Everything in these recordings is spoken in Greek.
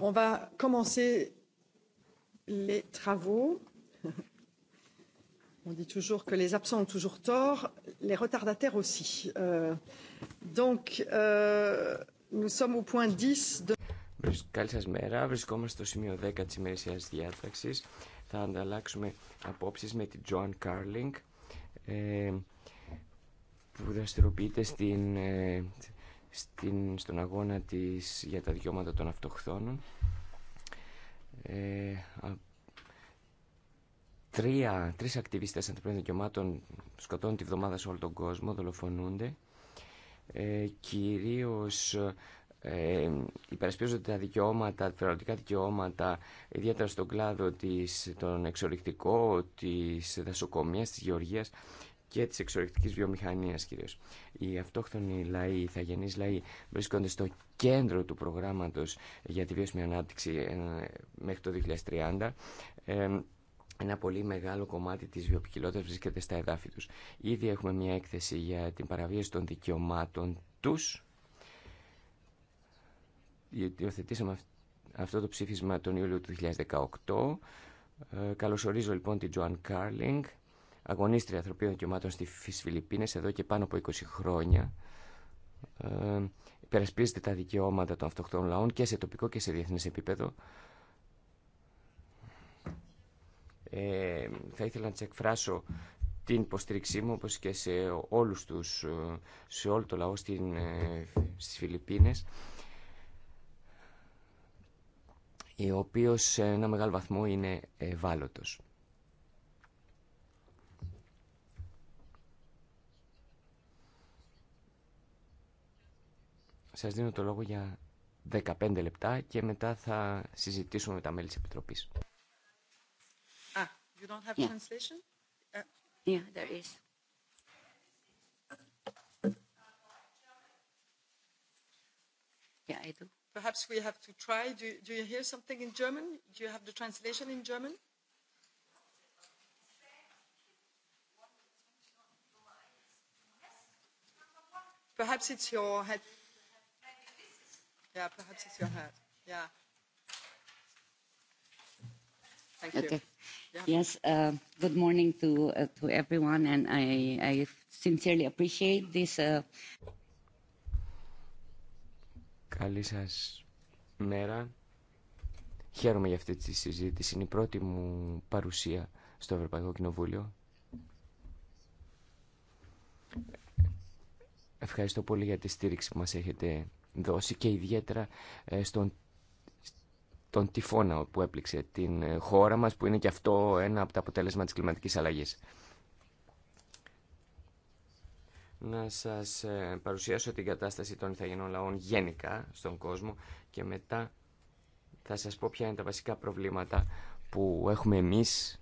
On va commencer les travaux. On dit toujours que les absents ont toujours tort, les retardataires aussi. Donc, euh, nous sommes au point 10 de... Καλή σας μέρα. Βρισκόμαστε στο σημείο 10 της ημερησίας διάταξης. Θα ανταλλάξουμε απόψεις με την Joan Carling, που δραστηριοποιείται στην στην, στον αγώνα της για τα δικαιώματα των αυτοχθόνων. Ε, τρία, τρεις ακτιβίστες ανθρωπίνων δικαιωμάτων σκοτώνουν τη βδομάδα σε όλο τον κόσμο, δολοφονούνται. Ε, κυρίως ε, υπερασπίζονται τα δικαιώματα, τα θεωρητικά δικαιώματα, ιδιαίτερα στον κλάδο της, τον τη της δασοκομείας, της γεωργίας και τη εξορρυκτική βιομηχανία κυρίως. Οι αυτόχθονοι λαοί, οι ηθαγενεί λαοί βρίσκονται στο κέντρο του προγράμματος για τη βιώσιμη ανάπτυξη ε, μέχρι το 2030. Ένα πολύ μεγάλο κομμάτι της βιοποικιλότητας βρίσκεται στα εδάφη τους. Ήδη έχουμε μια έκθεση για την παραβίαση των δικαιωμάτων τους. Υιοθετήσαμε αυτό το ψήφισμα τον Ιούλιο του 2018. Ε, καλωσορίζω λοιπόν την Τζοάν Κάρλινγκ αγωνίστρια ανθρωπίνων δικαιωμάτων στις Φιλιππίνες εδώ και πάνω από 20 χρόνια. Ε, υπερασπίζεται τα δικαιώματα των αυτοκτόνων λαών και σε τοπικό και σε διεθνές επίπεδο. Ε, θα ήθελα να τη εκφράσω την υποστήριξή μου όπως και σε όλους τους, ε, σε όλο το λαό στην, ε, στις Φιλιππίνες ο οποίος σε ένα μεγάλο βαθμό είναι ευάλωτος. Σας δίνω το λόγο για 15 λεπτά και μετά θα συζητήσουμε με τα μέλη της Επιτροπής. Ah, you don't have yeah. translation? Yeah, there is. Yeah, I do. Perhaps we have to try. Do, do you hear something in German? Do you have the translation in German? Perhaps it's your head. Yeah, perhaps it's your hat. Yeah. Thank you. Okay. Yes, uh, good morning to uh, to everyone, and I, I sincerely appreciate this. Uh... Καλή σας μέρα. Χαίρομαι για αυτή τη συζήτηση. Είναι η πρώτη μου παρουσία στο Ευρωπαϊκό Κοινοβούλιο. Ευχαριστώ πολύ για τη στήριξη που μας έχετε δώσει και ιδιαίτερα ε, στον τον τυφώνα που έπληξε την ε, χώρα μας, που είναι και αυτό ένα από τα αποτέλεσμα της κλιματικής αλλαγής. Να σας ε, παρουσιάσω την κατάσταση των Ιθαγενών λαών γενικά στον κόσμο και μετά θα σας πω ποια είναι τα βασικά προβλήματα που έχουμε εμείς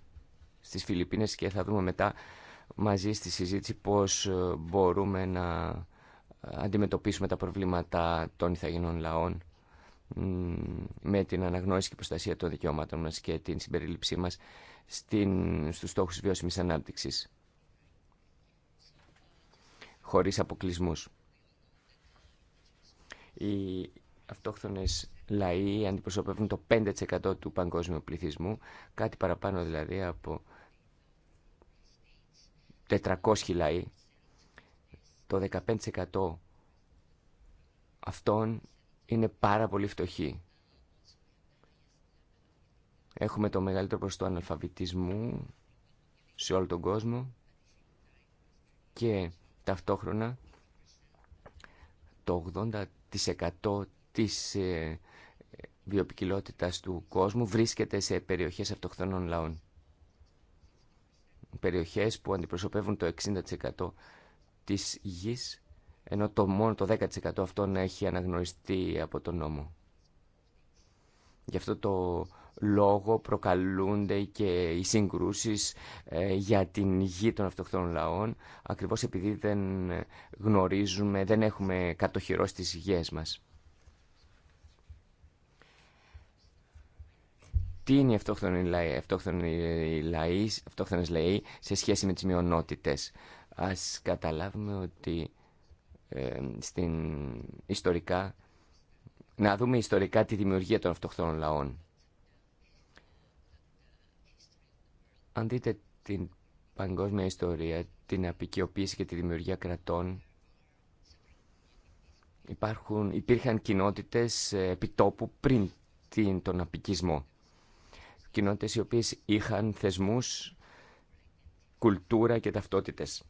στις Φιλιππίνες και θα δούμε μετά μαζί στη συζήτηση πώς μπορούμε να αντιμετωπίσουμε τα προβλήματα των ηθαγενών λαών με την αναγνώριση και προστασία των δικαιωμάτων μας και την συμπερίληψή μας στην, στους στόχους βιώσιμης ανάπτυξης χωρίς αποκλεισμούς. Οι αυτόχθονες λαοί αντιπροσωπεύουν το 5% του παγκόσμιου πληθυσμού, κάτι παραπάνω δηλαδή από 400 λαοί το 15% αυτών είναι πάρα πολύ φτωχοί. Έχουμε το μεγαλύτερο ποσοστό αναλφαβητισμού σε όλο τον κόσμο και ταυτόχρονα το 80% της ε, βιοπικιλότητας του κόσμου βρίσκεται σε περιοχές αυτοχθονών λαών. Περιοχές που αντιπροσωπεύουν το 60% της γης, ενώ το μόνο το 10% αυτό να έχει αναγνωριστεί από τον νόμο. Γι' αυτό το λόγο προκαλούνται και οι συγκρούσεις ε, για την γη των αυτοχθών λαών, ακριβώς επειδή δεν γνωρίζουμε, δεν έχουμε κατοχυρώσει τις γης μας. Τι είναι οι αυτόχθονοι λαοί, λαοί σε σχέση με τις μειονότητες ας καταλάβουμε ότι ε, στην ιστορικά, να δούμε ιστορικά τη δημιουργία των αυτοχθόνων λαών. Αν δείτε την παγκόσμια ιστορία, την απεικιοποίηση και τη δημιουργία κρατών, υπάρχουν, υπήρχαν κοινότητες ε, επιτόπου πριν την, τον απικισμό. Κοινότητες οι οποίες είχαν θεσμούς, κουλτούρα και ταυτότητες.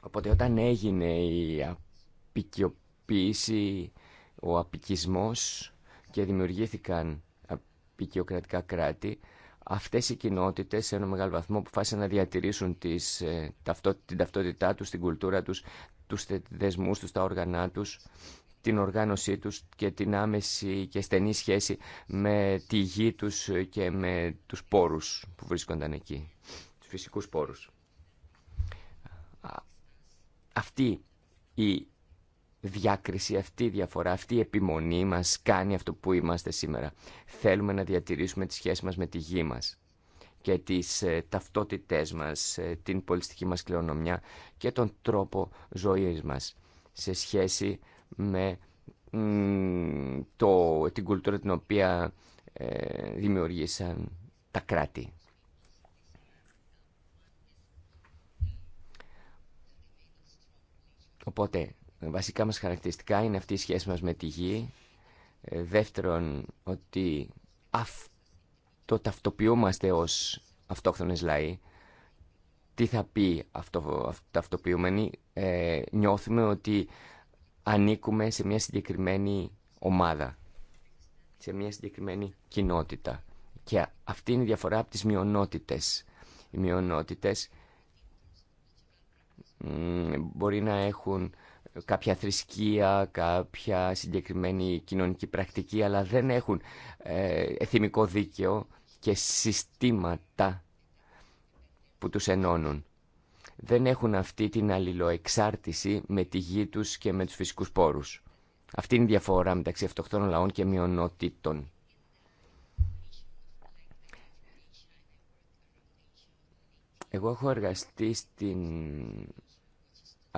Οπότε όταν έγινε η απικιοποίηση, ο απικισμός και δημιουργήθηκαν απικιοκρατικά κράτη, αυτές οι κοινότητες σε ένα μεγάλο βαθμό αποφάσισαν να διατηρήσουν τις, ε, την ταυτότητά τους, την κουλτούρα τους, τους δεσμούς τους, τα όργανά τους, την οργάνωσή τους και την άμεση και στενή σχέση με τη γη τους και με τους πόρους που βρίσκονταν εκεί, τους φυσικούς πόρους. Αυτή η διάκριση, αυτή η διαφορά, αυτή η επιμονή μας κάνει αυτό που είμαστε σήμερα. Θέλουμε να διατηρήσουμε τη σχέση μας με τη γη μας και τις ε, ταυτότητές μας, ε, την πολιτιστική μας κληρονομιά και τον τρόπο ζωής μας σε σχέση με το, την κουλτούρα την οποία ε, δημιουργήσαν τα κράτη. Οπότε, βασικά μας χαρακτηριστικά είναι αυτή η σχέση μας με τη γη. Ε, δεύτερον, ότι το ταυτοποιούμαστε ως αυτόχθονες λαοί. Τι θα πει αυτό, ταυτοποιούμενοι. Ε, νιώθουμε ότι ανήκουμε σε μια συγκεκριμένη ομάδα, σε μια συγκεκριμένη κοινότητα. Και αυτή είναι η διαφορά από τις μειονότητες. Οι μειονότητες μπορεί να έχουν κάποια θρησκεία, κάποια συγκεκριμένη κοινωνική πρακτική, αλλά δεν έχουν ε, εθιμικό δίκαιο και συστήματα που τους ενώνουν. Δεν έχουν αυτή την αλληλοεξάρτηση με τη γη τους και με τους φυσικούς πόρους. Αυτή είναι η διαφορά μεταξύ αυτοκτών λαών και μειονότητων. Εγώ έχω εργαστεί στην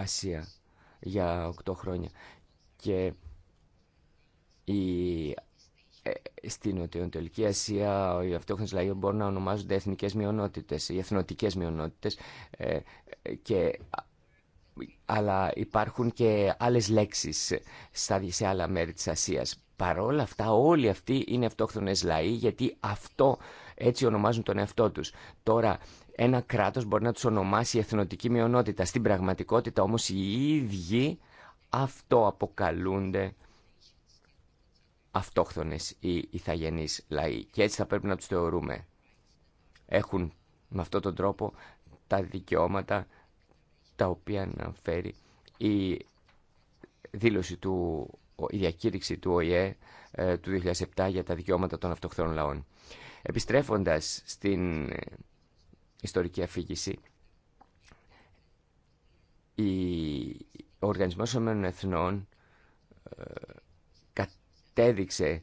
Ασία για 8 χρόνια και η, ε, στην Νοτιοανατολική Ασία οι αυτόχθονες λαοί μπορούν να ονομάζονται εθνικές μειονότητες οι εθνοτικές μειονότητες ε, και αλλά υπάρχουν και άλλες λέξεις σε άλλα μέρη της Ασίας. Παρόλα αυτά όλοι αυτοί είναι αυτόχθονες λαοί γιατί αυτό έτσι ονομάζουν τον εαυτό τους. Τώρα ένα κράτος μπορεί να τους ονομάσει εθνοτική μειονότητα. Στην πραγματικότητα όμως οι ίδιοι αυτό αποκαλούνται αυτόχθονες ή ηθαγενείς λαοί και έτσι θα πρέπει να τους θεωρούμε. Έχουν με αυτόν τον τρόπο τα δικαιώματα τα οποία αναφέρει η δήλωση του, η διακήρυξη του ΟΗΕ ε, του 2007 για τα δικαιώματα των αυτοχθών λαών. Επιστρέφοντας στην ιστορική αφήγηση. Ο Οργανισμός Ομένων Εθνών ε, κατέδειξε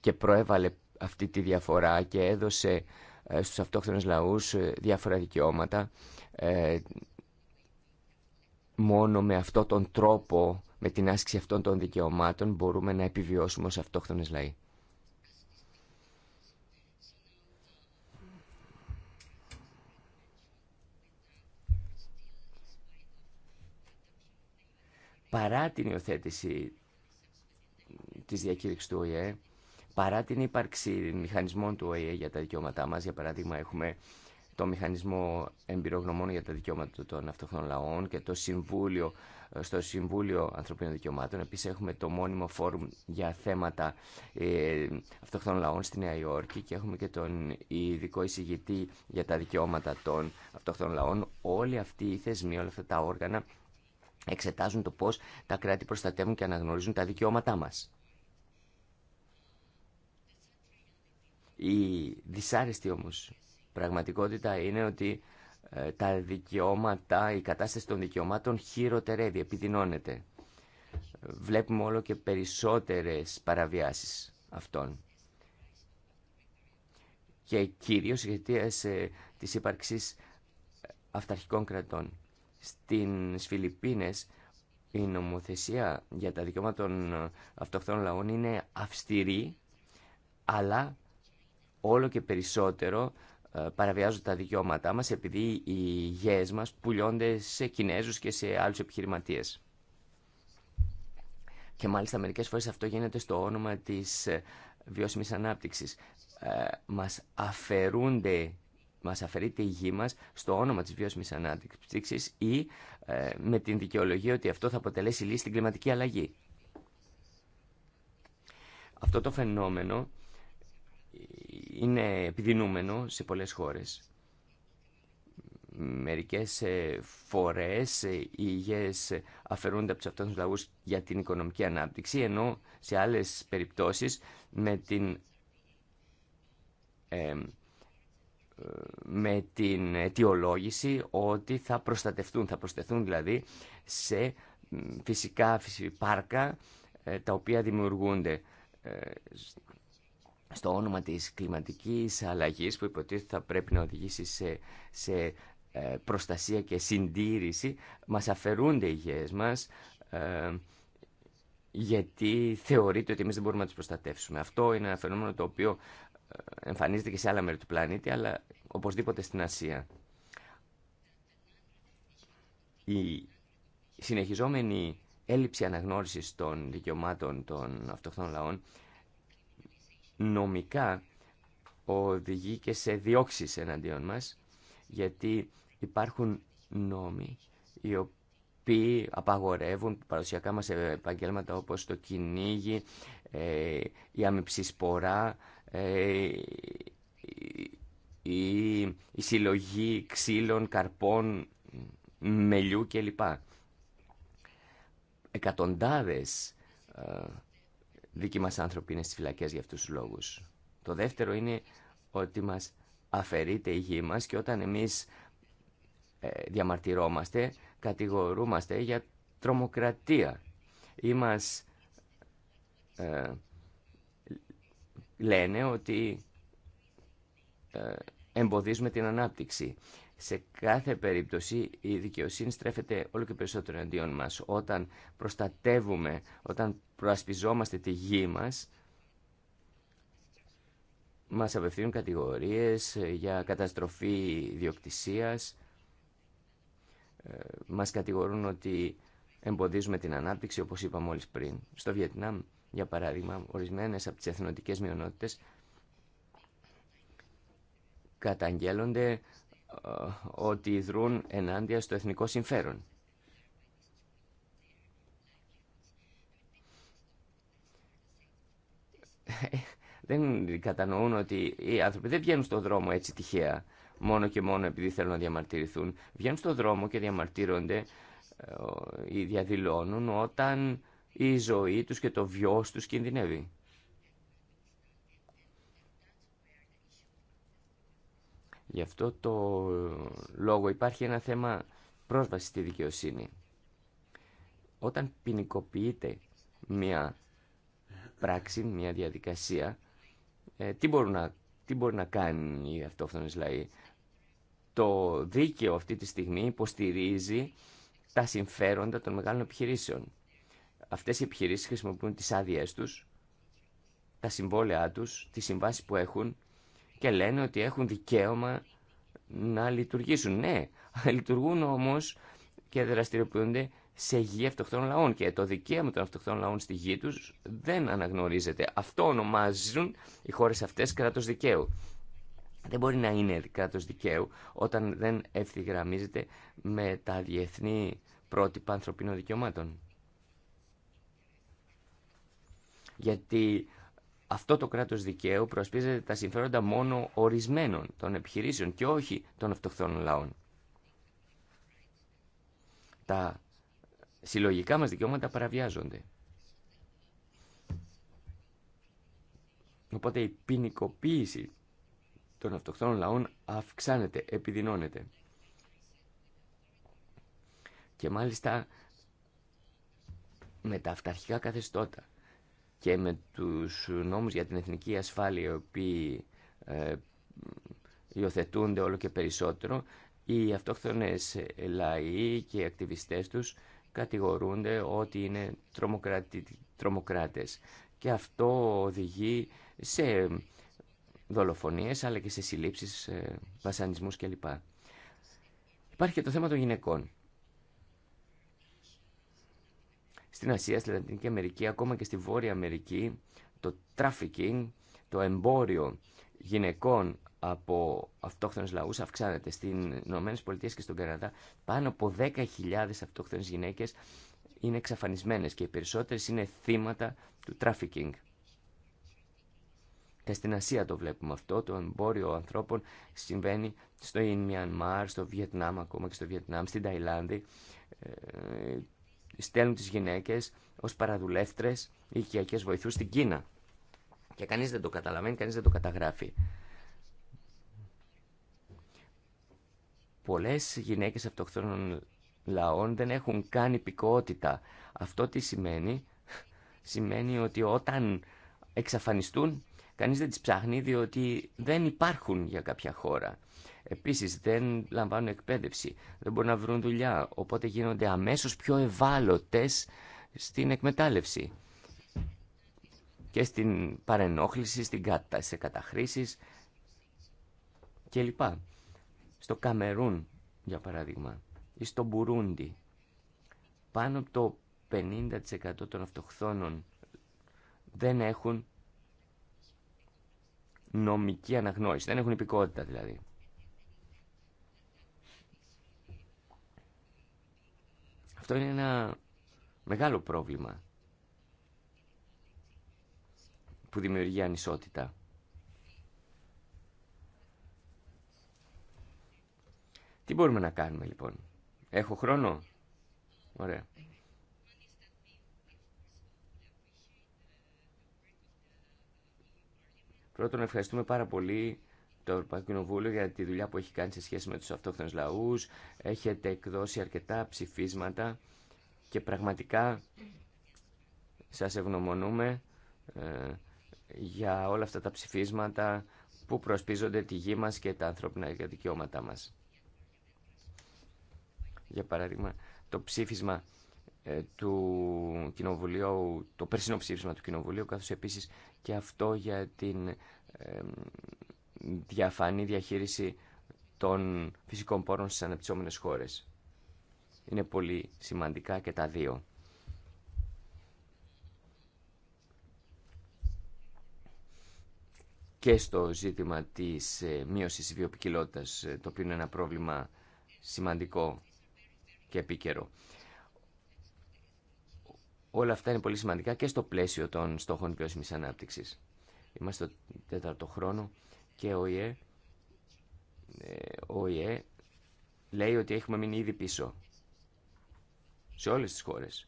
και προέβαλε αυτή τη διαφορά και έδωσε ε, στους αυτόχθονες λαούς ε, διάφορα δικαιώματα μόνο με αυτόν τον τρόπο, με την άσκηση αυτών των δικαιωμάτων μπορούμε να επιβιώσουμε ως αυτόχθονες λαοί. παρά την υιοθέτηση της διακήρυξης του ΟΗΕ, παρά την ύπαρξη μηχανισμών του ΟΗΕ για τα δικαιώματά μας, για παράδειγμα έχουμε το Μηχανισμό Εμπειρογνωμών για τα Δικαιώματα των Αυτοχθών Λαών και το Συμβούλιο, στο Συμβούλιο Ανθρωπίνων Δικαιωμάτων. Επίση έχουμε το μόνιμο φόρουμ για θέματα ε, αυτοχθών λαών στη Νέα Υόρκη και έχουμε και τον ειδικό εισηγητή για τα δικαιώματα των αυτοχθών λαών. Όλοι αυτοί οι θεσμοί, όλα αυτά τα όργανα εξετάζουν το πώς τα κράτη προστατεύουν και αναγνωρίζουν τα δικαιώματά μας. Η δυσάρεστη όμως πραγματικότητα είναι ότι ε, τα δικαιώματα, η κατάσταση των δικαιωμάτων χειροτερεύει, επιδεινώνεται. Βλέπουμε όλο και περισσότερες παραβιάσεις αυτών. Και κυρίως γιατί ε, της ύπαρξης ε, αυταρχικών κρατών. Στις Φιλιππίνες η νομοθεσία για τα δικαιώματα των αυτοκτών λαών είναι αυστηρή, αλλά όλο και περισσότερο ε, παραβιάζουν τα δικαιώματά μας επειδή οι γέες μας πουλιώνται σε Κινέζους και σε άλλους επιχειρηματίες. Και μάλιστα μερικές φορές αυτό γίνεται στο όνομα της ε, βιώσιμης ανάπτυξης. Ε, μας αφαιρούνται Μα αφαιρείται η γη μα στο όνομα της βίωσιμη ανάπτυξη ή ε, με την δικαιολογία ότι αυτό θα αποτελέσει λύση στην κλιματική αλλαγή. Αυτό το φαινόμενο ε, είναι επιδεινούμενο σε πολλές χώρες. Μερικές ε, φορές οι υγιές αφαιρούνται από τους αυτόνου λαούς για την οικονομική ανάπτυξη, ενώ σε άλλες περιπτώσεις με την με την αιτιολόγηση ότι θα προστατευτούν, θα προστεθούν δηλαδή σε φυσικά πάρκα ε, τα οποία δημιουργούνται ε, στο όνομα της κλιματικής αλλαγής που υποτίθεται θα πρέπει να οδηγήσει σε, σε ε, προστασία και συντήρηση μας αφαιρούνται οι μας γιατί θεωρείται ότι εμείς δεν μπορούμε να τις προστατεύσουμε. Αυτό είναι ένα φαινόμενο το οποίο εμφανίζεται και σε άλλα μέρη του πλανήτη, αλλά οπωσδήποτε στην Ασία. Η συνεχιζόμενη έλλειψη αναγνώρισης των δικαιωμάτων των αυτοχθών λαών νομικά οδηγεί και σε διώξεις εναντίον μας, γιατί υπάρχουν νόμοι οι οποίοι απαγορεύουν παραδοσιακά μας επαγγέλματα όπως το κυνήγι, ε, η αμυψή σπορά, ε, η, η συλλογή ξύλων, καρπών, μελιού κλπ. Εκατοντάδες ε, δικοί μας άνθρωποι είναι στις φυλακές για αυτούς τους λόγους. Το δεύτερο είναι ότι μας αφαιρείται η γη μας και όταν εμείς ε, διαμαρτυρόμαστε, κατηγορούμαστε για τρομοκρατία ή λένε ότι ε, εμποδίζουμε την ανάπτυξη. Σε κάθε περίπτωση η δικαιοσύνη στρέφεται όλο και περισσότερο εναντίον μας. Όταν προστατεύουμε, όταν προασπιζόμαστε τη γη μας, μας απευθύνουν κατηγορίες ε, για καταστροφή διοκτησίας, ε, μας κατηγορούν ότι εμποδίζουμε την ανάπτυξη, όπως είπα μόλις πριν. Στο Βιετνάμ για παράδειγμα, ορισμένες από τις εθνοτικές μειονότητες καταγγέλλονται ε, ότι δρούν ενάντια στο εθνικό συμφέρον. δεν κατανοούν ότι οι άνθρωποι δεν βγαίνουν στον δρόμο έτσι τυχαία, μόνο και μόνο επειδή θέλουν να διαμαρτυρηθούν. Βγαίνουν στον δρόμο και διαμαρτύρονται ή ε, διαδηλώνουν όταν η ζωή τους και το βιός τους κινδυνεύει. Γι' αυτό το λόγο υπάρχει ένα θέμα πρόσβαση στη δικαιοσύνη. Όταν ποινικοποιείται μια πράξη, μια διαδικασία, ε, τι, μπορεί να, τι μπορεί να κάνει αυτό αυτόν λαοί. Το δίκαιο αυτή τη στιγμή υποστηρίζει τα συμφέροντα των μεγάλων επιχειρήσεων. Αυτέ οι επιχειρήσει χρησιμοποιούν τι άδειέ του, τα συμβόλαιά του, τι συμβάσει που έχουν και λένε ότι έχουν δικαίωμα να λειτουργήσουν. Ναι, λειτουργούν όμω και δραστηριοποιούνται σε γη αυτοκτών λαών και το δικαίωμα των αυτοκτών λαών στη γη του δεν αναγνωρίζεται. Αυτό ονομάζουν οι χώρε αυτέ κράτο δικαίου. Δεν μπορεί να είναι κράτο δικαίου όταν δεν ευθυγραμμίζεται με τα διεθνή πρότυπα ανθρωπίνων δικαιωμάτων. γιατί αυτό το κράτος δικαίου προσπίζεται τα συμφέροντα μόνο ορισμένων των επιχειρήσεων και όχι των αυτοχθόνων λαών. Τα συλλογικά μας δικαιώματα παραβιάζονται. Οπότε η ποινικοποίηση των αυτοχθόνων λαών αυξάνεται, επιδεινώνεται. Και μάλιστα με τα αυταρχικά καθεστώτα και με τους νόμους για την εθνική ασφάλεια οι οποίοι ε, υιοθετούνται όλο και περισσότερο οι αυτόχθονες λαοί και οι ακτιβιστές τους κατηγορούνται ότι είναι τρομοκράτες και αυτό οδηγεί σε δολοφονίες αλλά και σε συλλήψεις, ε, βασανισμούς κλπ. Υπάρχει και το θέμα των γυναικών. στην Ασία, στη Λατινική Αμερική, ακόμα και στη Βόρεια Αμερική, το trafficking, το εμπόριο γυναικών από αυτόχθονες λαούς αυξάνεται. Στην Ηνωμένες Πολιτείες και στον Καναδά πάνω από 10.000 αυτόχθονες γυναίκες είναι εξαφανισμένες και οι περισσότερες είναι θύματα του trafficking. Και στην Ασία το βλέπουμε αυτό, το εμπόριο ανθρώπων συμβαίνει στο Ινμιανμάρ, στο Βιετνάμ ακόμα και στο Βιετνάμ, στην Ταϊλάνδη ε, στέλνουν τις γυναίκες ως παραδουλεύτρες ή βοηθού βοηθούς στην Κίνα. Και κανείς δεν το καταλαβαίνει, κανείς δεν το καταγράφει. Πολλέ γυναίκες αυτοκτόνων λαών δεν έχουν καν υπηκότητα. Αυτό τι σημαίνει, σημαίνει ότι όταν εξαφανιστούν, κανείς δεν τις ψάχνει διότι δεν υπάρχουν για κάποια χώρα. Επίσης δεν λαμβάνουν εκπαίδευση, δεν μπορούν να βρουν δουλειά, οπότε γίνονται αμέσως πιο ευάλωτες στην εκμετάλλευση και στην παρενόχληση, στην κατα... σε καταχρήσει κλπ. Στο Καμερούν, για παράδειγμα, ή στο Μπουρούντι, πάνω από το 50% των αυτοχθόνων δεν έχουν νομική αναγνώριση, δεν έχουν υπηκότητα δηλαδή. Αυτό είναι ένα μεγάλο πρόβλημα που δημιουργεί ανισότητα. Τι μπορούμε να κάνουμε λοιπόν. Έχω χρόνο. Ωραία. Πρώτον ευχαριστούμε πάρα πολύ το Ευρωπαϊκό Κοινοβούλιο για τη δουλειά που έχει κάνει σε σχέση με τους αυτόχθονες λαούς. Έχετε εκδώσει αρκετά ψηφίσματα και πραγματικά σας ευγνωμονούμε ε, για όλα αυτά τα ψηφίσματα που προσπίζονται τη γη μας και τα ανθρώπινα δικαιώματά μας. Για παράδειγμα, το ψήφισμα ε, του Κοινοβουλίου, το περσινό ψήφισμα του Κοινοβουλίου, καθώς επίσης και αυτό για την ε, διαφανή διαχείριση των φυσικών πόρων στις αναπτυσσόμενες χώρες. Είναι πολύ σημαντικά και τα δύο. Και στο ζήτημα της ε, μείωσης της ε, το οποίο είναι ένα πρόβλημα σημαντικό και επίκαιρο. Όλα αυτά είναι πολύ σημαντικά και στο πλαίσιο των στόχων βιώσιμης ανάπτυξης. Είμαστε το τέταρτο χρόνο και ο ΙΕ, ε, ο λέει ότι έχουμε μείνει ήδη πίσω σε όλες τις χώρες.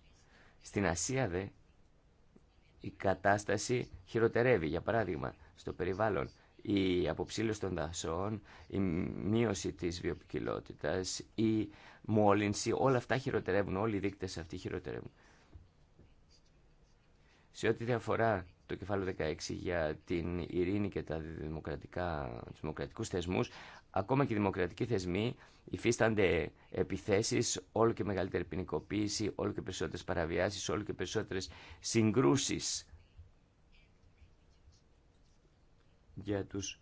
Στην Ασία δε η κατάσταση χειροτερεύει. Για παράδειγμα, στο περιβάλλον η αποψήλωση των δασών, η μείωση της βιοποικιλότητας, η μόλυνση, όλα αυτά χειροτερεύουν, όλοι οι δείκτες αυτοί χειροτερεύουν. Σε ό,τι διαφορά το κεφάλαιο 16 για την ειρήνη και τα δημοκρατικά, τους δημοκρατικούς θεσμούς, ακόμα και οι δημοκρατικοί θεσμοί υφίστανται επιθέσεις, όλο και μεγαλύτερη ποινικοποίηση, όλο και περισσότερες παραβιάσεις, όλο και περισσότερες συγκρούσεις για τους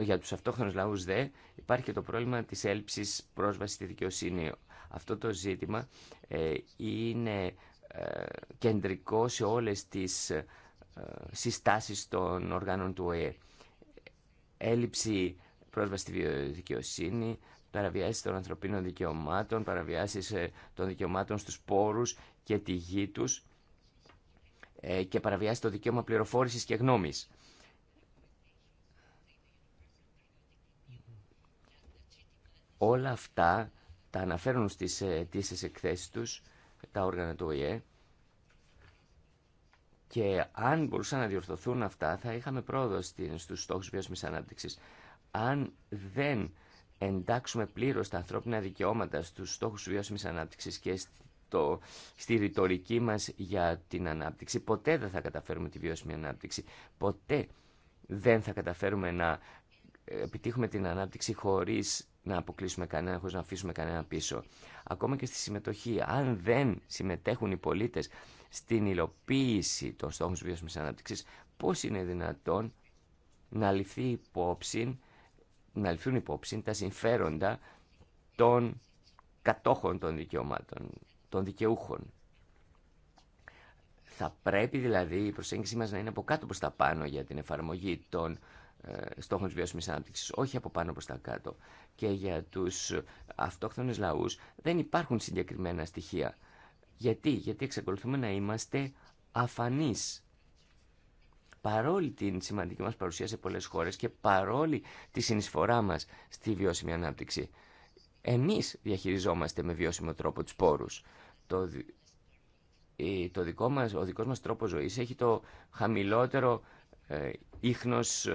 για τους αυτόχθονους λαούς δε υπάρχει και το πρόβλημα της έλψης πρόσβασης στη δικαιοσύνη. Αυτό το ζήτημα ε, είναι κεντρικό σε όλες τις ε, συστάσεις των οργάνων του ΟΕΕ. Έλλειψη πρόσβαση στη δικαιοσύνη, παραβιάσεις των ανθρωπίνων δικαιωμάτων, παραβιάσεις ε, των δικαιωμάτων στους πόρους και τη γη τους ε, και παραβιάσεις το δικαίωμα πληροφόρησης και γνώμης. Όλα αυτά τα αναφέρουν στις αιτήσεις εκθέσεις τους τα όργανα του ΟΗΕ και αν μπορούσαν να διορθωθούν αυτά θα είχαμε πρόοδο στους στόχους βιώσιμης ανάπτυξης. Αν δεν εντάξουμε πλήρως τα ανθρώπινα δικαιώματα στους στόχους βιώσιμης ανάπτυξης και στο, στη ρητορική μας για την ανάπτυξη, ποτέ δεν θα καταφέρουμε τη βιώσιμη ανάπτυξη. Ποτέ δεν θα καταφέρουμε να ε, επιτύχουμε την ανάπτυξη χωρίς να αποκλείσουμε κανένα, χωρίς να αφήσουμε κανένα πίσω. Ακόμα και στη συμμετοχή, αν δεν συμμετέχουν οι πολίτες στην υλοποίηση των στόχων της βιώσιμης ανάπτυξης, πώς είναι δυνατόν να, ληφθεί υπόψη, να ληφθούν υπόψη τα συμφέροντα των κατόχων των δικαιωμάτων, των δικαιούχων. Θα πρέπει δηλαδή η προσέγγιση μας να είναι από κάτω προς τα πάνω για την εφαρμογή των ε, στόχων της βιώσιμης ανάπτυξης, όχι από πάνω προς τα κάτω. Και για τους αυτόχθονες λαούς δεν υπάρχουν συγκεκριμένα στοιχεία. Γιατί, γιατί εξακολουθούμε να είμαστε αφανείς. Παρόλη την σημαντική μας παρουσία σε πολλές χώρες και παρόλη τη συνεισφορά μας στη βιώσιμη ανάπτυξη, εμείς διαχειριζόμαστε με βιώσιμο τρόπο τους πόρους. Το, το δικό μας, ο δικός μας τρόπος ζωής έχει το χαμηλότερο ε, ίχνος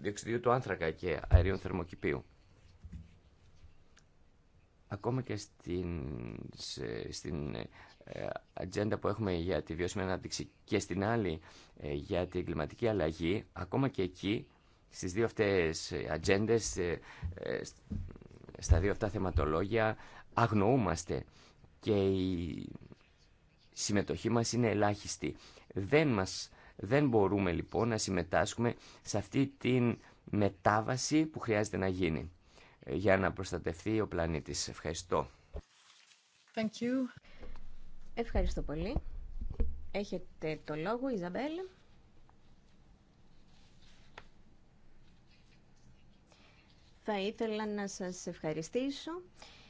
διοξιδίου του άνθρακα και αερίων θερμοκηπίου. Ακόμα και στην, στην ε, ατζέντα που έχουμε για τη βιώσιμη ανάπτυξη και στην άλλη ε, για την κλιματική αλλαγή, ακόμα και εκεί, στις δύο αυτές ατζέντε, ε, στα δύο αυτά θεματολόγια, αγνοούμαστε και η συμμετοχή μας είναι ελάχιστη. Δεν μας δεν μπορούμε λοιπόν να συμμετάσχουμε σε αυτή τη μετάβαση που χρειάζεται να γίνει ε, για να προστατευτεί ο πλανήτης. Ευχαριστώ. Ευχαριστώ πολύ. Έχετε το λόγο, Ιζαμπέλ. Θα ήθελα να σας ευχαριστήσω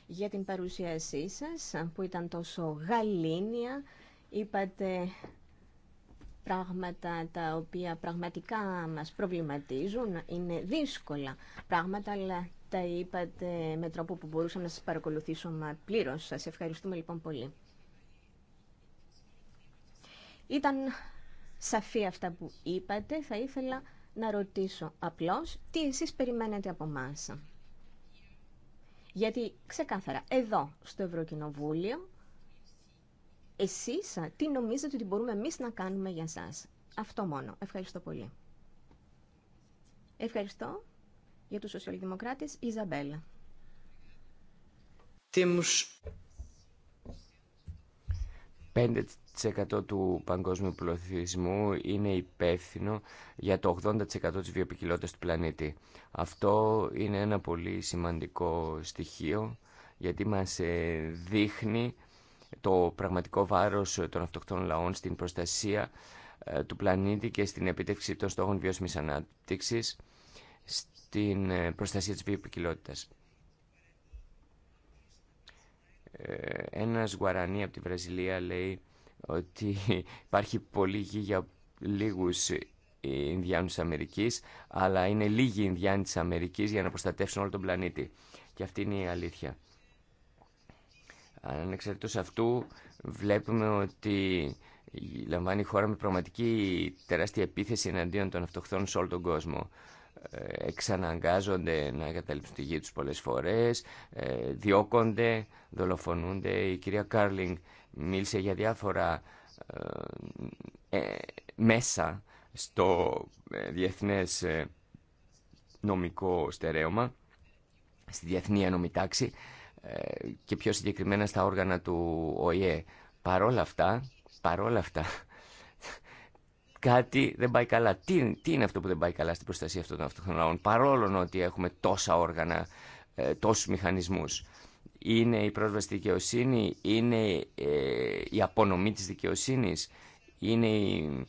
για την παρουσίασή σας που ήταν τόσο γαλήνια. Είπατε πράγματα τα οποία πραγματικά μας προβληματίζουν. Είναι δύσκολα πράγματα, αλλά τα είπατε με τρόπο που μπορούσαμε να σας παρακολουθήσουμε πλήρως. Σας ευχαριστούμε λοιπόν πολύ. Ήταν σαφή αυτά που είπατε. Θα ήθελα να ρωτήσω απλώς τι εσείς περιμένετε από μας. Γιατί ξεκάθαρα εδώ στο Ευρωκοινοβούλιο Εσεί τι νομίζετε ότι μπορούμε εμεί να κάνουμε για εσά. Αυτό μόνο. Ευχαριστώ πολύ. Ευχαριστώ για του Σοσιαλδημοκράτε. Ιζαμπέλα. Τίμους. 5% του παγκόσμιου πληθυσμού είναι υπεύθυνο για το 80% της βιοποικιλότητας του πλανήτη. Αυτό είναι ένα πολύ σημαντικό στοιχείο γιατί μας ε, δείχνει το πραγματικό βάρος ε, των αυτοκτών λαών στην προστασία ε, του πλανήτη και στην επίτευξη των στόχων βιώσιμης ανάπτυξης, στην ε, προστασία της βιοποικιλότητας. Ένας Γουαρανί από τη Βραζιλία λέει ότι υπάρχει πολύ γη για λίγους Ινδιάνους της Αμερικής, αλλά είναι λίγοι Ινδιάνοι της Αμερικής για να προστατεύσουν όλο τον πλανήτη. Και αυτή είναι η αλήθεια. Ανεξαρτήτως αυτού βλέπουμε ότι λαμβάνει η χώρα με πραγματική τεράστια επίθεση εναντίον των αυτοχθών σε όλο τον κόσμο. Ε, εξαναγκάζονται να εγκαταλείψουν τη γη τους πολλές φορές, ε, διώκονται, δολοφονούνται. Η κυρία Κάρλινγκ μίλησε για διάφορα ε, μέσα στο διεθνές νομικό στερέωμα, στη διεθνή ανομητάξη και πιο συγκεκριμένα στα όργανα του ΟΗΕ. Παρόλα αυτά, παρόλα αυτά, κάτι δεν πάει καλά. Τι, τι είναι αυτό που δεν πάει καλά στην προστασία αυτών των αυτοκτονών παρόλο ότι έχουμε τόσα όργανα, ε, τόσους μηχανισμούς. Είναι η πρόσβαση στη δικαιοσύνη, είναι ε, η απονομή της δικαιοσύνης, είναι η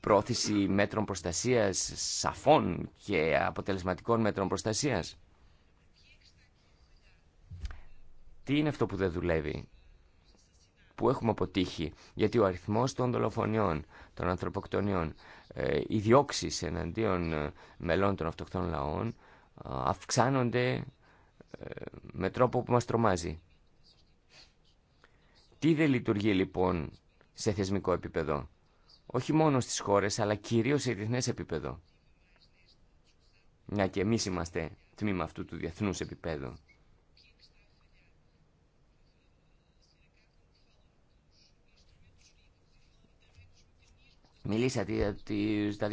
πρόθεση μέτρων προστασίας, σαφών και αποτελεσματικών μέτρων προστασίας. Τι είναι αυτό που δεν δουλεύει, που έχουμε αποτύχει, γιατί ο αριθμός των δολοφονιών, των ανθρωποκτονιών, ε, οι διώξεις εναντίον ε, μελών των αυτοκτών λαών ε, αυξάνονται ε, με τρόπο που μας τρομάζει. Τι δεν λειτουργεί λοιπόν σε θεσμικό επίπεδο, όχι μόνο στις χώρες, αλλά κυρίως σε διεθνές επίπεδο. Μια και εμείς είμαστε τμήμα αυτού του διεθνούς επίπεδου. Μιλήσατε για τους, τα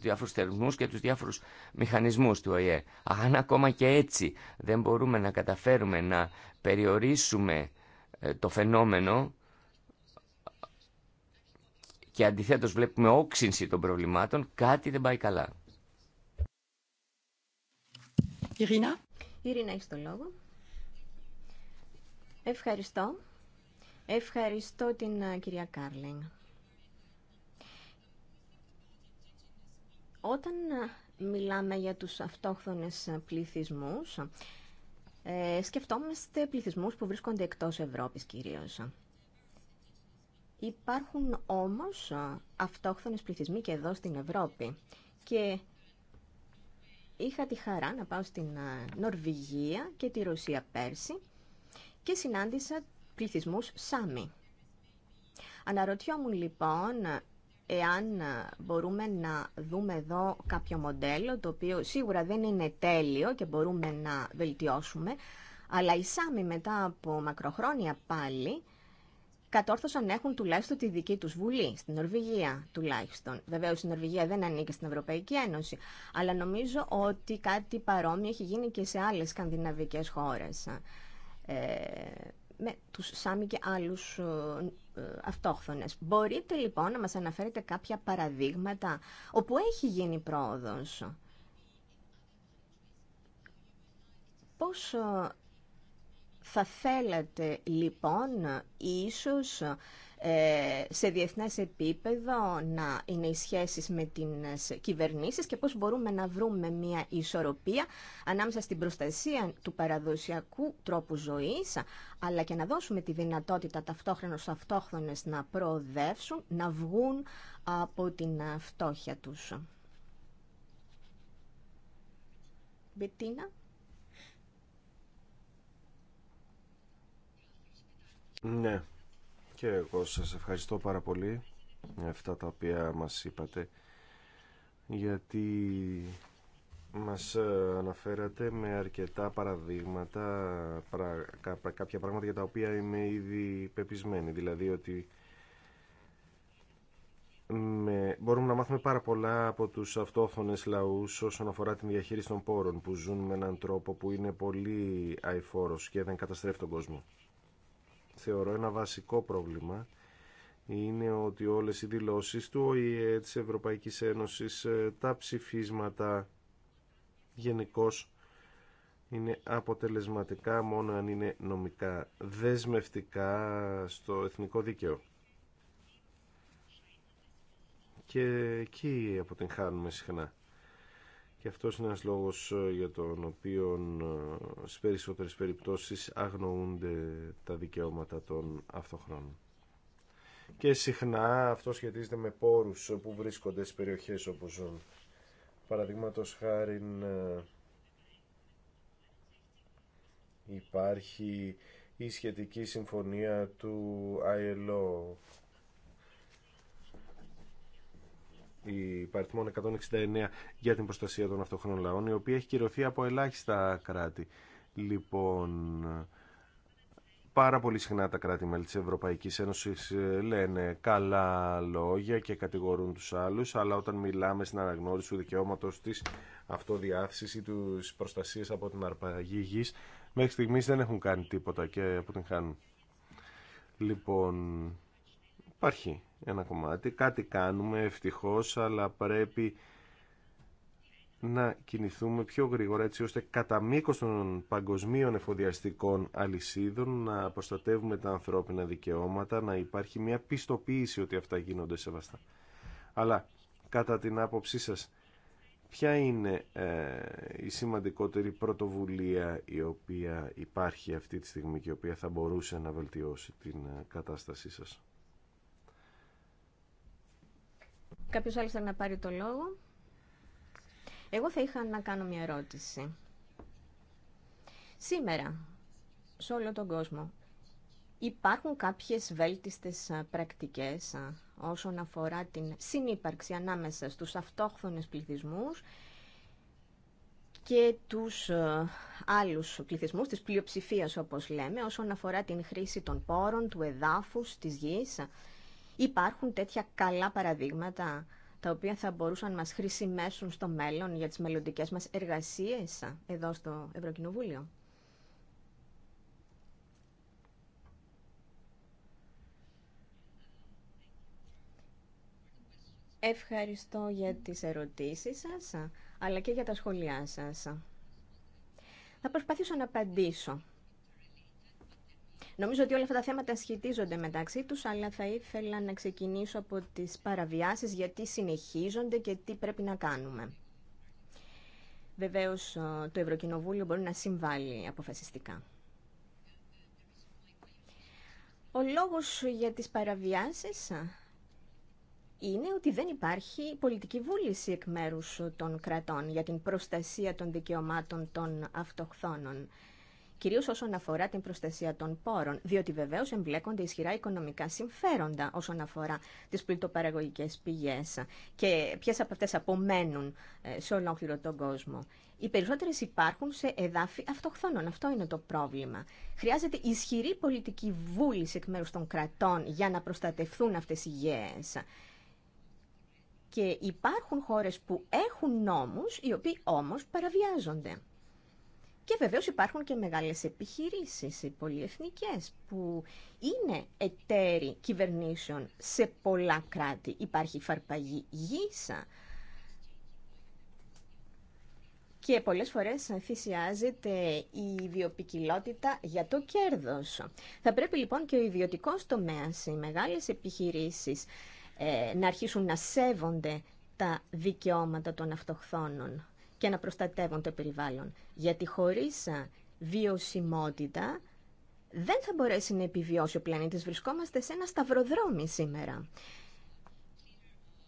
διάφορους θερμούς και τους διάφορους μηχανισμούς του ΟΗΕ. Αν ακόμα και έτσι δεν μπορούμε να καταφέρουμε να περιορίσουμε ε, το φαινόμενο και αντιθέτως βλέπουμε όξυνση των προβλημάτων, κάτι δεν πάει καλά. το λόγο. Ευχαριστώ. Ευχαριστώ την ε, κυρία Κάρλινγκ. Όταν ε, μιλάμε για τους αυτόχθονες ε, πληθυσμούς, ε, σκεφτόμαστε πληθυσμούς που βρίσκονται εκτός Ευρώπης κυρίως. Υπάρχουν όμως αυτόχθονες πληθυσμοί και εδώ στην Ευρώπη. Και είχα τη χαρά να πάω στην Νορβηγία και τη Ρωσία πέρσι και συνάντησα πληθυσμούς Σάμι. Αναρωτιόμουν λοιπόν εάν ε, μπορούμε να δούμε εδώ κάποιο μοντέλο, το οποίο σίγουρα δεν είναι τέλειο και μπορούμε να βελτιώσουμε, αλλά οι Σάμοι μετά από μακροχρόνια πάλι κατόρθωσαν να έχουν τουλάχιστον τη δική τους βουλή, στην Νορβηγία τουλάχιστον. Βεβαίω, η Νορβηγία δεν ανήκει στην Ευρωπαϊκή Ένωση, αλλά νομίζω ότι κάτι παρόμοιο έχει γίνει και σε άλλες σκανδιναβικές χώρες. Ε, με τους Σάμι και άλλους ε, ε, αυτόχθονες. Μπορείτε λοιπόν να μας αναφέρετε κάποια παραδείγματα όπου έχει γίνει πρόοδος. Πώς θα θέλατε λοιπόν ίσως ε, σε διεθνές επίπεδο να είναι οι σχέσεις με τις κυβερνήσεις και πώς μπορούμε να βρούμε μια ισορροπία ανάμεσα στην προστασία του παραδοσιακού τρόπου ζωής αλλά και να δώσουμε τη δυνατότητα ταυτόχρονα στους αυτόχθονες να προοδεύσουν, να βγουν από την φτώχεια τους. Μπετίνα. Ναι. Και εγώ σας ευχαριστώ πάρα πολύ για αυτά τα οποία μας είπατε γιατί μας ε, αναφέρατε με αρκετά παραδείγματα κάποια πράγματα για τα οποία είμαι ήδη πεπισμένη δηλαδή ότι με... μπορούμε να μάθουμε πάρα πολλά από τους αυτόφωνες λαούς όσον αφορά την διαχείριση των πόρων που ζουν με έναν τρόπο που είναι πολύ αηφόρος και δεν καταστρέφει τον κόσμο θεωρώ ένα βασικό πρόβλημα είναι ότι όλες οι δηλώσεις του ΟΗΕ της Ευρωπαϊκής Ένωσης, ε, τα ψηφίσματα γενικώ είναι αποτελεσματικά μόνο αν είναι νομικά δεσμευτικά στο εθνικό δίκαιο. Και εκεί αποτυγχάνουμε συχνά. Και αυτός είναι ένας λόγος ε, για τον οποίο ε, στις περισσότερες περιπτώσεις αγνοούνται τα δικαιώματα των αυτοχρόνων. Και συχνά αυτό σχετίζεται με πόρους που βρίσκονται στις περιοχές όπου ζουν. Παραδείγματος χάρη ε, υπάρχει η σχετική συμφωνία του ILO η παριθμόν 169 για την προστασία των αυτοχρόνων λαών, η οποία έχει κυρωθεί από ελάχιστα κράτη. Λοιπόν, πάρα πολύ συχνά τα κράτη-μέλη της Ευρωπαϊκής Ένωσης ε, λένε καλά λόγια και κατηγορούν τους άλλους, αλλά όταν μιλάμε στην αναγνώριση του δικαιώματος της αυτοδιάθεσης ή της προστασίας από την αρπαγή γης, μέχρι στιγμής δεν έχουν κάνει τίποτα και αποτυγχάνουν. Λοιπόν, Υπάρχει ένα κομμάτι, κάτι κάνουμε ευτυχώς, αλλά πρέπει να κινηθούμε πιο γρήγορα έτσι ώστε κατά μήκο των παγκοσμίων εφοδιαστικών αλυσίδων να προστατεύουμε τα ανθρώπινα δικαιώματα, να υπάρχει μια πιστοποίηση ότι αυτά γίνονται σεβαστά. Αλλά κατά την άποψή σας, ποια είναι ε, η σημαντικότερη πρωτοβουλία η οποία υπάρχει αυτή τη στιγμή και η οποία θα μπορούσε να βελτιώσει την ε, κατάστασή σας. Κάποιο άλλος θέλει να πάρει το λόγο. Εγώ θα είχα να κάνω μια ερώτηση. Σήμερα, σε όλο τον κόσμο, υπάρχουν κάποιες βέλτιστες ε, πρακτικές ε, όσον αφορά την συνύπαρξη ανάμεσα στους αυτόχθονες πληθυσμούς και τους ε, άλλους πληθυσμούς, της πλειοψηφίας όπως λέμε, όσον αφορά την χρήση των πόρων, του εδάφους, της γης. Υπάρχουν τέτοια καλά παραδείγματα τα οποία θα μπορούσαν να μας χρησιμεύσουν στο μέλλον για τις μελλοντικέ μας εργασίες εδώ στο Ευρωκοινοβούλιο. Ευχαριστώ για τις ερωτήσεις σας, αλλά και για τα σχόλιά σας. Θα προσπαθήσω να απαντήσω Νομίζω ότι όλα αυτά τα θέματα σχετίζονται μεταξύ τους, αλλά θα ήθελα να ξεκινήσω από τις παραβιάσεις, γιατί συνεχίζονται και τι πρέπει να κάνουμε. Βεβαίως, το Ευρωκοινοβούλιο μπορεί να συμβάλλει αποφασιστικά. Ο λόγος για τις παραβιάσεις είναι ότι δεν υπάρχει πολιτική βούληση εκ μέρους των κρατών για την προστασία των δικαιωμάτων των αυτοχθόνων κυρίω όσον αφορά την προστασία των πόρων, διότι βεβαίω εμπλέκονται ισχυρά οικονομικά συμφέροντα όσον αφορά τι πλουτοπαραγωγικέ πηγέ και ποιε από αυτέ απομένουν ε, σε ολόκληρο τον κόσμο. Οι περισσότερε υπάρχουν σε εδάφη αυτοχθόνων. Αυτό είναι το πρόβλημα. Χρειάζεται ισχυρή πολιτική βούληση εκ μέρου των κρατών για να προστατευθούν αυτέ οι γέε. Και υπάρχουν χώρες που έχουν νόμους, οι οποίοι όμως παραβιάζονται. Και βεβαίω υπάρχουν και μεγάλες επιχειρήσεις, οι που είναι εταίροι κυβερνήσεων σε πολλά κράτη. Υπάρχει φαρπαγή γύσα Και πολλές φορές θυσιάζεται η βιοπικιλότητα για το κέρδος. Θα πρέπει λοιπόν και ο ιδιωτικός τομέας, οι μεγάλες επιχειρήσεις, ε, να αρχίσουν να σέβονται τα δικαιώματα των αυτοχθόνων και να προστατεύουν το περιβάλλον. Γιατί χωρίς βιωσιμότητα δεν θα μπορέσει να επιβιώσει ο πλανήτης. Βρισκόμαστε σε ένα σταυροδρόμι σήμερα.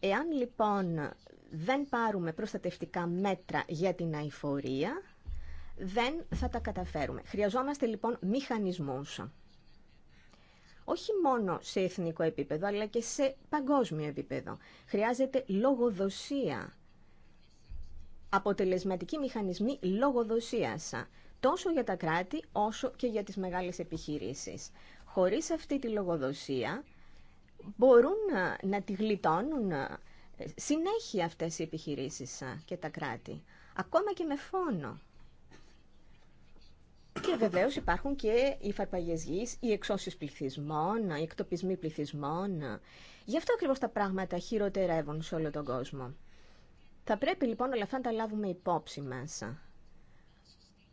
Εάν λοιπόν δεν πάρουμε προστατευτικά μέτρα για την αηφορία, δεν θα τα καταφέρουμε. Χρειαζόμαστε λοιπόν μηχανισμούς. Όχι μόνο σε εθνικό επίπεδο, αλλά και σε παγκόσμιο επίπεδο. Χρειάζεται λογοδοσία αποτελεσματικοί μηχανισμοί λογοδοσίας, τόσο για τα κράτη όσο και για τις μεγάλες επιχειρήσεις. Χωρίς αυτή τη λογοδοσία μπορούν ε, να τη γλιτώνουν ε, συνέχεια αυτές οι επιχειρήσεις ε, και τα κράτη, ακόμα και με φόνο. Και βεβαίως υπάρχουν και οι φαρπαγές γης, οι εξώσεις πληθυσμών, οι εκτοπισμοί πληθυσμών. Γι' αυτό ακριβώς τα πράγματα χειροτερεύουν σε όλο τον κόσμο. Θα πρέπει λοιπόν όλα αυτά να τα λάβουμε υπόψη μας.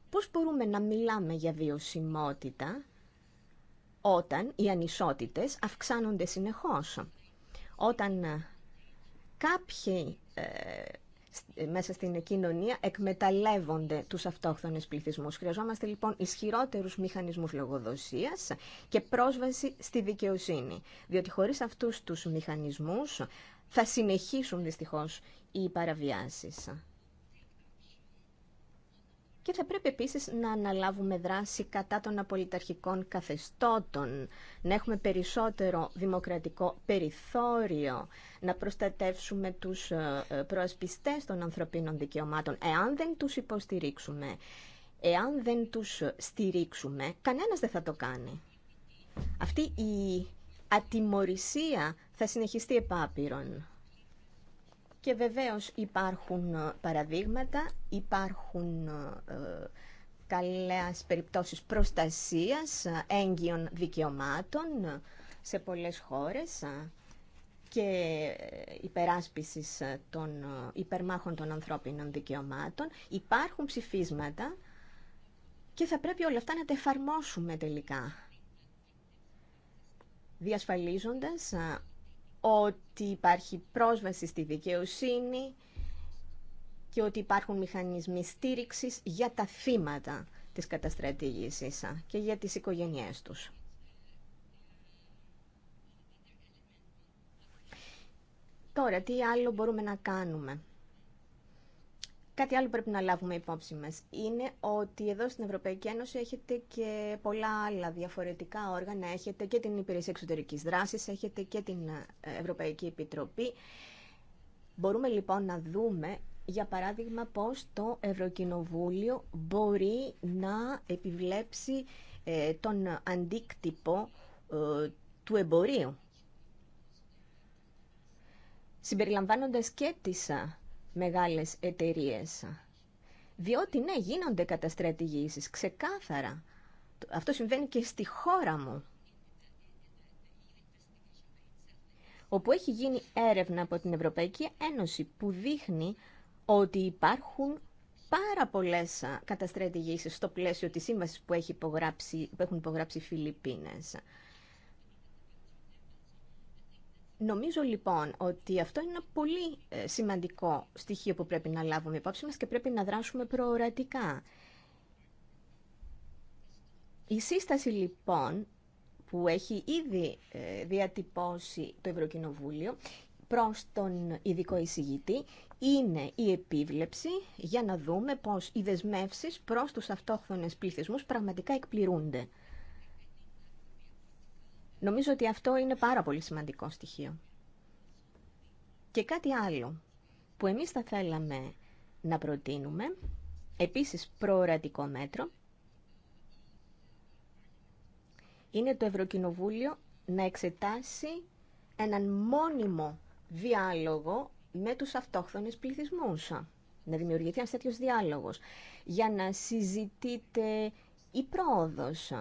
Πώς μπορούμε να μιλάμε για βιωσιμότητα όταν οι ανισότητες αυξάνονται συνεχώς. Όταν ε, κάποιοι ε, μέσα στην κοινωνία εκμεταλλεύονται τους αυτόχθονες πληθυσμούς. Χρειαζόμαστε λοιπόν ισχυρότερους μηχανισμούς λογοδοσίας και πρόσβαση στη δικαιοσύνη. Διότι χωρίς αυτούς τους μηχανισμούς θα συνεχίσουν δυστυχώς ...η παραβιάσεις. Και θα πρέπει επίσης να αναλάβουμε δράση κατά των απολυταρχικών καθεστώτων, να έχουμε περισσότερο δημοκρατικό περιθώριο, να προστατεύσουμε τους ε, προασπιστές των ανθρωπίνων δικαιωμάτων, εάν δεν τους υποστηρίξουμε. Εάν δεν τους στηρίξουμε, κανένας δεν θα το κάνει. Αυτή η ατιμορρησία θα συνεχιστεί επάπειρον. Και βεβαίως υπάρχουν ε, παραδείγματα, υπάρχουν ε, ε, καλές περιπτώσεις προστασίας έγκυων δικαιωμάτων σε πολλές χώρες και υπεράσπισης των υπερμάχων των ανθρώπινων δικαιωμάτων. Υπάρχουν ψηφίσματα και θα πρέπει όλα αυτά να τα εφαρμόσουμε τελικά. Διασφαλίζοντας ότι υπάρχει πρόσβαση στη δικαιοσύνη και ότι υπάρχουν μηχανισμοί στήριξης για τα θύματα της σα και για τις οικογένειές τους. Τώρα, τι άλλο μπορούμε να κάνουμε. Κάτι άλλο πρέπει να λάβουμε υπόψη μα. είναι ότι εδώ στην Ευρωπαϊκή Ένωση έχετε και πολλά άλλα διαφορετικά όργανα. Έχετε και την Υπηρεσία Εξωτερικής Δράσης, έχετε και την ε, Ευρωπαϊκή Επιτροπή. Μπορούμε λοιπόν να δούμε, για παράδειγμα, πώς το Ευρωκοινοβούλιο μπορεί να επιβλέψει ε, τον αντίκτυπο ε, του εμπορίου. Συμπεριλαμβάνοντας και τις μεγάλες εταιρείες. Διότι ναι, γίνονται καταστρατηγήσεις, ξεκάθαρα. Αυτό συμβαίνει και στη χώρα μου. Όπου έχει γίνει έρευνα από την Ευρωπαϊκή Ένωση που δείχνει ότι υπάρχουν πάρα πολλές καταστρατηγήσεις στο πλαίσιο της σύμβασης που, έχει υπογράψει, που έχουν υπογράψει οι Φιλιππίνες. Νομίζω λοιπόν ότι αυτό είναι ένα πολύ ε, σημαντικό στοιχείο που πρέπει να λάβουμε υπόψη μας και πρέπει να δράσουμε προορατικά. Η σύσταση λοιπόν που έχει ήδη ε, διατυπώσει το Ευρωκοινοβούλιο προς τον ειδικό εισηγητή είναι η επίβλεψη για να δούμε πως οι δεσμεύσεις προς τους αυτόχθονες πληθυσμούς πραγματικά εκπληρούνται. Νομίζω ότι αυτό είναι πάρα πολύ σημαντικό στοιχείο. Και κάτι άλλο που εμείς θα θέλαμε να προτείνουμε, επίσης προορατικό μέτρο, είναι το Ευρωκοινοβούλιο να εξετάσει έναν μόνιμο διάλογο με τους αυτόχθονες πληθυσμούς. Να δημιουργηθεί ένας τέτοιος διάλογος για να συζητείτε η πρόοδος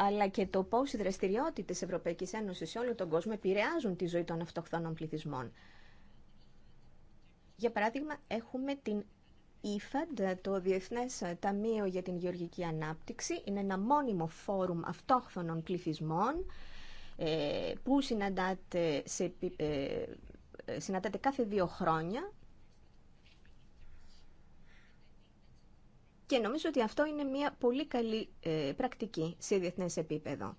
αλλά και το πώς οι δραστηριότητες ευρωπαϊκή Ένωση, σε όλο τον κόσμο επηρεάζουν τη ζωή των αυτοχθόνων πληθυσμών. Για παράδειγμα, έχουμε την IFAD, το Διεθνές Ταμείο για την Γεωργική Ανάπτυξη. Είναι ένα μόνιμο φόρουμ αυτόχθονων πληθυσμών ε, που συναντάται, σε, ε, ε, συναντάται κάθε δύο χρόνια Και νομίζω ότι αυτό είναι μια πολύ καλή ε, πρακτική σε διεθνές επίπεδο.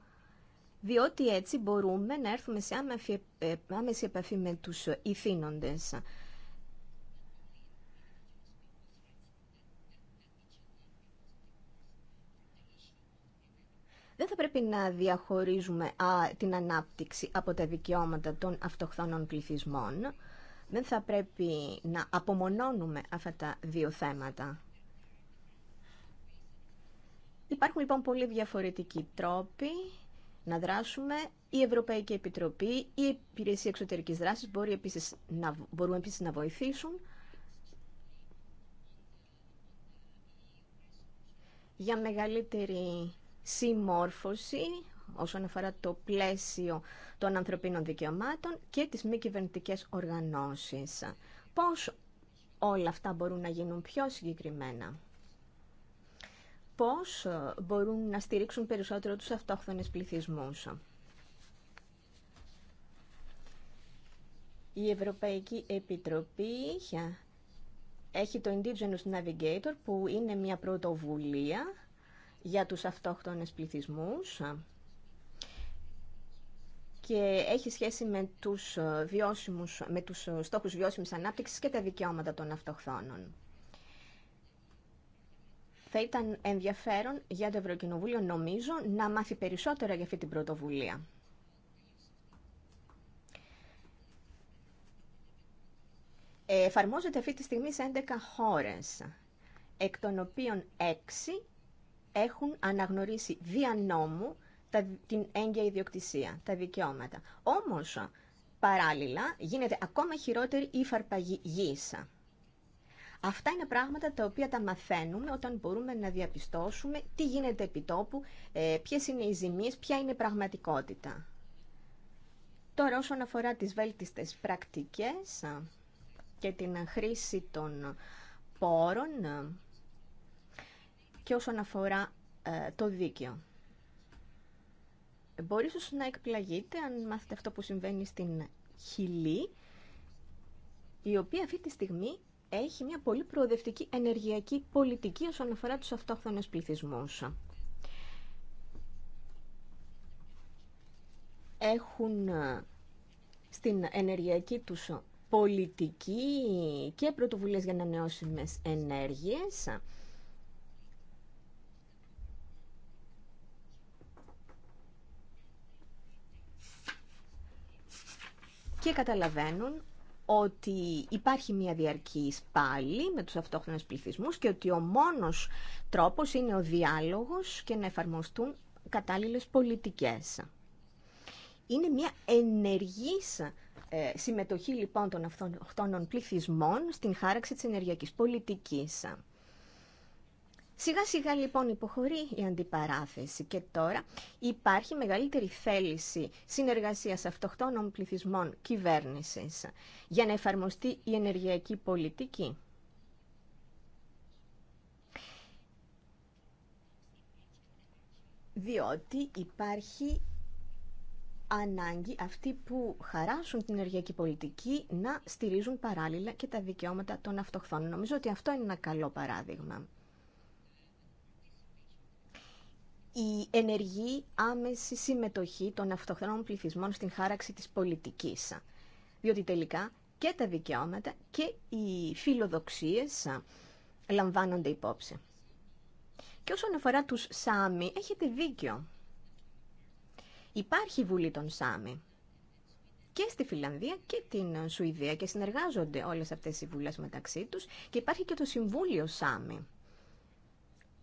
Διότι έτσι μπορούμε να έρθουμε σε άμεση ε, επαφή με τους ηθήνοντες. δεν θα πρέπει να διαχωρίζουμε την ανάπτυξη από τα δικαιώματα των αυτοχθόνων πληθυσμών. Δεν θα πρέπει να απομονώνουμε αυτά τα δύο θέματα. Υπάρχουν λοιπόν πολύ διαφορετικοί τρόποι να δράσουμε. Η Ευρωπαϊκή Επιτροπή, η Υπηρεσία Εξωτερικής Δράσης μπορεί επίσης να, μπορούν επίσης να βοηθήσουν για μεγαλύτερη συμμόρφωση όσον αφορά το πλαίσιο των ανθρωπίνων δικαιωμάτων και τις μη κυβερνητικέ οργανώσεις. Πώς όλα αυτά μπορούν να γίνουν πιο συγκεκριμένα πώς ε, μπορούν να στηρίξουν περισσότερο τους αυτόχθονες πληθυσμούς. Η Ευρωπαϊκή Επιτροπή έχει το Indigenous Navigator που είναι μια πρωτοβουλία για τους αυτόχθονες πληθυσμούς και έχει σχέση με τους, ε, βιώσιμους, με τους ε, στόχους βιώσιμης ανάπτυξης και τα δικαιώματα των αυτοχθόνων. Θα ήταν ενδιαφέρον για το Ευρωκοινοβούλιο, νομίζω, να μάθει περισσότερα για αυτή την πρωτοβουλία. Ε, εφαρμόζεται αυτή τη στιγμή σε 11 χώρες, εκ των οποίων 6 έχουν αναγνωρίσει δια νόμου την έγκαια ιδιοκτησία, τα δικαιώματα. Όμως, παράλληλα, γίνεται ακόμα χειρότερη η φαρπαγή Αυτά είναι πράγματα τα οποία τα μαθαίνουμε όταν μπορούμε να διαπιστώσουμε τι γίνεται επί τόπου, ε, ποιες είναι οι ζημίες, ποια είναι η πραγματικότητα. Τώρα όσον αφορά τις βέλτιστες πρακτικές ε, και την χρήση των πόρων ε, και όσον αφορά το δίκαιο. Μπορεί ίσως να εκπλαγείτε αν μάθετε αυτό που συμβαίνει στην Χιλή, η οποία αυτή τη στιγμή έχει μια πολύ προοδευτική ενεργειακή πολιτική όσον αφορά τους αυτόχθονες πληθυσμούς. Έχουν ε, στην ενεργειακή τους πολιτική και πρωτοβουλίες για ανανεώσιμε ενέργειες. Και καταλαβαίνουν ότι υπάρχει μια διαρκής πάλι με τους αυτόχθονες πληθυσμούς και ότι ο μόνος τρόπος είναι ο διάλογος και να εφαρμοστούν κατάλληλες πολιτικές. Είναι μια ενεργής ε, συμμετοχή λοιπόν των αυτόχθονων πληθυσμών στην χάραξη της ενεργειακής πολιτικής. Σιγά σιγά λοιπόν υποχωρεί η αντιπαράθεση και τώρα υπάρχει μεγαλύτερη θέληση συνεργασίας αυτοκτόνων πληθυσμών κυβέρνησης για να εφαρμοστεί η ενεργειακή πολιτική. Διότι υπάρχει ανάγκη αυτοί που χαράσουν την ενεργειακή πολιτική να στηρίζουν παράλληλα και τα δικαιώματα των αυτοχθόνων. Νομίζω ότι αυτό είναι ένα καλό παράδειγμα. η ενεργή άμεση συμμετοχή των αυτοχθόνων πληθυσμών στην χάραξη της πολιτικής. Διότι τελικά και τα δικαιώματα και οι φιλοδοξίες λαμβάνονται υπόψη. Και όσον αφορά τους Σάμι, έχετε δίκιο. Υπάρχει Βουλή των Σάμι και στη Φιλανδία και την Σουηδία και συνεργάζονται όλες αυτές οι βουλές μεταξύ τους και υπάρχει και το Συμβούλιο Σάμι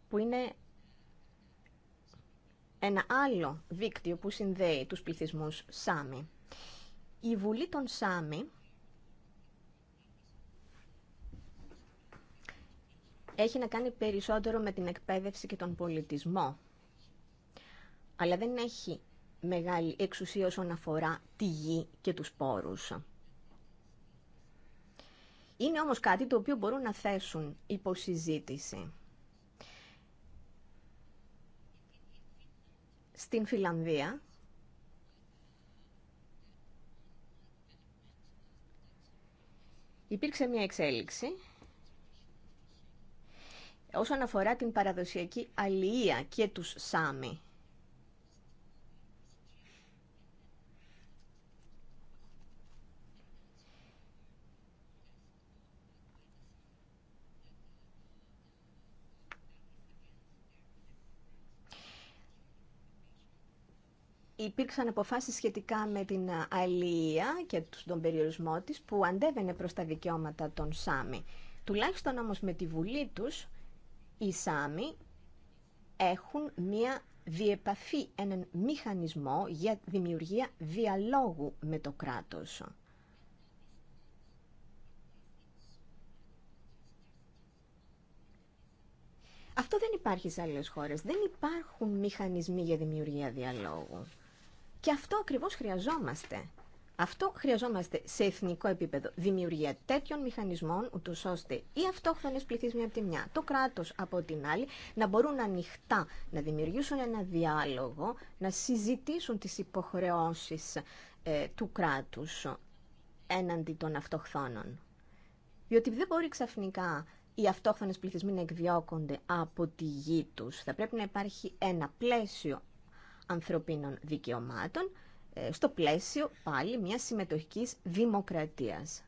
που είναι ένα άλλο δίκτυο που συνδέει τους πληθυσμούς Σάμι. Η Βουλή των Σάμι έχει να κάνει περισσότερο με την εκπαίδευση και τον πολιτισμό, αλλά δεν έχει μεγάλη εξουσία όσον αφορά τη γη και τους πόρους. Είναι όμως κάτι το οποίο μπορούν να θέσουν υποσυζήτηση. στην Φιλανδία υπήρξε μια εξέλιξη όσον αφορά την παραδοσιακή αλληλεία και τους Σάμι. υπήρξαν αποφάσεις σχετικά με την αλληλεία και τον περιορισμό της που αντέβαινε προς τα δικαιώματα των Σάμι. Τουλάχιστον όμως με τη Βουλή τους, οι Σάμι έχουν μία διεπαφή, έναν μηχανισμό για δημιουργία διαλόγου με το κράτος. Αυτό δεν υπάρχει σε άλλες χώρες. Δεν υπάρχουν μηχανισμοί για δημιουργία διαλόγου. Και αυτό ακριβώς χρειαζόμαστε. Αυτό χρειαζόμαστε σε εθνικό επίπεδο. Δημιουργία τέτοιων μηχανισμών, ούτω ώστε οι αυτόχθονε πληθυσμοί από τη μια, το κράτο από την άλλη, να μπορούν ανοιχτά να δημιουργήσουν ένα διάλογο, να συζητήσουν τι υποχρεώσει ε, του κράτου έναντι των αυτοχθόνων. Διότι δεν μπορεί ξαφνικά οι αυτόχθονε πληθυσμοί να εκδιώκονται από τη γη του. Θα πρέπει να υπάρχει ένα πλαίσιο ανθρωπίνων δικαιωμάτων ε, στο πλαίσιο πάλι μιας συμμετοχικής δημοκρατίας.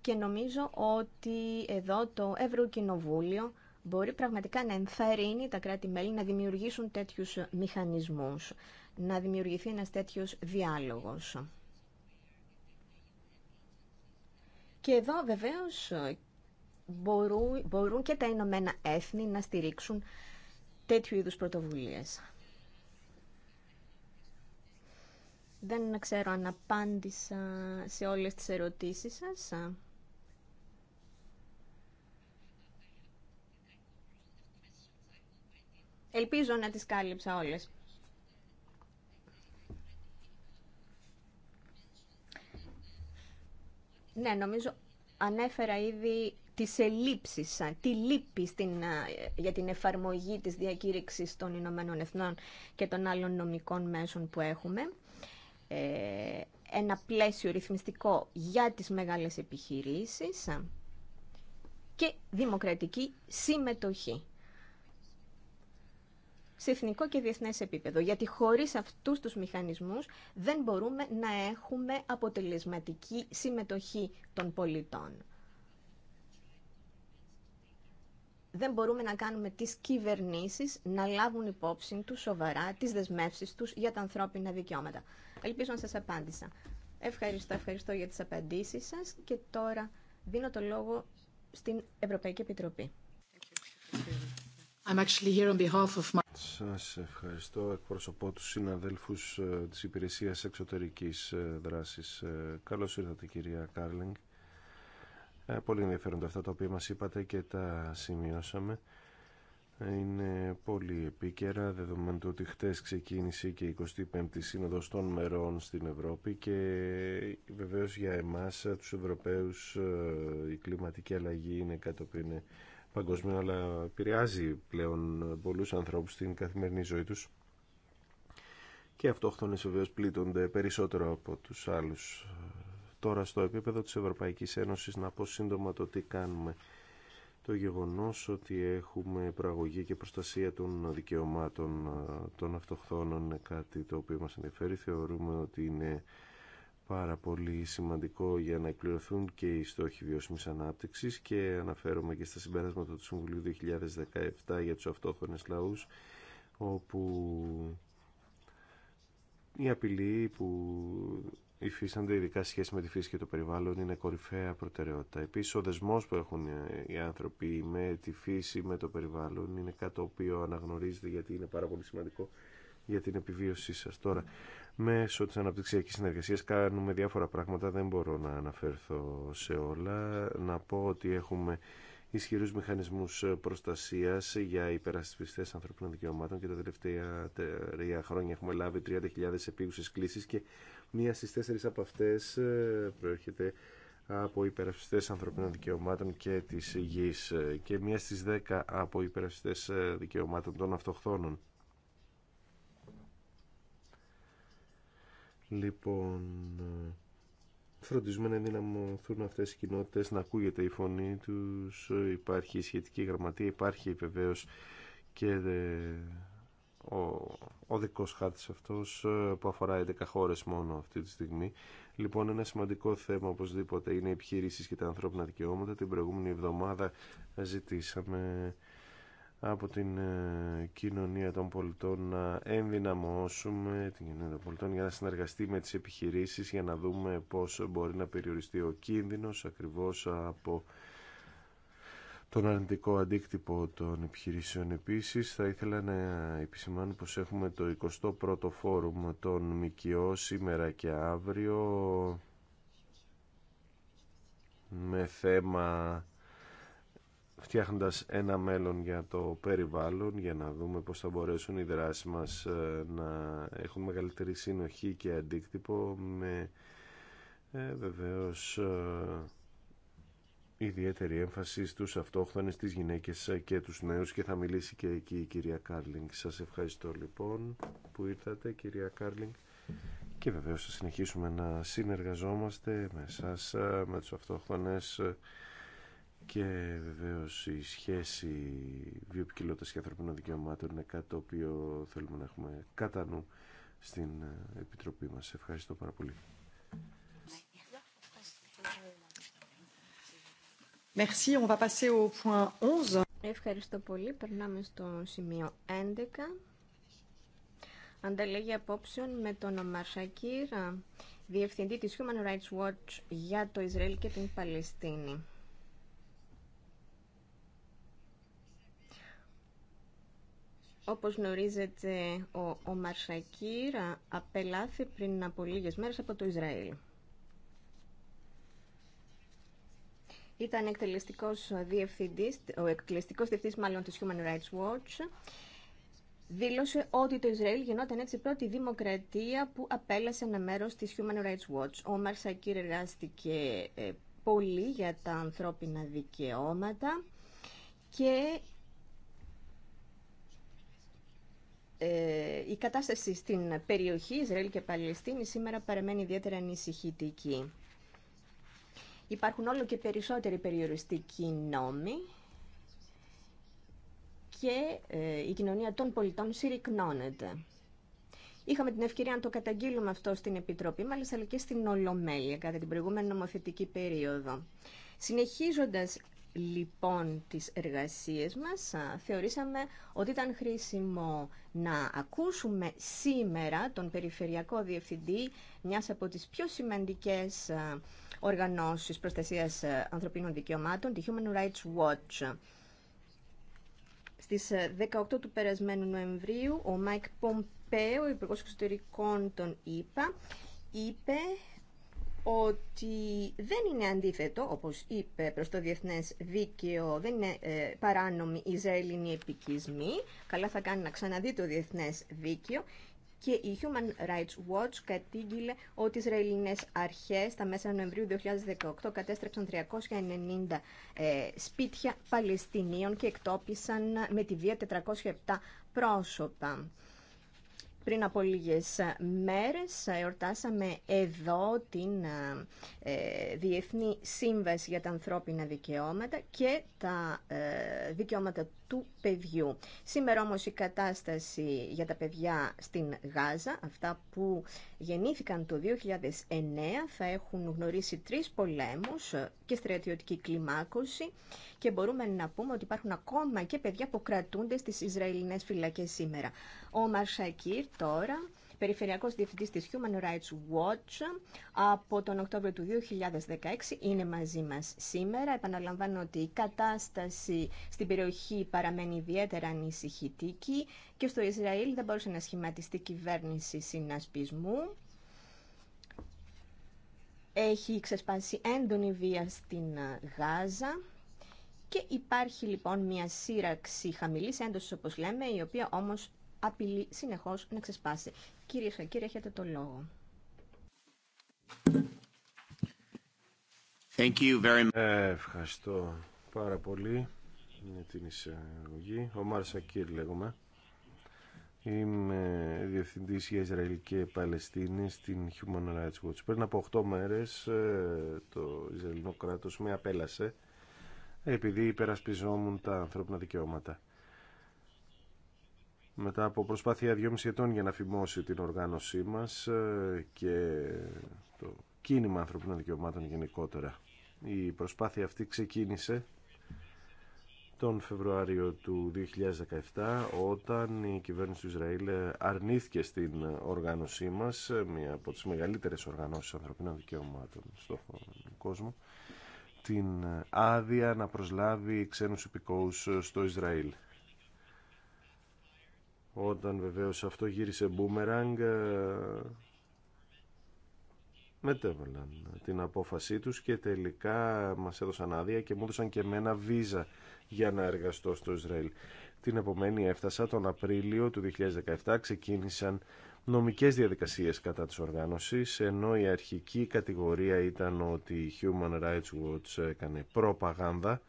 Και νομίζω ότι εδώ το Ευρωκοινοβούλιο μπορεί πραγματικά να ενθαρρύνει τα κράτη-μέλη να δημιουργήσουν τέτοιους μηχανισμούς, να δημιουργηθεί ένας τέτοιος διάλογος. Και εδώ βεβαίως μπορούν, μπορούν και τα Ηνωμένα Έθνη να στηρίξουν τέτοιου είδους πρωτοβουλίες. Δεν ξέρω αν απάντησα σε όλες τις ερωτήσεις σας. Ελπίζω να τις κάλυψα όλες. Ναι, νομίζω ανέφερα ήδη τις ελλείψεις, τη λύπη στην, για την εφαρμογή της διακήρυξης των Ηνωμένων Εθνών και των άλλων νομικών μέσων που έχουμε. Ε, ένα πλαίσιο ρυθμιστικό για τις μεγάλες επιχειρήσεις και δημοκρατική συμμετοχή σε εθνικό και διεθνές επίπεδο. Γιατί χωρίς αυτούς τους μηχανισμούς δεν μπορούμε να έχουμε αποτελεσματική συμμετοχή των πολιτών. δεν μπορούμε να κάνουμε τις κυβερνήσεις να λάβουν υπόψη τους σοβαρά τις δεσμεύσεις τους για τα ανθρώπινα δικαιώματα. Ελπίζω να σας απάντησα. Ευχαριστώ, ευχαριστώ για τις απαντήσεις σας και τώρα δίνω το λόγο στην Ευρωπαϊκή Επιτροπή. I'm actually here on behalf of my... Σας ευχαριστώ. Εκπροσωπώ τους συναδέλφους ε, της Υπηρεσίας Εξωτερικής ε, Δράσης. Ε, καλώς ήρθατε κυρία Κάρλινγκ. Ε, πολύ ενδιαφέροντα αυτά τα οποία μας είπατε και τα σημειώσαμε. Είναι πολύ επίκαιρα δεδομένου ότι χτες ξεκίνησε και η 25η Σύνοδος των Μερών στην Ευρώπη και βεβαίως για εμάς ε, τους Ευρωπαίους ε, η κλιματική αλλαγή είναι κάτι που είναι παγκοσμίο αλλά επηρεάζει πλέον πολλούς ανθρώπους στην καθημερινή ζωή τους και αυτόχθονες βεβαίως πλήττονται περισσότερο από τους άλλους Τώρα στο επίπεδο της Ευρωπαϊκής Ένωσης να πω σύντομα το τι κάνουμε. Το γεγονός ότι έχουμε προαγωγή και προστασία των δικαιωμάτων ε, των αυτοχθόνων είναι κάτι το οποίο μας ενδιαφέρει. Θεωρούμε ότι είναι πάρα πολύ σημαντικό για να εκπληρωθούν και οι στόχοι βιώσιμης ανάπτυξης και αναφέρομαι και στα συμπεράσματα του Συμβουλίου 2017 για τους αυτόχθονες λαούς όπου η απειλή που υφίστανται ειδικά σχέση με τη φύση και το περιβάλλον είναι κορυφαία προτεραιότητα. Επίση ο δεσμό που έχουν οι άνθρωποι με τη φύση, με το περιβάλλον είναι κάτι το οποίο αναγνωρίζεται γιατί είναι πάρα πολύ σημαντικό για την επιβίωσή σα Τώρα, μέσω τη αναπτυξιακή συνεργασία κάνουμε διάφορα πράγματα, δεν μπορώ να αναφέρθω σε όλα. Να πω ότι έχουμε ισχυρού μηχανισμού προστασία για υπερασπιστέ ανθρωπίνων δικαιωμάτων και τα τελευταία τρία χρόνια έχουμε λάβει 30.000 επίγουσε κλήσει και Μία στις τέσσερις από αυτές ε, προέρχεται από υπερασπιστές ανθρωπίνων δικαιωμάτων και της γης ε, και μία στις δέκα από υπερασπιστές ε, δικαιωμάτων των αυτοχθόνων. Λοιπόν, φροντίζουμε να ενδυναμωθούν αυτές οι κοινότητες, να ακούγεται η φωνή τους, υπάρχει η σχετική γραμματεία, υπάρχει βεβαίως και ο ο δικό χάρτης αυτός ε, που αφορά 11 χώρες μόνο αυτή τη στιγμή. Λοιπόν, ένα σημαντικό θέμα οπωσδήποτε είναι οι επιχειρήσει και τα ανθρώπινα δικαιώματα. Την προηγούμενη εβδομάδα ζητήσαμε από την ε, κοινωνία των πολιτών να ενδυναμώσουμε την κοινωνία των πολιτών για να συνεργαστεί με τις επιχειρήσεις για να δούμε πώς μπορεί να περιοριστεί ο κίνδυνος ακριβώς από τον αρνητικό αντίκτυπο των επιχειρήσεων. Επίσης, θα ήθελα να επισημάνω πως έχουμε το 21ο φόρουμ των ΜΚΟ σήμερα και αύριο με θέμα φτιάχνοντας ένα μέλλον για το περιβάλλον για να δούμε πώς θα μπορέσουν οι δράσεις μας ε, να έχουν μεγαλύτερη συνοχή και αντίκτυπο με ε, βεβαίως ε, ιδιαίτερη έμφαση στους αυτόχθονες, τις γυναίκες και τους νέους και θα μιλήσει και εκεί η κυρία Κάρλινγκ. Σας ευχαριστώ λοιπόν που ήρθατε κυρία Κάρλινγκ και βεβαίως θα συνεχίσουμε να συνεργαζόμαστε με σας, με τους αυτόχθονες και βεβαίως η σχέση βιοποικιλότητας και ανθρωπίνων δικαιωμάτων είναι κάτι το οποίο θέλουμε να έχουμε κατά νου στην Επιτροπή μας. Ευχαριστώ πάρα πολύ. Merci. Ευχαριστώ πολύ. Περνάμε στο σημείο 11. Ανταλλαγή απόψεων με τον Ομάρ Σακύρ, διευθυντή της Human Rights Watch για το Ισραήλ και την Παλαιστίνη. Όπως γνωρίζετε, ο Ομαρ Σακύρ απελάθη πριν από λίγες μέρες από το Ισραήλ. Ήταν εκτελεστικός διευθυντής, ο εκτελεστικός διευθυντής μάλλον της Human Rights Watch. Δήλωσε ότι το Ισραήλ γινόταν έτσι πρώτη δημοκρατία που απέλασε ένα μέρος της Human Rights Watch. Ο Μαρσακύρ εργάστηκε ε, πολύ για τα ανθρώπινα δικαιώματα και ε, η κατάσταση στην περιοχή Ισραήλ και Παλαιστίνη σήμερα παραμένει ιδιαίτερα ανησυχητική. Υπάρχουν όλο και περισσότεροι περιοριστικοί νόμοι και ε, η κοινωνία των πολιτών συρρυκνώνεται. Είχαμε την ευκαιρία να το καταγγείλουμε αυτό στην Επιτροπή, μάλιστα αλλά και στην Ολομέλεια κατά την προηγούμενη νομοθετική περίοδο. Συνεχίζοντας λοιπόν τις εργασίες μας θεωρήσαμε ότι ήταν χρήσιμο να ακούσουμε σήμερα τον Περιφερειακό Διευθυντή μιας από τις πιο σημαντικές οργανώσεις προστασίας ανθρωπίνων δικαιωμάτων, τη Human Rights Watch. Στις 18 του περασμένου Νοεμβρίου, ο Μάικ ο υπουργός εξωτερικών των ΗΠΑ, είπε ότι δεν είναι αντίθετο, όπως είπε προς το Διεθνές Δίκαιο, δεν είναι ε, παράνομη η Ισραηλινή επικισμή. Καλά θα κάνει να ξαναδεί το Διεθνές Δίκαιο. Και η Human Rights Watch κατήγγειλε ότι οι Ισραηλινές αρχές τα μέσα Νοεμβρίου 2018 κατέστρεψαν 390 ε, σπίτια Παλαιστινίων και εκτόπισαν με τη βία 407 πρόσωπα. Πριν από λίγες μέρες εορτάσαμε εδώ την ε, ε, Διεθνή Σύμβαση για τα Ανθρώπινα Δικαιώματα και τα ε, δικαιώματα του παιδιού. Σήμερα όμως η κατάσταση για τα παιδιά στην Γάζα, αυτά που γεννήθηκαν το 2009, θα έχουν γνωρίσει τρεις πολέμους και στρατιωτική κλιμάκωση και μπορούμε να πούμε ότι υπάρχουν ακόμα και παιδιά που κρατούνται στις Ισραηλινές φυλακές σήμερα. Ο Μαρσακίρ τώρα Περιφερειακός Διευθυντής της Human Rights Watch από τον Οκτώβριο του 2016 είναι μαζί μας σήμερα. Επαναλαμβάνω ότι η κατάσταση στην περιοχή παραμένει ιδιαίτερα ανησυχητική και στο Ισραήλ δεν μπορούσε να σχηματιστεί κυβέρνηση συνασπισμού. Έχει ξεσπάσει έντονη βία στην Γάζα. Και υπάρχει λοιπόν μια σύραξη χαμηλής έντοσης όπως λέμε, η οποία όμως απειλεί συνεχώς να ξεσπάσει. Κύριε κύριοι έχετε το λόγο. Thank you very much. Ε, ευχαριστώ πάρα πολύ για την εισαγωγή. Ο Μάρ Σακύρ λέγομαι. Είμαι διευθυντή για Ισραήλ και Παλαιστίνη στην Human Rights Watch. Πριν από 8 μέρε ε, το Ισραηλινό κράτο με απέλασε επειδή υπερασπιζόμουν τα ανθρώπινα δικαιώματα μετά από προσπάθεια 2,5 ετών για να φημώσει την οργάνωσή μας ε, και το κίνημα ανθρωπίνων δικαιωμάτων γενικότερα. Η προσπάθεια αυτή ξεκίνησε τον Φεβρουάριο του 2017 όταν η κυβέρνηση του Ισραήλ ε, αρνήθηκε στην οργάνωσή μας, ε, μία από τις μεγαλύτερες οργανώσεις ανθρωπίνων δικαιωμάτων στον κόσμο, την άδεια να προσλάβει ξένους υπηκόους στο Ισραήλ όταν βεβαίως αυτό γύρισε μπούμεραγκ μετέβαλαν την απόφασή τους και τελικά μας έδωσαν άδεια και μου έδωσαν και εμένα βίζα για να εργαστώ στο Ισραήλ. Την επομένη έφτασα τον Απρίλιο του 2017 ξεκίνησαν νομικές διαδικασίες κατά της οργάνωσης ενώ η αρχική κατηγορία ήταν ότι η Human Rights Watch έκανε προπαγάνδα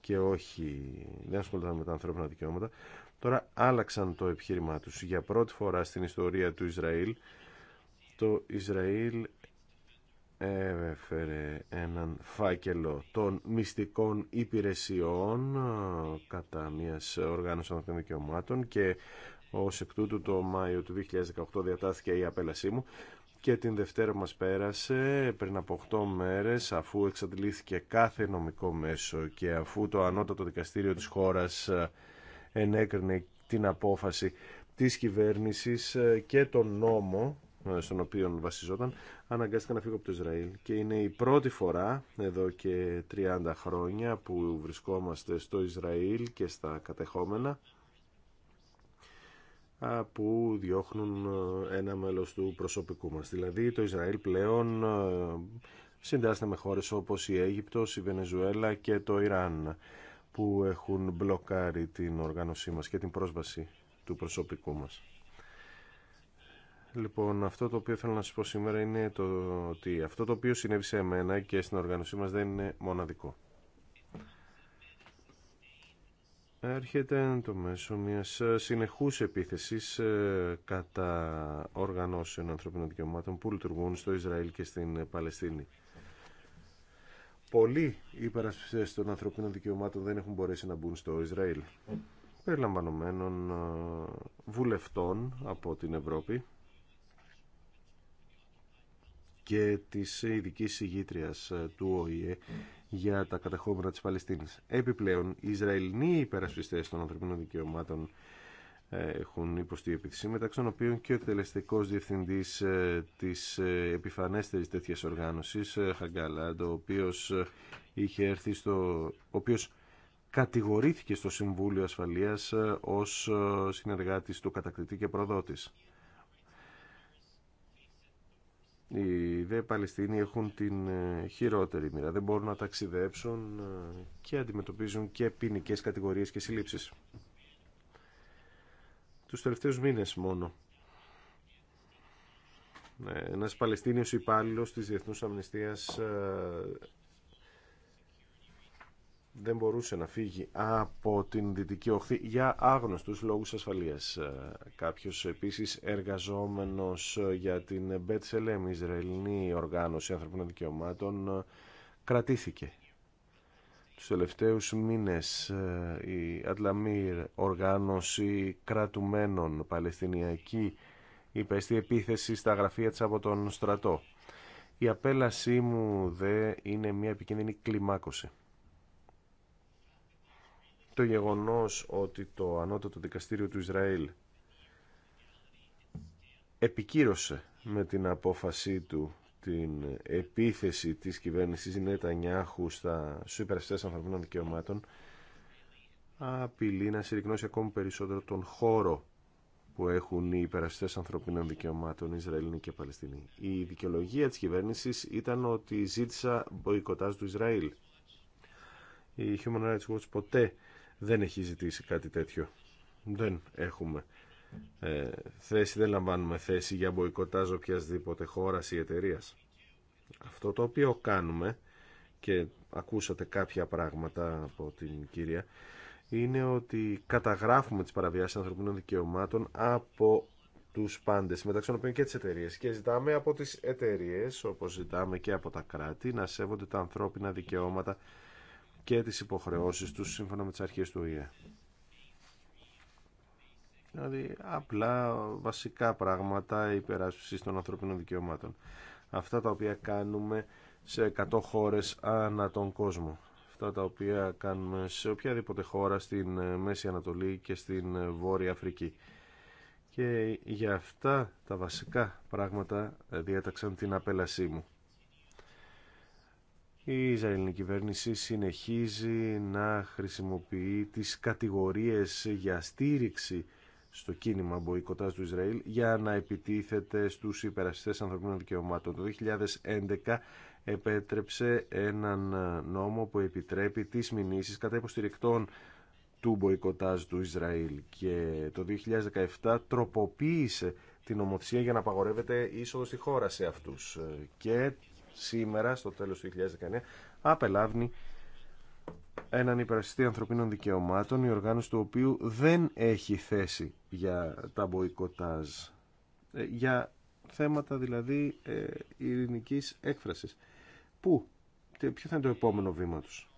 και όχι, δεν ασχολούνταν με τα ανθρώπινα δικαιώματα. Τώρα άλλαξαν το επιχείρημά τους. Για πρώτη φορά στην ιστορία του Ισραήλ, το Ισραήλ έφερε έναν φάκελο των μυστικών υπηρεσιών κατά μιας οργάνωσης των δικαιωμάτων και ως εκ τούτου το Μάιο του 2018 διατάθηκε η απέλασή μου και την Δευτέρα μας πέρασε πριν από 8 μέρες αφού εξαντλήθηκε κάθε νομικό μέσο και αφού το ανώτατο δικαστήριο της χώρας ενέκρινε την απόφαση της κυβέρνησης ε, και τον νόμο ε, στον οποίο βασιζόταν, αναγκάστηκα να φύγω από το Ισραήλ. Και είναι η πρώτη φορά εδώ και 30 χρόνια που βρισκόμαστε στο Ισραήλ και στα κατεχόμενα που διώχνουν ε, ένα μέλος του προσωπικού μας. Δηλαδή το Ισραήλ πλέον συντάσσεται με χώρες όπως η Αίγυπτος, η Βενεζουέλα και το Ιράν που έχουν μπλοκάρει την οργάνωσή μας και την πρόσβαση του προσωπικού μας. Λοιπόν, αυτό το οποίο θέλω να σας πω σήμερα είναι το ότι αυτό το οποίο συνέβη σε εμένα και στην οργάνωσή μας δεν είναι μοναδικό. Έρχεται το μέσο μιας συνεχούς επίθεσης ε, κατά οργανώσεων ανθρωπίνων δικαιωμάτων που λειτουργούν στο Ισραήλ και στην Παλαιστίνη πολλοί υπερασπιστές των ανθρωπίνων δικαιωμάτων δεν έχουν μπορέσει να μπουν στο Ισραήλ περιλαμβανομένων ε, βουλευτών από την Ευρώπη και της ειδική ηγήτρια ε, του ΟΗΕ για τα κατεχόμενα της Παλαιστίνης. Επιπλέον, οι Ισραηλινοί υπερασπιστές των ανθρωπίνων δικαιωμάτων ε, έχουν υποστεί επίθεση, μεταξύ των οποίων και ο εκτελεστικό διευθυντή ε, τη ε, επιφανέστερη τέτοια οργάνωση, Χαγκάλα, ο οποίο είχε έρθει στο. οποίος κατηγορήθηκε στο Συμβούλιο Ασφαλείας ως συνεργάτης του κατακτητή και προδότης. Οι δε Παλαιστίνοι έχουν την χειρότερη μοίρα. Δεν μπορούν να ταξιδέψουν και αντιμετωπίζουν και ποινικέ κατηγορίες και συλλήψεις τους τελευταίους μήνες μόνο. Ναι, ένας Παλαιστίνιος υπάλληλος της Διεθνούς Αμνηστίας ε, δεν μπορούσε να φύγει από την Δυτική Οχθή για άγνωστους λόγους ασφαλείας. Ε, κάποιος επίσης εργαζόμενος για την Μπέτσελεμ, Ισραηλινή Οργάνωση Ανθρωπίνων Δικαιωμάτων, ε, κρατήθηκε τους τελευταίους μήνες ε, η Αντλαμίρ οργάνωση κρατουμένων Παλαιστινιακή υπέστη επίθεση στα γραφεία της από τον στρατό. Η απέλασή μου δε είναι μια επικίνδυνη κλιμάκωση. Το γεγονός ότι το ανώτατο δικαστήριο του Ισραήλ επικύρωσε με την απόφασή του την επίθεση της κυβέρνησης Νετανιάχου στα υπεραστές ανθρωπίνων δικαιωμάτων απειλεί να συρρυκνώσει ακόμη περισσότερο τον χώρο που έχουν οι υπεραστές ανθρωπίνων δικαιωμάτων Ισραηλίνοι και Παλαιστινοί. Η δικαιολογία της κυβέρνησης ήταν ότι ζήτησα μποϊκοτάζ του Ισραήλ. Η Human Rights Watch ποτέ δεν έχει ζητήσει κάτι τέτοιο. Δεν έχουμε ε, θέση, δεν λαμβάνουμε θέση για μποϊκοτάζ οποιασδήποτε χώρα ή εταιρεία. Αυτό το οποίο κάνουμε και ακούσατε κάποια πράγματα από την κυρία είναι ότι καταγράφουμε τις παραβιάσεις ανθρωπίνων δικαιωμάτων από τους πάντες, μεταξύ των οποίων και τις εταιρείε. Και ζητάμε από τις εταιρείε, όπως ζητάμε και από τα κράτη, να σέβονται τα ανθρώπινα δικαιώματα και τις υποχρεώσεις τους σύμφωνα με τις αρχές του ΟΗΕ δηλαδή απλά βασικά πράγματα υπεράσπισης των ανθρωπίνων δικαιωμάτων. Αυτά τα οποία κάνουμε σε 100 χώρες ανά τον κόσμο. Αυτά τα οποία κάνουμε σε οποιαδήποτε χώρα στην ε, Μέση Ανατολή και στην ε, Βόρεια Αφρική. Και για αυτά τα βασικά πράγματα ε, διέταξαν την απέλασή μου. Η Ισραηλινή κυβέρνηση συνεχίζει να χρησιμοποιεί τις κατηγορίες για στήριξη στο κίνημα μποϊκοτάζ του Ισραήλ για να επιτίθεται στους υπερασιστές ανθρωπίνων δικαιωμάτων. Το 2011 επέτρεψε έναν νόμο που επιτρέπει τις μηνύσεις κατά υποστηρικτών του μποϊκοτάζ του Ισραήλ και το 2017 τροποποίησε την νομοθεσία για να απαγορεύεται η είσοδο στη χώρα σε αυτούς και σήμερα στο τέλος του 2019 απελάβνει έναν υπερασπιστή ανθρωπίνων δικαιωμάτων, η οργάνωση του οποίου δεν έχει θέση για τα μποϊκοτάζ. Ε, για θέματα δηλαδή ε, ειρηνικής έκφρασης. Πού, ποιο θα είναι το επόμενο βήμα τους.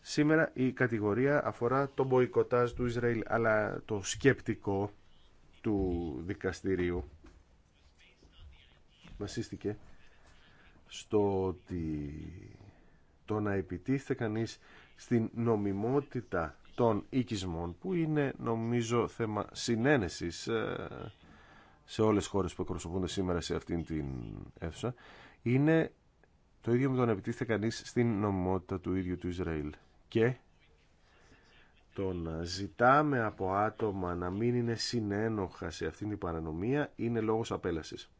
Σήμερα η κατηγορία αφορά το μποϊκοτάζ του Ισραήλ, αλλά το σκεπτικό του δικαστηρίου βασίστηκε στο ότι το να επιτίθεται κανείς στην νομιμότητα των οικισμών που είναι νομίζω θέμα συνένεσης ε, σε όλες τις χώρες που εκπροσωπούνται σήμερα σε αυτήν την αίθουσα είναι το ίδιο με το να επιτίθεται κανείς στην νομιμότητα του ίδιου του Ισραήλ και το να ζητάμε από άτομα να μην είναι συνένοχα σε αυτήν την παρανομία είναι λόγος απέλασης.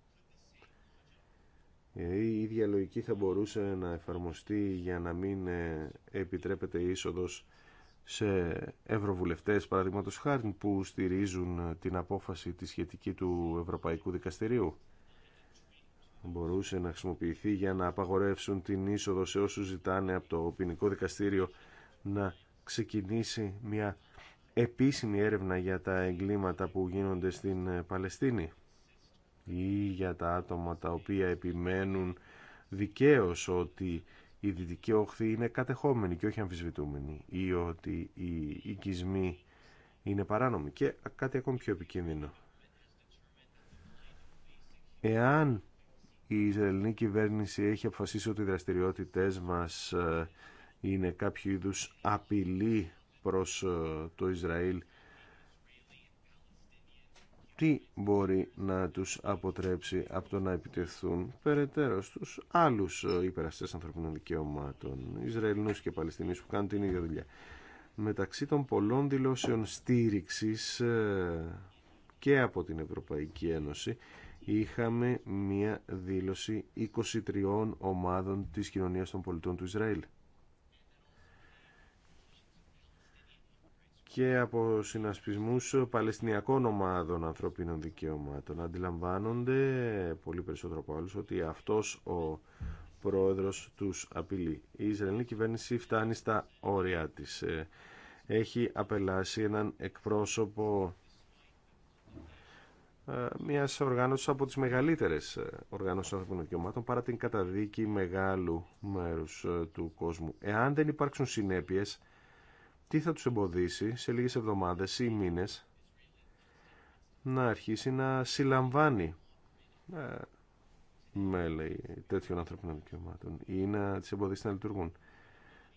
Ε, η ίδια λογική θα μπορούσε να εφαρμοστεί για να μην ε, επιτρέπεται η είσοδος σε ευρωβουλευτές παραδείγματο χάρη που στηρίζουν ε, την απόφαση τη σχετική του Ευρωπαϊκού Δικαστηρίου. Μπορούσε να χρησιμοποιηθεί για να απαγορεύσουν την είσοδο σε όσους ζητάνε από το ποινικό δικαστήριο να ξεκινήσει μια επίσημη έρευνα για τα εγκλήματα που γίνονται στην Παλαιστίνη ή για τα άτομα τα οποία επιμένουν δικαίως ότι η δυτική όχθη είναι κατεχόμενη και όχι αμφισβητούμενη ή ότι οι οικισμοί είναι παράνομοι και κάτι ακόμη πιο επικίνδυνο. Εάν η Ισραηλινή κυβέρνηση έχει αποφασίσει ότι οι δραστηριότητες μας ε, είναι κάποιο είδους απειλή προς ε, το Ισραήλ τι μπορεί να τους αποτρέψει από το να επιτεθούν περαιτέρω στους άλλους ε, υπεραστές ανθρωπινών δικαιωμάτων, Ισραηλινούς και Παλαιστινίους που κάνουν την ίδια δουλειά. Μεταξύ των πολλών δηλώσεων στήριξης ε, και από την Ευρωπαϊκή Ένωση είχαμε μία δήλωση 23 ομάδων της κοινωνίας των πολιτών του Ισραήλ. και από συνασπισμούς παλαιστινιακών ομάδων ανθρωπίνων δικαιωμάτων. Αντιλαμβάνονται πολύ περισσότερο από άλλους ότι αυτός ο πρόεδρος τους απειλεί. Η Ισραηλινή κυβέρνηση φτάνει στα όρια της. Ε, έχει απελάσει έναν εκπρόσωπο ε, μιας οργάνωσης από τις μεγαλύτερες ε, οργανώσεις ανθρωπίνων δικαιωμάτων παρά την καταδίκη μεγάλου μέρους του κόσμου. Εάν δεν υπάρξουν συνέπειες τι θα τους εμποδίσει σε λίγες εβδομάδες ή μήνες να αρχίσει να συλλαμβάνει ε, μέλη τέτοιων ανθρώπινων δικαιωμάτων ή να τις εμποδίσει να λειτουργούν.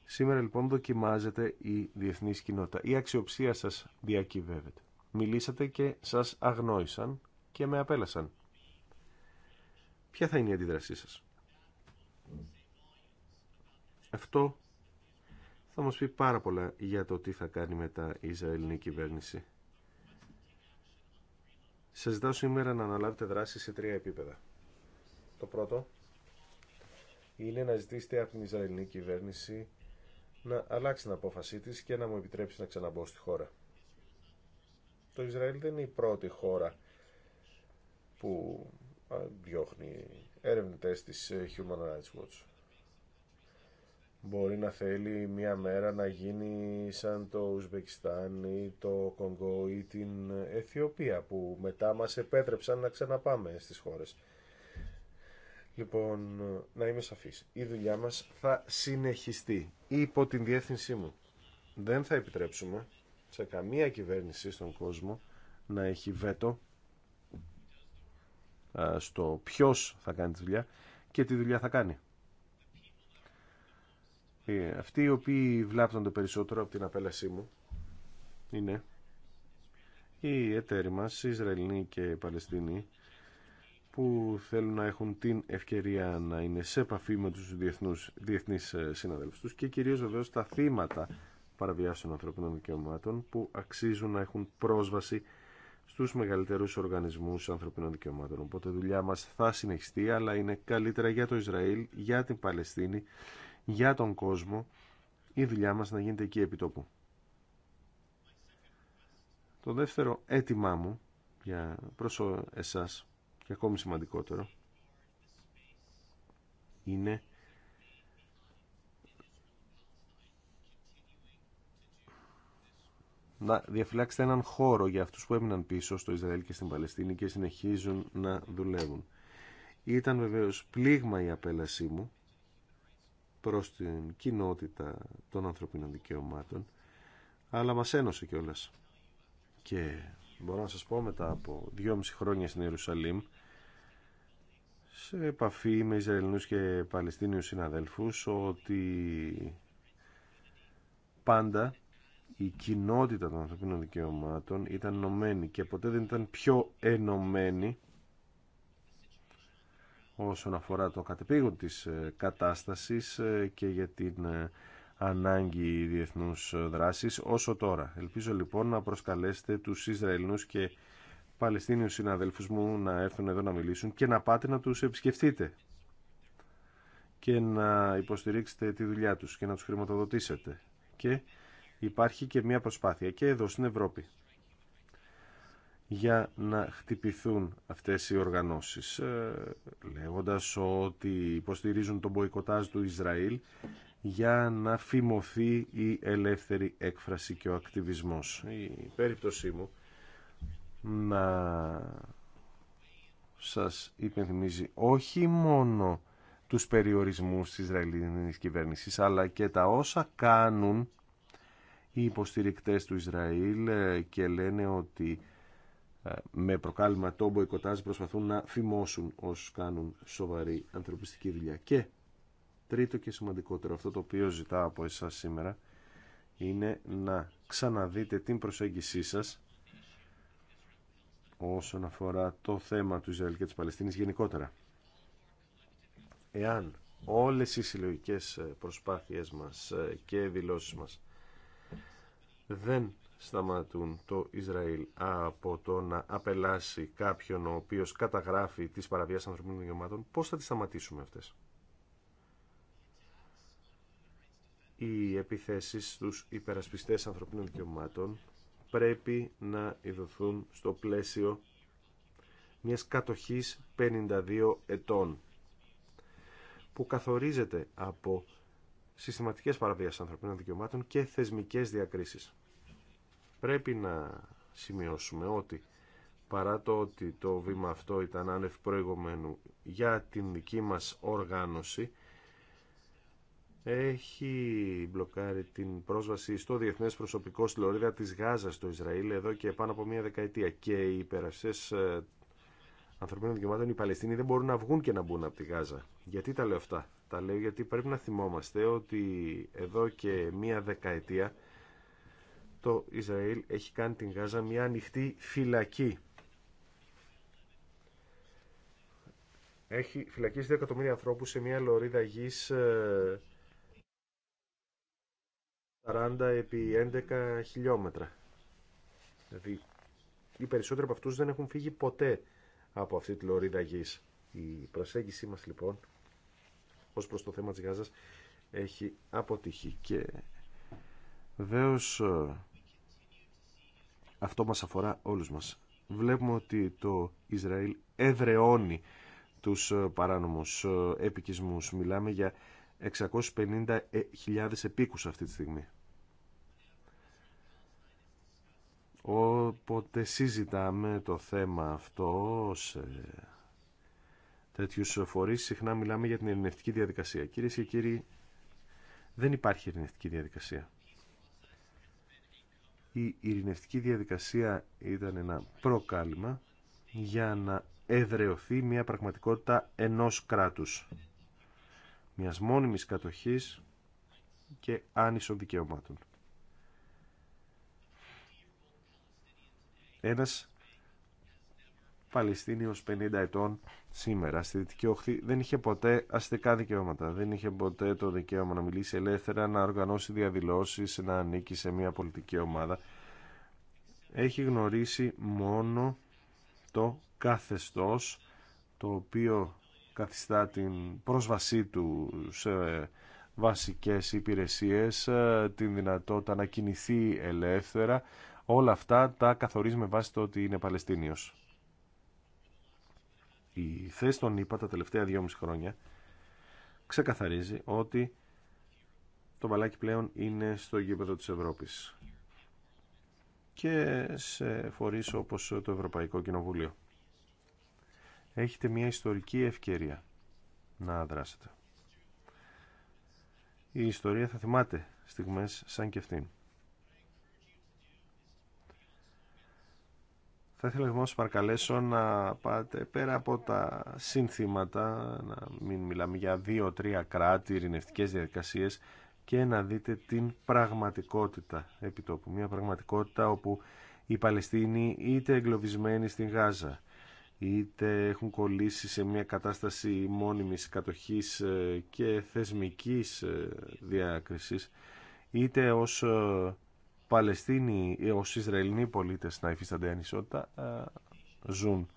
Σήμερα λοιπόν δοκιμάζεται η διεθνή κοινότητα. Η αξιοψία σας διακυβεύεται. Μιλήσατε και σας αγνόησαν και με απέλασαν. Ποια θα είναι η αντίδρασή σας. Αυτό θα μας πει πάρα πολλά για το τι θα κάνει μετά η Ισραηλινή κυβέρνηση. Σας ζητάω σήμερα να αναλάβετε δράση σε τρία επίπεδα. Το πρώτο είναι να ζητήσετε από την Ισραηλινή κυβέρνηση να αλλάξει την απόφασή της και να μου επιτρέψει να ξαναμπώ στη χώρα. Το Ισραήλ δεν είναι η πρώτη χώρα που διώχνει έρευνητές της ε, Human Rights Watch μπορεί να θέλει μία μέρα να γίνει σαν το Ουσβεκιστάν ή το Κονγκό ή την Αιθιοπία που μετά μας επέτρεψαν να ξαναπάμε στις χώρες. Λοιπόν, να είμαι σαφής. Η δουλειά μας θα συνεχιστεί υπό την διεύθυνσή μου. Δεν θα επιτρέψουμε σε καμία κυβέρνηση στον κόσμο να έχει βέτο στο ποιος θα κάνει τη δουλειά και τι δουλειά θα κάνει. Ε, αυτοί οι οποίοι βλάπτονται περισσότερο από την απέλασή μου είναι οι εταίροι μας, Ισραηλοί και Παλαιστίνοι, που θέλουν να έχουν την ευκαιρία να είναι σε επαφή με τους διεθνεί διεθνείς ε, συναδέλφους και κυρίως βεβαίως τα θύματα παραβιάσεων ανθρωπίνων δικαιωμάτων που αξίζουν να έχουν πρόσβαση στους μεγαλύτερους οργανισμούς ανθρωπίνων δικαιωμάτων. Οπότε η δουλειά μας θα συνεχιστεί, αλλά είναι καλύτερα για το Ισραήλ, για την Παλαιστίνη για τον κόσμο η δουλειά μας να γίνεται εκεί επί τόπου. Το δεύτερο αίτημά μου για προς εσάς και ακόμη σημαντικότερο είναι να διαφυλάξετε έναν χώρο για αυτούς που έμειναν πίσω στο Ισραήλ και στην Παλαιστίνη και συνεχίζουν να δουλεύουν. Ήταν βεβαίως πλήγμα η απέλασή μου προς την κοινότητα των ανθρωπίνων δικαιωμάτων αλλά μας ένωσε κιόλα. και μπορώ να σας πω μετά από δυόμιση χρόνια στην Ιερουσαλήμ σε επαφή με Ισραηλινούς και Παλαιστίνιους συναδέλφους ότι πάντα η κοινότητα των ανθρωπίνων δικαιωμάτων ήταν ενωμένη και ποτέ δεν ήταν πιο ενωμένη όσον αφορά το κατεπήγον της ε, κατάστασης ε, και για την ε, ανάγκη διεθνούς δράσης όσο τώρα. Ελπίζω λοιπόν να προσκαλέσετε τους Ισραηλινούς και Παλαιστίνιους συναδέλφους μου να έρθουν εδώ να μιλήσουν και να πάτε να τους επισκεφτείτε και να υποστηρίξετε τη δουλειά τους και να τους χρηματοδοτήσετε. Και υπάρχει και μια προσπάθεια και εδώ στην Ευρώπη για να χτυπηθούν αυτές οι οργανώσεις ε, λέγοντας ότι υποστηρίζουν τον μποϊκοτάζ του Ισραήλ για να φημωθεί η ελεύθερη έκφραση και ο ακτιβισμός. Η περίπτωσή μου να σας υπενθυμίζει όχι μόνο τους περιορισμούς της Ισραηλινής κυβέρνησης αλλά και τα όσα κάνουν οι υποστηρικτές του Ισραήλ ε, και λένε ότι με προκάλημα το μποϊκοτάζ προσπαθούν να φημώσουν ως κάνουν σοβαρή ανθρωπιστική δουλειά. Και τρίτο και σημαντικότερο, αυτό το οποίο ζητάω από εσάς σήμερα, είναι να ξαναδείτε την προσέγγισή σας όσον αφορά το θέμα του Ισραήλ και της Παλαιστίνης γενικότερα. Εάν όλες οι συλλογικές προσπάθειες μας ε, και δηλώσεις μας δεν σταματούν το Ισραήλ από το να απελάσει κάποιον ο οποίο καταγράφει τις παραβιάσεις ανθρωπίνων δικαιωμάτων, πώς θα τις σταματήσουμε αυτές. Οι επιθέσεις στου υπερασπιστές ανθρωπίνων δικαιωμάτων πρέπει να ειδωθούν στο πλαίσιο μιας κατοχής 52 ετών που καθορίζεται από συστηματικές παραβιάσεις ανθρωπίνων δικαιωμάτων και θεσμικές διακρίσεις. Πρέπει να σημειώσουμε ότι παρά το ότι το βήμα αυτό ήταν άνευ προηγουμένου για την δική μας οργάνωση, έχει μπλοκάρει την πρόσβαση στο διεθνές προσωπικό στη Λωρίδα της Γάζας στο Ισραήλ εδώ και πάνω από μια δεκαετία και οι υπερασίες ε, ανθρωπίνων δικαιωμάτων οι Παλαιστίνοι δεν μπορούν να βγουν και να μπουν από τη Γάζα. Γιατί τα λέω αυτά. Τα λέω γιατί πρέπει να θυμόμαστε ότι εδώ και μία δεκαετία το Ισραήλ έχει κάνει την Γάζα μια ανοιχτή φυλακή. Έχει φυλακίσει δύο εκατομμύρια ανθρώπου σε μια λωρίδα γης 40 ε, επί 11 χιλιόμετρα. Δηλαδή οι περισσότεροι από αυτούς δεν έχουν φύγει ποτέ από αυτή τη λωρίδα γης. Η προσέγγιση μας λοιπόν ως προς το θέμα της Γάζας έχει αποτύχει και βεβαίως ε, αυτό μας αφορά όλους μας. Βλέπουμε ότι το Ισραήλ εδρεώνει τους ε, παράνομους ε, επικισμούς. Μιλάμε για 650.000 επίκους αυτή τη στιγμή. Όποτε συζητάμε το θέμα αυτό σε τέτοιους φορείς, συχνά μιλάμε για την ειρηνευτική διαδικασία. Κυρίε και κύριοι, δεν υπάρχει ειρηνευτική διαδικασία η ειρηνευτική διαδικασία ήταν ένα προκάλημα για να εδρεωθεί μια πραγματικότητα ενός κράτους, μιας μόνιμης κατοχής και άνισων δικαιωμάτων. Ένας Παλαιστίνιος 50 ετών σήμερα στη Δυτική Οχθή δεν είχε ποτέ αστικά δικαιώματα, δεν είχε ποτέ το δικαίωμα να μιλήσει ελεύθερα, να οργανώσει διαδηλώσεις, να ανήκει σε μια πολιτική ομάδα. Έχει γνωρίσει μόνο το καθεστώς το οποίο καθιστά την πρόσβασή του σε βασικές υπηρεσίες, ε, την δυνατότητα να κινηθεί ελεύθερα, όλα αυτά τα καθορίζουμε με βάση το ότι είναι Παλαιστίνιος η θέση των ΙΠΑ τα τελευταία 2,5 χρόνια ξεκαθαρίζει ότι το μπαλάκι πλέον είναι στο γήπεδο της Ευρώπης και σε φορείς όπως το Ευρωπαϊκό Κοινοβούλιο. Έχετε μια ιστορική ευκαιρία να δράσετε. Η ιστορία θα θυμάται στιγμές σαν και αυτήν. Θα ήθελα λοιπόν να σας παρακαλέσω να πάτε πέρα από τα σύνθηματα, να μην μιλάμε για δύο-τρία κράτη, ειρηνευτικέ διαδικασίες και να δείτε την πραγματικότητα επί τόπου. Μια πραγματικότητα όπου οι Παλαιστίνοι είτε εγκλωβισμένοι στην Γάζα, είτε έχουν κολλήσει σε μια κατάσταση μόνιμης κατοχής ε, και θεσμικής ε, διάκρισης, είτε ως ε, Παλαιστίνοι ε, ω Ισραηλινοί πολίτες να υφίστανται ανισότητα ε, ζουν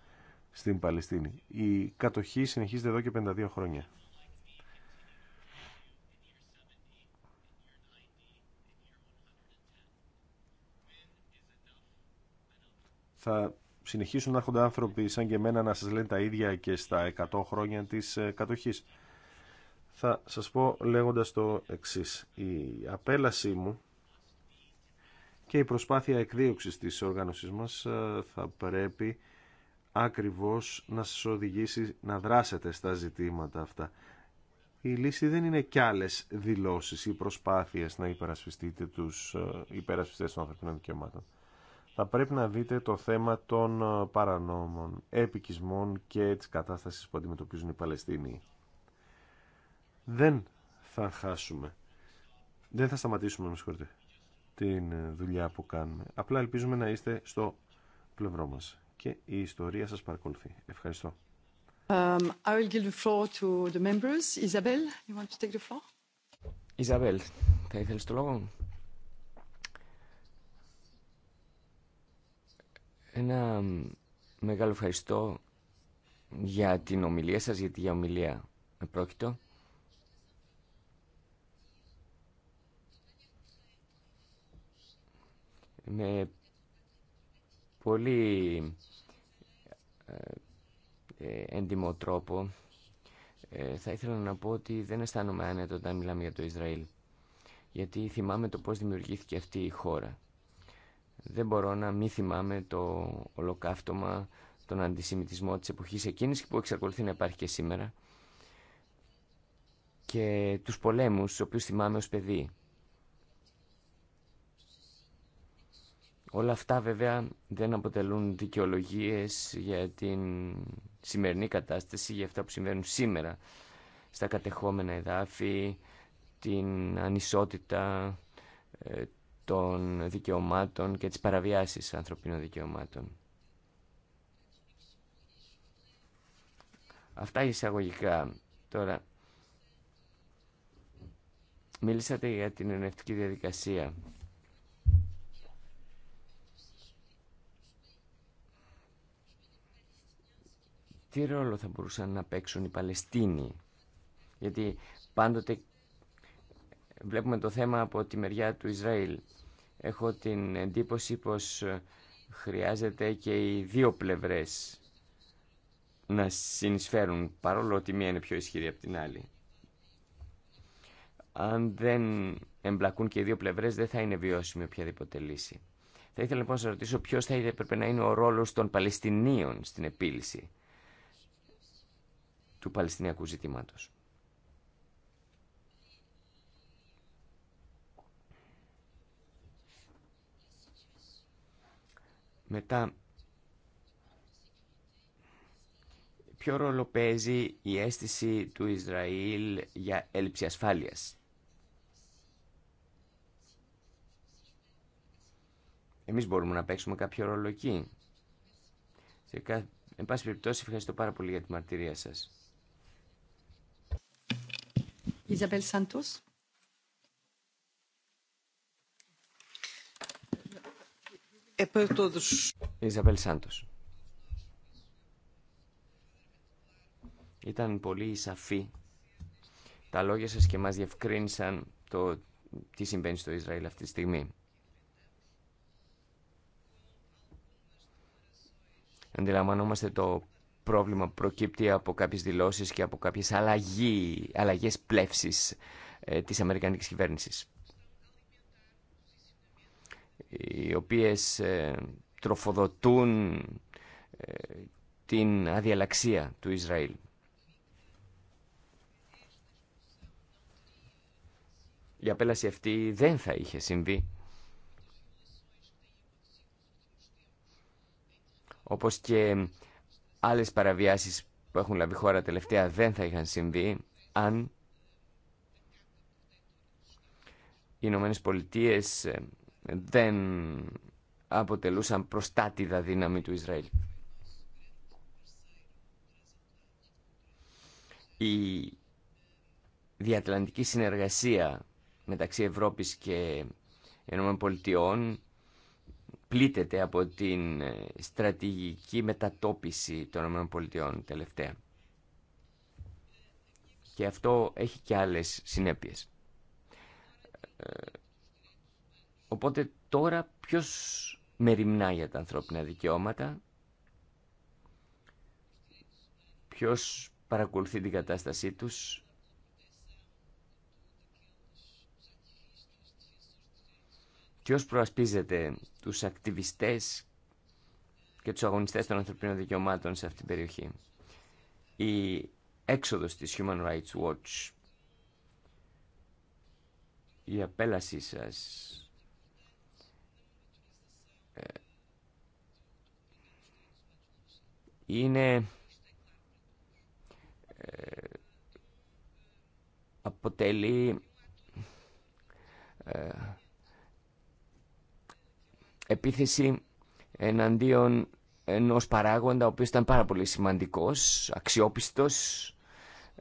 στην Παλαιστίνη. Η κατοχή συνεχίζεται εδώ και 52 χρόνια. Θα συνεχίσουν να έρχονται άνθρωποι σαν και εμένα να σας λένε τα ίδια και στα 100 χρόνια της ε, κατοχής. Θα σας πω λέγοντας το εξής. Η απέλασή μου και η προσπάθεια εκδίωξης της οργάνωσής μας ε, θα πρέπει ακριβώς να σας οδηγήσει να δράσετε στα ζητήματα αυτά. Η λύση δεν είναι κι άλλες δηλώσεις ή προσπάθειες να υπερασπιστείτε τους ε, υπερασπιστές των ανθρωπίνων δικαιωμάτων. Θα πρέπει να δείτε το θέμα των ε, παρανόμων, επικισμών και της κατάστασης που αντιμετωπίζουν οι Παλαιστίνοι. Δεν θα χάσουμε. Δεν θα σταματήσουμε, με συγχωρείτε την ε, δουλειά που κάνουμε. Απλά ελπίζουμε να είστε στο πλευρό μας και η ιστορία σας παρακολουθεί. Ευχαριστώ. Um, θα ήθελες το λόγο. Ένα μεγάλο ευχαριστώ για την ομιλία σας, για ομιλία ομιλία πρόκειτο. με πολύ ε, ε, έντιμο τρόπο ε, θα ήθελα να πω ότι δεν αισθάνομαι άνετο όταν μιλάμε για το Ισραήλ γιατί θυμάμαι το πώς δημιουργήθηκε αυτή η χώρα. Δεν μπορώ να μη θυμάμαι το ολοκαύτωμα, τον αντισημιτισμό της εποχής εκείνης που εξακολουθεί να υπάρχει και σήμερα και τους πολέμους, τους οποίους θυμάμαι ως παιδί. Όλα αυτά βέβαια δεν αποτελούν δικαιολογίες για την σημερινή κατάσταση, για αυτά που συμβαίνουν σήμερα στα κατεχόμενα εδάφη, την ανισότητα ε, των δικαιωμάτων και τις παραβιάσεις ανθρωπίνων δικαιωμάτων. Αυτά εισαγωγικά. Τώρα, μίλησατε για την ενευτική διαδικασία. τι ρόλο θα μπορούσαν να παίξουν οι Παλαιστίνοι. Γιατί πάντοτε βλέπουμε το θέμα από τη μεριά του Ισραήλ. Έχω την εντύπωση πως χρειάζεται και οι δύο πλευρές να συνεισφέρουν, παρόλο ότι μία είναι πιο ισχυρή από την άλλη. Αν δεν εμπλακούν και οι δύο πλευρές, δεν θα είναι βιώσιμη οποιαδήποτε λύση. Θα ήθελα λοιπόν να σας ρωτήσω ποιος θα έπρεπε να είναι ο ρόλος των Παλαιστινίων στην επίλυση του Παλαιστινιακού ζητήματος. Μετά, ποιο ρόλο παίζει η αίσθηση του Ισραήλ για έλλειψη ασφάλειας. Εμείς μπορούμε να παίξουμε κάποιο ρόλο εκεί. Σε Εν πάση περιπτώσει, ευχαριστώ πάρα πολύ για τη μαρτυρία σας. Isabel Santos. Ιζαμπέλ Σάντος. Ήταν πολύ σαφή. Τα λόγια σας και μας διευκρίνησαν το τι συμβαίνει στο Ισραήλ αυτή τη στιγμή. Αντιλαμβανόμαστε το πρόβλημα προκύπτει από κάποιες δηλώσεις και από κάποιες αλλαγή, αλλαγές πλεύσης ε, της Αμερικανικής κυβέρνησης οι οποίες ε, τροφοδοτούν ε, την αδιαλαξία του Ισραήλ. Η απέλαση αυτή δεν θα είχε συμβεί. Όπως και άλλες παραβιάσεις που έχουν λάβει χώρα τελευταία δεν θα είχαν συμβεί αν οι Ηνωμένε Πολιτείε ε, δεν αποτελούσαν προστάτηδα δύναμη του Ισραήλ. Η διατλαντική συνεργασία μεταξύ Ευρώπης και Ηνωμένων Πολιτειών πλήττεται από την ε, στρατηγική μετατόπιση των ΗΠΑ τελευταία. Και αυτό έχει και άλλες συνέπειες. Ε, οπότε τώρα ποιος μεριμνά για τα ανθρώπινα δικαιώματα, ποιος παρακολουθεί την κατάστασή τους Ποιος προασπίζεται τους ακτιβιστές και τους αγωνιστές των ανθρωπίνων δικαιωμάτων σε αυτή την περιοχή. Η έξοδος της Human Rights Watch, η απέλασή σας, ε, είναι ε, αποτελεί ε, επίθεση εναντίον ενός παράγοντα ο οποίο ήταν πάρα πολύ σημαντικός, αξιόπιστος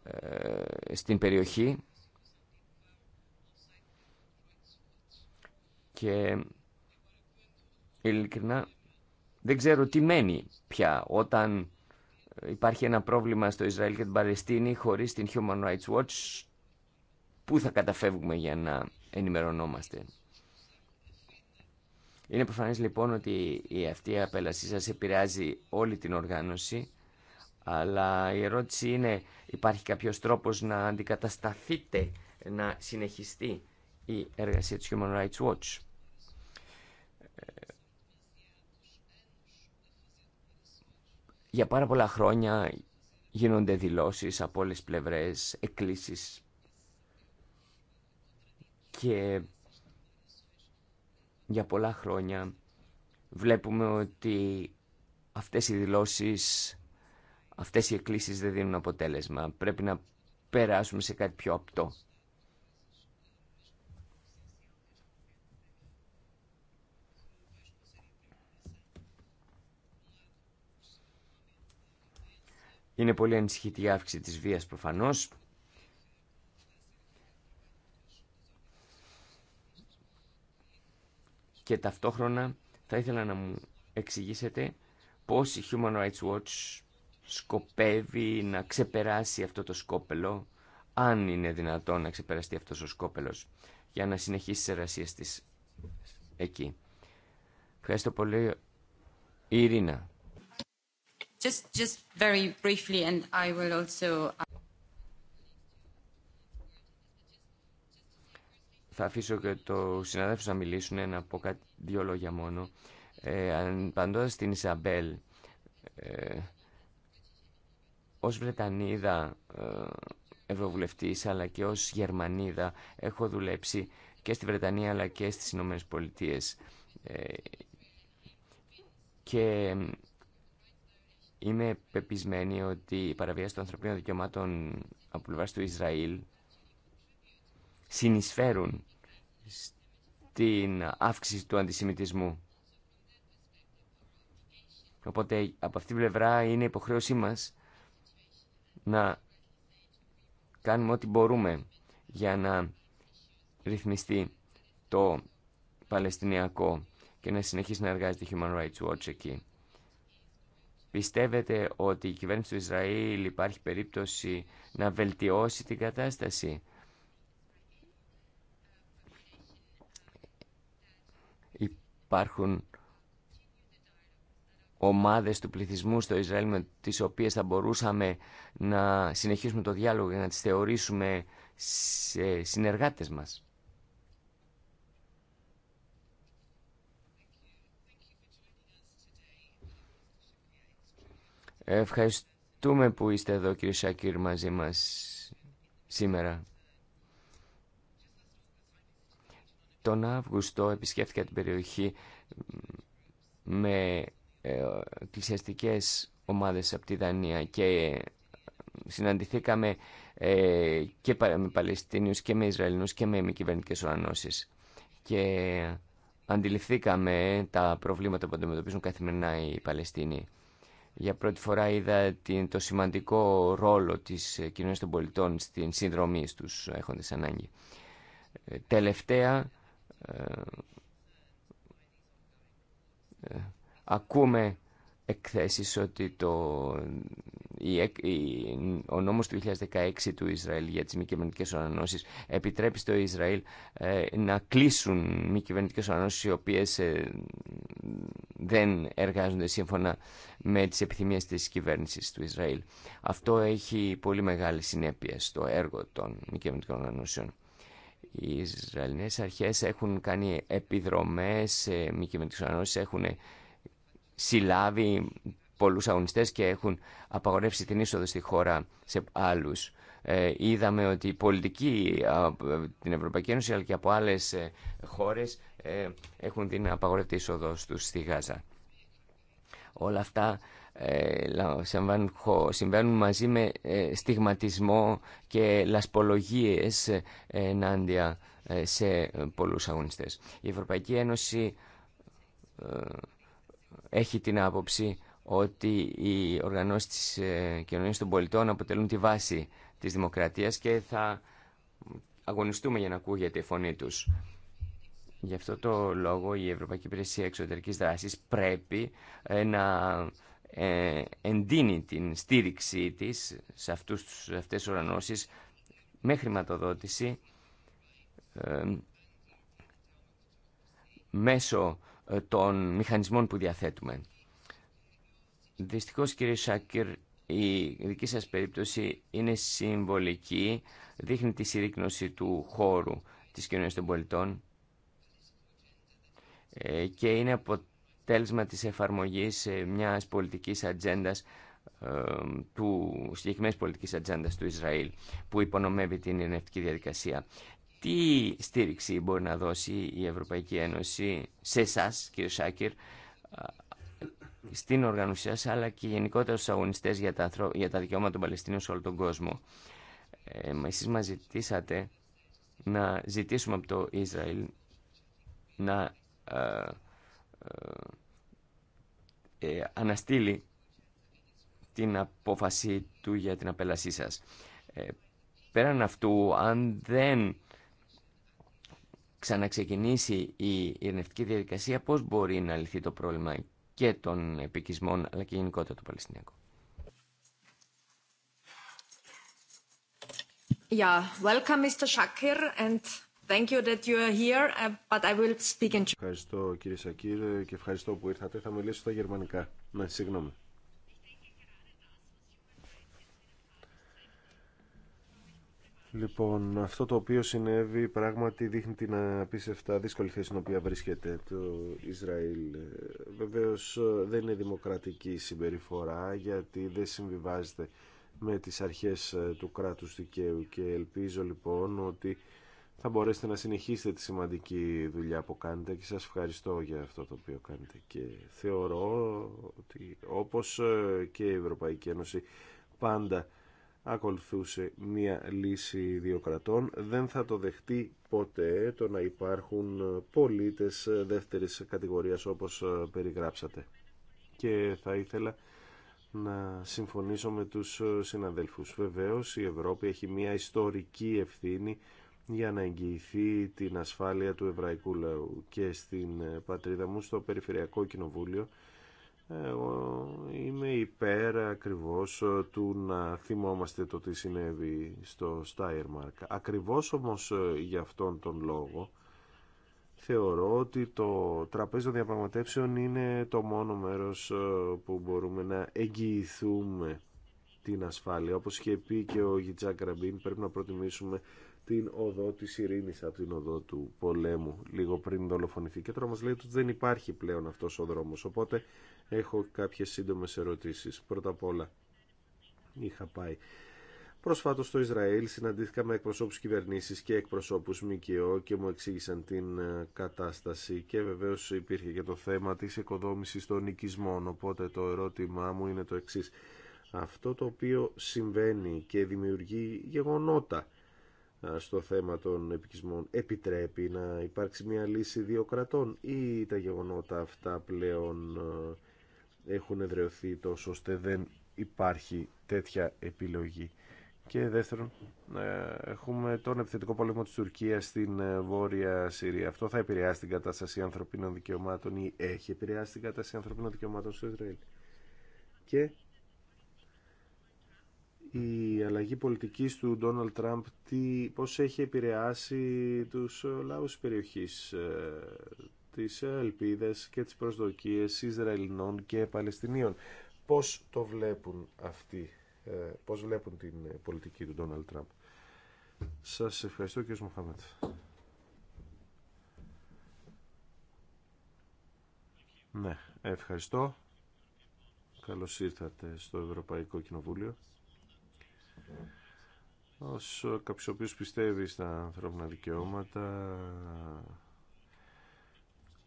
ε, στην περιοχή και ειλικρινά δεν ξέρω τι μένει πια όταν υπάρχει ένα πρόβλημα στο Ισραήλ και την Παλαιστίνη χωρίς την Human Rights Watch πού θα καταφεύγουμε για να ενημερωνόμαστε. Είναι προφανές λοιπόν ότι η αυτή η απέλασή σας επηρεάζει όλη την οργάνωση, αλλά η ερώτηση είναι υπάρχει κάποιος τρόπος να αντικατασταθείτε, να συνεχιστεί η εργασία της Human Rights Watch. Ε, για πάρα πολλά χρόνια γίνονται δηλώσεις από όλες πλευρές, εκκλήσεις και για πολλά χρόνια βλέπουμε ότι αυτές οι δηλώσεις, αυτές οι εκκλήσεις δεν δίνουν αποτέλεσμα. Πρέπει να περάσουμε σε κάτι πιο απτό. Είναι πολύ ανησυχητή η αύξηση της βίας προφανώς. και ταυτόχρονα θα ήθελα να μου εξηγήσετε πώς η Human Rights Watch σκοπεύει να ξεπεράσει αυτό το σκόπελο, αν είναι δυνατόν να ξεπεραστεί αυτός ο σκόπελος, για να συνεχίσει τις εργασίες της εκεί. Ευχαριστώ πολύ. Η Ειρήνα. Just, just very briefly and I will also... Θα αφήσω και το συναδέλφους να μιλήσουν, να πω κάτι, δύο λόγια μόνο. Ε, στην την Ισαμπέλ, ε, ως Βρετανίδα ε, αλλά και ως Γερμανίδα, έχω δουλέψει και στη Βρετανία, αλλά και στις Ηνωμένες Πολιτείες. Ε, και είμαι πεπισμένη ότι η παραβίαση των ανθρωπίνων δικαιωμάτων από πλευρά του Ισραήλ συνεισφέρουν στην αύξηση του αντισημιτισμού. Οπότε από αυτή την πλευρά είναι υποχρέωσή μας να κάνουμε ό,τι μπορούμε για να ρυθμιστεί το Παλαιστινιακό και να συνεχίσει να εργάζεται Human Rights Watch εκεί. Πιστεύετε ότι η κυβέρνηση του Ισραήλ υπάρχει περίπτωση να βελτιώσει την κατάσταση υπάρχουν ομάδες του πληθυσμού στο Ισραήλ με τις οποίες θα μπορούσαμε να συνεχίσουμε το διάλογο για να τις θεωρήσουμε συνεργάτες μας. Ευχαριστούμε που είστε εδώ κύριε Σάκυρ μαζί μας σήμερα. Τον Αύγουστο επισκέφθηκα την περιοχή με ε, εκκλησιαστικές ομάδες από τη Δανία και ε, συναντηθήκαμε ε, και με Παλαιστίνιους και με Ισραηλινούς και με μη κυβερνητικέ οργανώσεις. Και αντιληφθήκαμε τα προβλήματα που αντιμετωπίζουν καθημερινά οι Παλαιστίνοι. Για πρώτη φορά είδα το σημαντικό ρόλο της κοινωνίας των πολιτών στην συνδρομή στους έχοντες ανάγκη. Τελευταία ε, ε, ακούμε εκθέσεις ότι το, η, ο νόμος του 2016 του Ισραήλ για τις μη κυβερνητικές οργανώσεις επιτρέπει στο Ισραήλ ε, να κλείσουν μη κυβερνητικές οργανώσεις οι οποίες δεν εργάζονται σύμφωνα με τις επιθυμίες της κυβέρνησης του Ισραήλ. Αυτό έχει πολύ μεγάλη συνέπεια στο έργο των μη κυβερνητικών οργανώσεων. Οι Ισραηλινές αρχές έχουν κάνει επιδρομές, ε, μη ανώσεις, έχουν συλλάβει πολλούς αγωνιστές και έχουν απαγορεύσει την είσοδο στη χώρα σε άλλους. Ε, είδαμε ότι οι πολιτικοί από την Ευρωπαϊκή Ένωση αλλά και από άλλες ε, χώρες έχουν την απαγορευτή είσοδο τους στη Γάζα. Όλα αυτά ε, συμβαίνουν, μαζί με ε, στιγματισμό και λασπολογίες ε, ενάντια σε πολλούς αγωνιστές. Η Ευρωπαϊκή Ένωση έχει την άποψη ότι οι οργανώσεις της κοινωνίας των πολιτών αποτελούν τη βάση της δημοκρατίας και θα αγωνιστούμε για να ακούγεται η φωνή τους. Γι' αυτό το λόγο η Ευρωπαϊκή Υπηρεσία Εξωτερικής Δράσης πρέπει να ε, εντείνει την στήριξή της σε, αυτούς, σε αυτές τις ορανώσεις με χρηματοδότηση ε, μέσω ε, των μηχανισμών που διαθέτουμε. Δυστυχώς κύριε Σάκερ, η δική σας περίπτωση είναι συμβολική, δείχνει τη συρρήκνωση του χώρου της κοινωνίας των πολιτών και είναι από τέλεσμα της εφαρμογής ε, μιας πολιτικής ατζέντας ε, του συγκεκριμένης πολιτικής ατζέντα του Ισραήλ που υπονομεύει την ειρηνευτική διαδικασία. Τι στήριξη μπορεί να δώσει η Ευρωπαϊκή Ένωση σε εσά, κύριε Σάκηρ, ε, στην οργάνωσή σα, αλλά και γενικότερα στου αγωνιστέ για, τα, για τα δικαιώματα των Παλαιστίνων σε όλο τον κόσμο. Ε, εσείς μας ζητήσατε να ζητήσουμε από το Ισραήλ να ε, ε, αναστείλει την απόφαση του για την απέλασή σας. Ε, πέραν αυτού, αν δεν ξαναξεκινήσει η ειρηνευτική διαδικασία, πώς μπορεί να λυθεί το πρόβλημα και των επικισμών, αλλά και γενικότερα του Παλαιστινιακού. Yeah, welcome Mr. Shakir and Thank you that you are here, uh, but I will speak in... Ευχαριστώ κύριε Σακύρ και ευχαριστώ που ήρθατε. Θα μιλήσω στα γερμανικά. Ναι, συγγνώμη. Λοιπόν, αυτό το οποίο συνέβη πράγματι δείχνει την απίστευτα δύσκολη θέση στην οποία βρίσκεται το Ισραήλ. Ε, βεβαίως ε, δεν είναι δημοκρατική συμπεριφορά γιατί δεν συμβιβάζεται με τις αρχές ε, του κράτους δικαίου και ελπίζω λοιπόν ότι θα μπορέσετε να συνεχίσετε τη σημαντική δουλειά που κάνετε και σας ευχαριστώ για αυτό το οποίο κάνετε και θεωρώ ότι όπως ε, και η Ευρωπαϊκή Ένωση πάντα ακολουθούσε μία λύση δύο κρατών δεν θα το δεχτεί ποτέ το να υπάρχουν πολίτες δεύτερης κατηγορίας όπως ε, περιγράψατε και θα ήθελα να συμφωνήσω με τους ε, συναδέλφους βεβαίως η Ευρώπη έχει μία ιστορική ευθύνη για να εγγυηθεί την ασφάλεια του εβραϊκού λαού και στην ε, πατρίδα μου στο Περιφερειακό Κοινοβούλιο εγώ είμαι υπέρ ακριβώς ε, του να θυμόμαστε το τι συνέβη στο Στάιρμαρκ. Ακριβώς όμως ε, για αυτόν τον λόγο θεωρώ ότι το τραπέζι των διαπραγματεύσεων είναι το μόνο μέρος που μπορούμε να εγγυηθούμε την ασφάλεια. Όπως είχε πει και ο Γιτζάκ Ραμπίν, πρέπει να προτιμήσουμε την οδό τη ειρήνη, από την οδό του πολέμου, λίγο πριν δολοφονηθεί. Και τώρα μα λέει ότι δεν υπάρχει πλέον αυτό ο δρόμο. Οπότε έχω κάποιε σύντομε ερωτήσει. Πρώτα απ' όλα είχα πάει. Προσφάτως στο Ισραήλ συναντήθηκα με εκπροσώπους κυβερνήσεις και εκπροσώπους ΜΚΟ και μου εξήγησαν την ε, κατάσταση και βεβαίω υπήρχε και το θέμα της οικοδόμησης των οικισμών οπότε το ερώτημά μου είναι το εξή. αυτό το οποίο συμβαίνει και δημιουργεί γεγονότα στο θέμα των επικισμών επιτρέπει να υπάρξει μια λύση δύο κρατών ή τα γεγονότα αυτά πλέον έχουν εδρεωθεί τόσο ώστε δεν υπάρχει τέτοια επιλογή. Και δεύτερον, έχουμε τον επιθετικό πόλεμο της Τουρκίας στην ε, Βόρεια Συρία. Αυτό θα επηρεάσει την κατάσταση ανθρωπίνων δικαιωμάτων ή έχει επηρεάσει την κατάσταση ανθρωπίνων δικαιωμάτων στο Ισραήλ. Και η αλλαγή πολιτικής του Ντόναλτ Τραμπ τι, πώς έχει επηρεάσει τους ε, λαούς περιοχής, ε, τις ελπίδες και τις προσδοκίες Ισραηλινών και Παλαιστινίων. Πώς το βλέπουν αυτοί, ε, πώς βλέπουν την πολιτική του Ντόναλτ Τραμπ. Σας ευχαριστώ κύριος Μοχάμετ. Ναι, ευχαριστώ. Καλώς ήρθατε στο Ευρωπαϊκό Κοινοβούλιο ως κάποιος ο οποίος πιστεύει στα ανθρώπινα δικαιώματα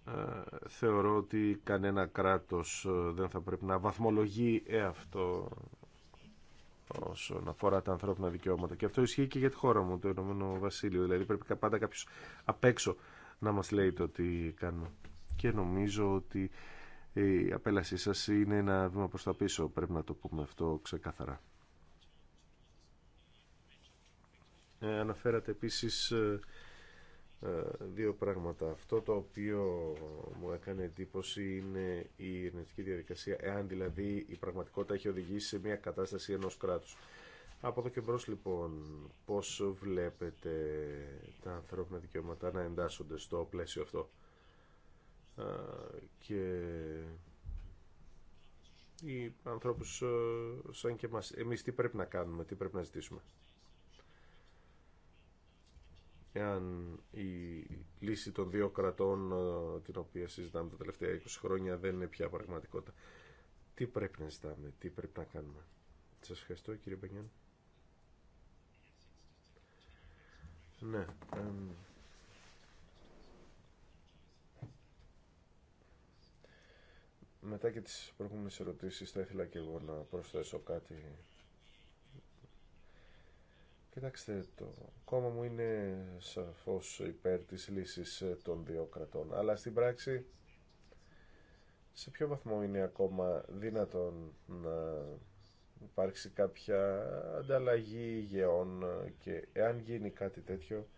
ε, θεωρώ ότι κανένα κράτος ε, δεν θα πρέπει να βαθμολογεί εαυτό όσον αφορά τα ανθρώπινα δικαιώματα και αυτό ισχύει και για τη χώρα μου το Ηνωμένο Βασίλειο δηλαδή πρέπει πάντα κάποιο απ' έξω να μας λέει το τι κάνω και νομίζω ότι η απέλασή σας είναι ένα βήμα προς τα πίσω πρέπει να το πούμε αυτό ξεκάθαρα Ε, αναφέρατε επίσης ε, ε, δύο πράγματα. Αυτό το οποίο μου έκανε εντύπωση είναι η ειρηνευτική διαδικασία, εάν δηλαδή η πραγματικότητα έχει οδηγήσει σε μια κατάσταση ενός κράτους. Από εδώ και μπρος λοιπόν, πώς βλέπετε τα ανθρώπινα δικαιώματα να εντάσσονται στο πλαίσιο αυτό και οι ανθρώπους σαν και εμάς, εμείς τι πρέπει να κάνουμε, τι πρέπει να ζητήσουμε εάν η λύση των δύο κρατών ε, την οποία συζητάμε τα τελευταία 20 χρόνια δεν είναι πια πραγματικότητα. Τι πρέπει να ζητάμε, τι πρέπει να κάνουμε. Σας ευχαριστώ κύριε Μπενιάν. Ναι. Μετά και τις προηγούμενες ερωτήσεις θα ήθελα και εγώ να προσθέσω κάτι Κοιτάξτε, το κόμμα μου είναι σαφώς υπέρ της λύσης ε, των δύο κρατών, αλλά στην πράξη σε ποιο βαθμό είναι ακόμα δυνατόν να υπάρξει κάποια ανταλλαγή γεών ε, και εάν γίνει κάτι τέτοιο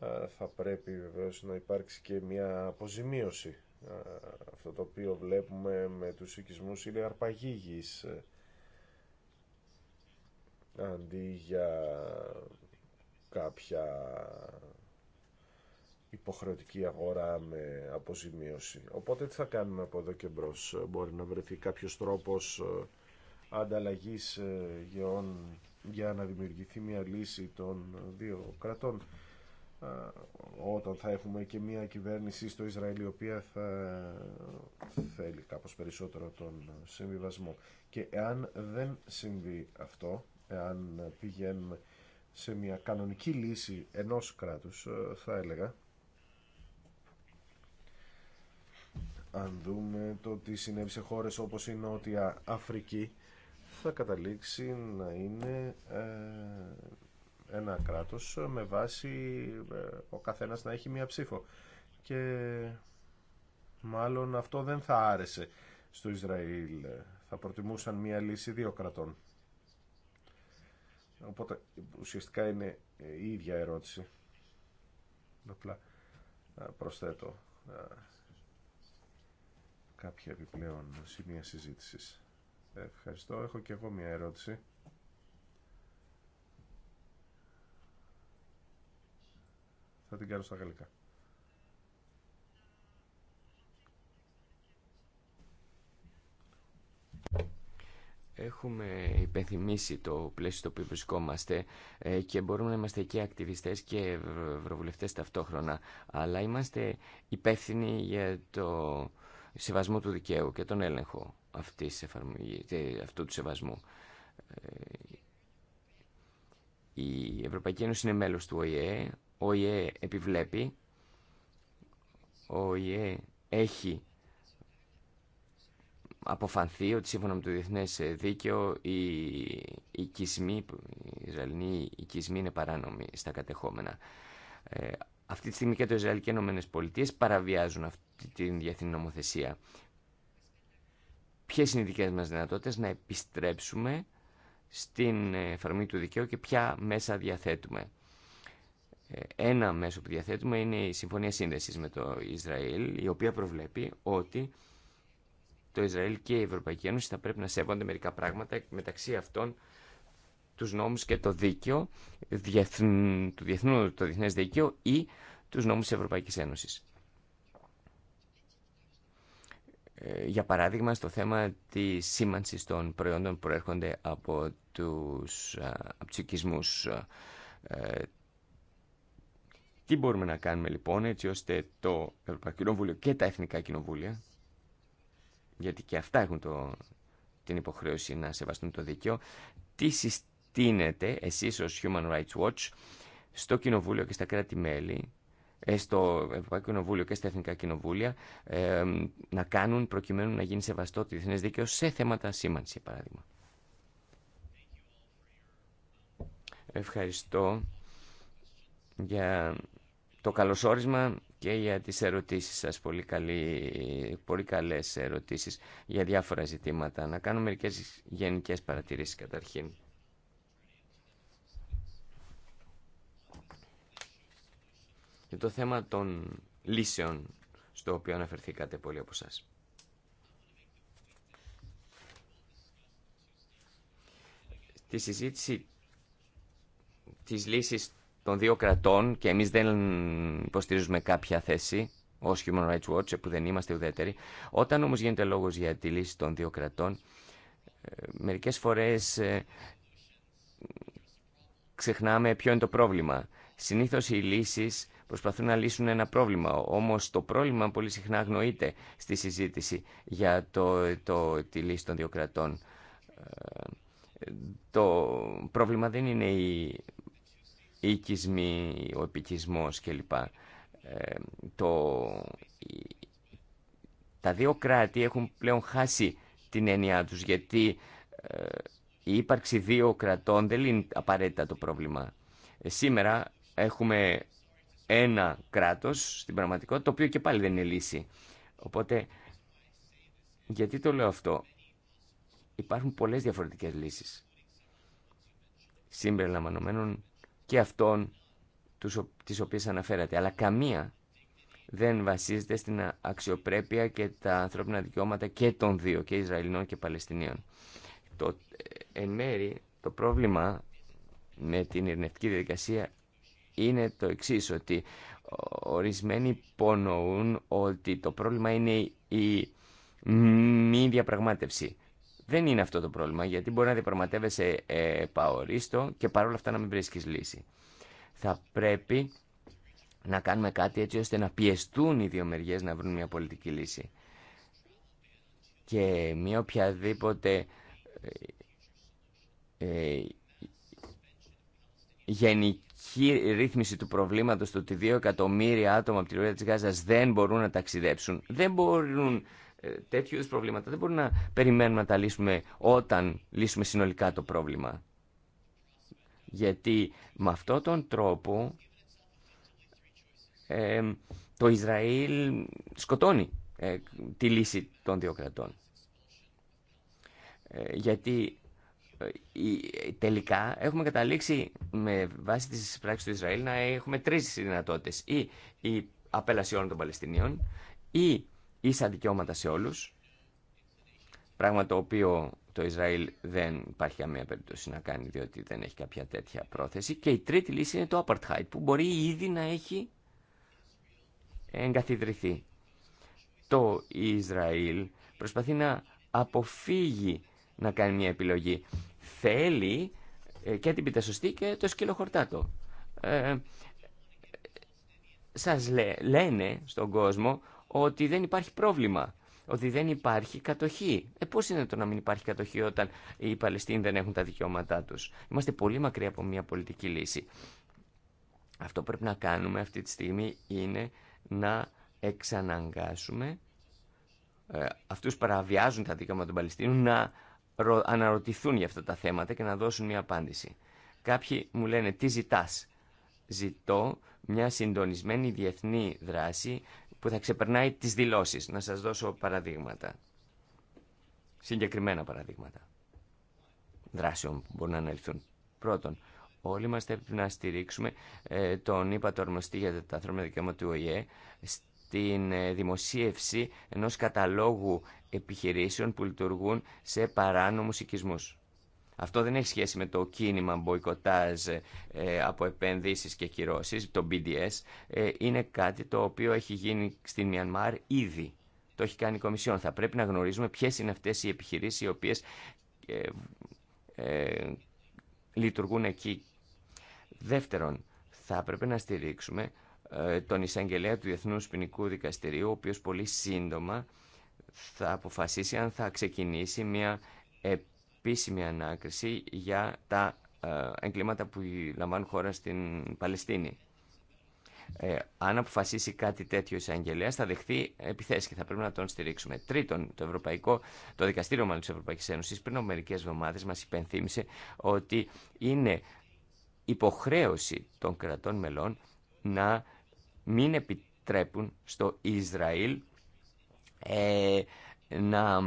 ε, θα πρέπει βεβαίως να υπάρξει και μια αποζημίωση. Αυτό το οποίο βλέπουμε με τους οικισμούς είναι αρπαγή γης αντί για κάποια υποχρεωτική αγορά με αποζημίωση. Οπότε τι θα κάνουμε από εδώ και μπρος. Μπορεί να βρεθεί κάποιος τρόπος ε, ανταλλαγής ε, γεών για να δημιουργηθεί μια λύση των δύο κρατών ε, όταν θα έχουμε και μια κυβέρνηση στο Ισραήλ η οποία θα θέλει κάπως περισσότερο τον συμβιβασμό και εάν δεν συμβεί αυτό αν πηγαίνουμε σε μια κανονική λύση ενός κράτους ε, θα έλεγα αν δούμε το τι συνέβη σε χώρες όπως η Νότια Αφρική θα καταλήξει να είναι ε, ένα κράτος με βάση ε, ο καθένας να έχει μία ψήφο και μάλλον αυτό δεν θα άρεσε στο Ισραήλ θα προτιμούσαν μία λύση δύο κρατών Οπότε ουσιαστικά είναι ε, η ίδια ερώτηση. Απλά ε, προσθέτω ε, κάποια επιπλέον σημεία συζήτησης. Ευχαριστώ. Έχω και εγώ μια ερώτηση. Θα την κάνω στα γαλλικά. Έχουμε υπενθυμίσει το πλαίσιο στο οποίο βρισκόμαστε ε, και μπορούμε να είμαστε και ακτιβιστές και ευρωβουλευτές ταυτόχρονα. Αλλά είμαστε υπεύθυνοι για το σεβασμό του δικαίου και τον έλεγχο αυτής αυτού του σεβασμού. Ε, η Ευρωπαϊκή Ένωση είναι μέλος του ΟΗΕ. Ο ΟΗΕ επιβλέπει. Ο ΟΗΕ έχει αποφανθεί ότι σύμφωνα με το διεθνέ δίκαιο οι οικισμοί, οι οικισμοί είναι παράνομοι στα κατεχόμενα. Ε, αυτή τη στιγμή και το Ισραήλ και οι Ηνωμένε Πολιτείες παραβιάζουν αυτή τη διεθνή νομοθεσία. Ποιε είναι οι δικέ μας δυνατότητε να επιστρέψουμε στην εφαρμογή του δικαίου και ποια μέσα διαθέτουμε. Ε, ένα μέσο που διαθέτουμε είναι η Συμφωνία Σύνδεσης με το Ισραήλ, η οποία προβλέπει ότι το Ισραήλ και η Ευρωπαϊκή Ένωση θα πρέπει να σέβονται μερικά πράγματα μεταξύ αυτών τους νόμους και το δίκαιο, του διεθνού, το διεθνές δίκαιο ή τους νόμους της Ευρωπαϊκής Ένωσης. Ε, για παράδειγμα, στο θέμα τη σήμανση των προϊόντων που προέρχονται από τους, οικισμού. Ε, τι μπορούμε να κάνουμε λοιπόν έτσι ώστε το Ευρωπαϊκό Κοινοβούλιο και τα Εθνικά Κοινοβούλια γιατί και αυτά έχουν το, την υποχρέωση να σεβαστούν το δίκαιο, τι συστήνετε εσείς ως Human Rights Watch στο Κοινοβούλιο και στα κράτη-μέλη, ε, στο Ευρωπαϊκό Κοινοβούλιο και στα Εθνικά Κοινοβούλια, να κάνουν προκειμένου να γίνει σεβαστό το διεθνές δίκαιο σε θέματα σήμανση, για παράδειγμα. Ευχαριστώ για το καλωσόρισμα και για τις ερωτήσεις σας, πολύ, καλή, πολύ καλές ερωτήσεις για διάφορα ζητήματα. Να κάνω μερικές γενικές παρατηρήσεις καταρχήν. Για το θέμα των λύσεων στο οποίο αναφερθήκατε πολύ από σας. Τη συζήτηση της λύσης των δύο κρατών και εμείς δεν υποστηρίζουμε κάποια θέση ως Human Rights Watch που δεν είμαστε ουδέτεροι. Όταν όμως γίνεται λόγος για τη λύση των δύο κρατών, ε, μερικές φορές ε, ξεχνάμε ποιο είναι το πρόβλημα. Συνήθως οι λύσεις προσπαθούν να λύσουν ένα πρόβλημα, όμως το πρόβλημα πολύ συχνά αγνοείται στη συζήτηση για το, το, τη λύση των δύο κρατών. Ε, το πρόβλημα δεν είναι η οικισμοί, ο επικισμός κλπ. Ε, το, τα δύο κράτη έχουν πλέον χάσει την έννοιά τους γιατί ε, η ύπαρξη δύο κρατών δεν είναι απαραίτητα το πρόβλημα. Ε, σήμερα έχουμε ένα κράτος στην πραγματικότητα το οποίο και πάλι δεν είναι λύση. Οπότε γιατί το λέω αυτό. Υπάρχουν πολλές διαφορετικές λύσεις. Συμπεριλαμβανομένων και αυτών τις οποίες αναφέρατε. Αλλά καμία δεν βασίζεται στην αξιοπρέπεια και τα ανθρώπινα δικαιώματα και των δύο, και Ισραηλινών και Παλαιστινίων. Το, ε, εν μέρη, το πρόβλημα με την ειρηνευτική διαδικασία είναι το εξή ότι ορισμένοι υπονοούν ότι το πρόβλημα είναι η μη διαπραγμάτευση. Δεν είναι αυτό το πρόβλημα, γιατί μπορεί να διαπραγματεύεσαι ε, παορίστο και παρόλα αυτά να μην βρίσκεις λύση. Θα πρέπει να κάνουμε κάτι έτσι ώστε να πιεστούν οι δύο μεριές να βρουν μια πολιτική λύση. Και μια οποιαδήποτε ε, ε γενική ρύθμιση του προβλήματος το ότι δύο εκατομμύρια άτομα από τη Ρωσία της Γάζας δεν μπορούν να ταξιδέψουν, δεν μπορούν ε, τέτοιου είδου προβλήματα δεν μπορούμε να περιμένουμε να τα λύσουμε όταν λύσουμε συνολικά το πρόβλημα. Γιατί με αυτόν τον τρόπο ε, το Ισραήλ σκοτώνει ε, τη λύση των δύο κρατών. γιατί τελικά έχουμε καταλήξει με βάση τις πράξεις του Ισραήλ να έχουμε τρεις δυνατότητες. Ή η απέλαση των Παλαιστινίων, ή ίσα δικαιώματα σε όλους, πράγμα το οποίο το Ισραήλ δεν υπάρχει καμία περίπτωση να κάνει διότι δεν έχει κάποια τέτοια πρόθεση. Και η τρίτη λύση είναι το apartheid που μπορεί ήδη να έχει εγκαθιδρυθεί. Το Ισραήλ προσπαθεί να αποφύγει να κάνει μια επιλογή. Θέλει ε, και την πίτα σωστή και το σκύλο χορτάτο. Ε, ε, σας λένε στον κόσμο ότι δεν υπάρχει πρόβλημα, ότι δεν υπάρχει κατοχή. Ε, πώς είναι το να μην υπάρχει κατοχή όταν οι Παλαιστίνοι δεν έχουν τα δικαιώματά τους. Είμαστε πολύ μακριά από μια πολιτική λύση. Αυτό που πρέπει να κάνουμε αυτή τη στιγμή είναι να εξαναγκάσουμε ε, αυτούς που παραβιάζουν τα δικαιώματα των Παλαιστίνων να αναρωτηθούν για αυτά τα θέματα και να δώσουν μια απάντηση. Κάποιοι μου λένε τι ζητάς. Ζητώ μια συντονισμένη διεθνή δράση που θα ξεπερνάει τις δηλώσεις. Να σας δώσω παραδείγματα. Συγκεκριμένα παραδείγματα δράσεων που μπορούν να αναλυθούν. Πρώτον, όλοι μας θα πρέπει να στηρίξουμε ε, τον το για τα ανθρώπινα δικαιώματα του ΟΗΕ στην ε, δημοσίευση ενός καταλόγου επιχειρήσεων που λειτουργούν σε παράνομους οικισμούς. Αυτό δεν έχει σχέση με το κίνημα μποϊκοτάζ ε, από επενδύσεις και κυρώσεις, το BDS. Ε, είναι κάτι το οποίο έχει γίνει στην Μιανμάρ ήδη. Το έχει κάνει η Κομισιόν. Θα πρέπει να γνωρίζουμε ποιες είναι αυτές οι επιχειρήσεις οι οποίες ε, λειτουργούν εκεί. Δεύτερον, θα πρέπει να στηρίξουμε τον εισαγγελέα του Διεθνούς Ποινικού Δικαστηρίου, ο οποίος πολύ σύντομα θα αποφασίσει αν θα ξεκινήσει μια επίσημη ανάκριση για τα ε, εγκλήματα που λαμβάνουν χώρα στην Παλαιστίνη. Ε, αν αποφασίσει κάτι τέτοιο η εισαγγελέα, θα δεχθεί επιθέσει και θα πρέπει να τον στηρίξουμε. Τρίτον, το, Ευρωπαϊκό, το Δικαστήριο τη Ευρωπαϊκή Ένωση πριν από μερικέ εβδομάδε μα υπενθύμησε ότι είναι υποχρέωση των κρατών μελών να μην επιτρέπουν στο Ισραήλ ε, να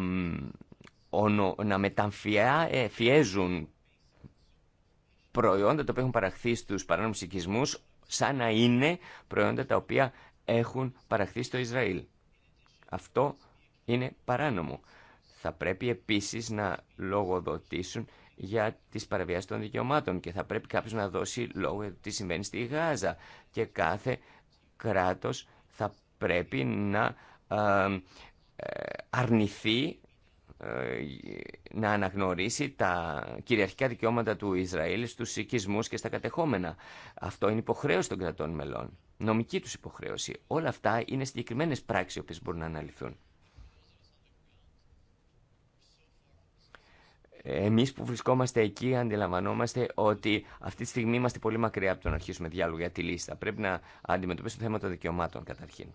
να μεταμφιέζουν ε, προϊόντα τα οποία έχουν παραχθεί στους παράνομους οικισμούς σαν να είναι προϊόντα τα οποία έχουν παραχθεί στο Ισραήλ. Αυτό είναι παράνομο. Θα πρέπει επίσης να λογοδοτήσουν για τις παραβιάσεις των δικαιωμάτων και θα πρέπει κάποιος να δώσει λόγο τι συμβαίνει στη Γάζα και κάθε κράτος θα πρέπει να ε, ε, αρνηθεί ε, να αναγνωρίσει τα κυριαρχικά δικαιώματα του Ισραήλ στους οικισμούς και στα κατεχόμενα. Αυτό είναι υποχρέωση των κρατών μελών. Νομική τους υποχρέωση. Όλα αυτά είναι συγκεκριμένες πράξεις που μπορούν να αναλυθούν. Εμείς που βρισκόμαστε εκεί αντιλαμβανόμαστε ότι αυτή τη στιγμή είμαστε πολύ μακριά από το να αρχίσουμε διάλογο για τη λίστα. Πρέπει να αντιμετωπίσουμε το θέμα των δικαιωμάτων καταρχήν.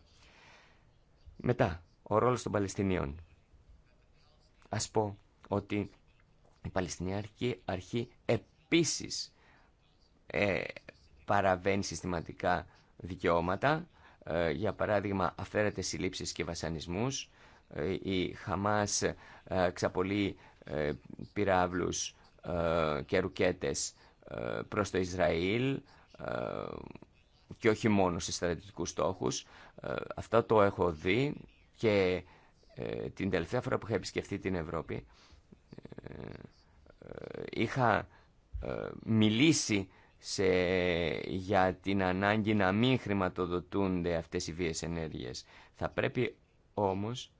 Μετά, ο ρόλος των Παλαιστινίων ας πω ότι η Παλαιστινιακή Αρχή επίσης ε, παραβαίνει συστηματικά δικαιώματα, ε, για παράδειγμα αφαίρεται συλλήψεις και βασανισμούς, ε, η Χαμάς ε, ξαπολύει πυράβλους και ρουκέτες προς το Ισραήλ και όχι μόνο σε στρατιωτικούς στόχους. Αυτό το έχω δει και ε, την τελευταία φορά που είχα επισκεφτεί την Ευρώπη ε, ε, είχα μιλήσει σε, για την ανάγκη να μην χρηματοδοτούνται αυτές οι βίες ενέργειες. Θα πρέπει όμως,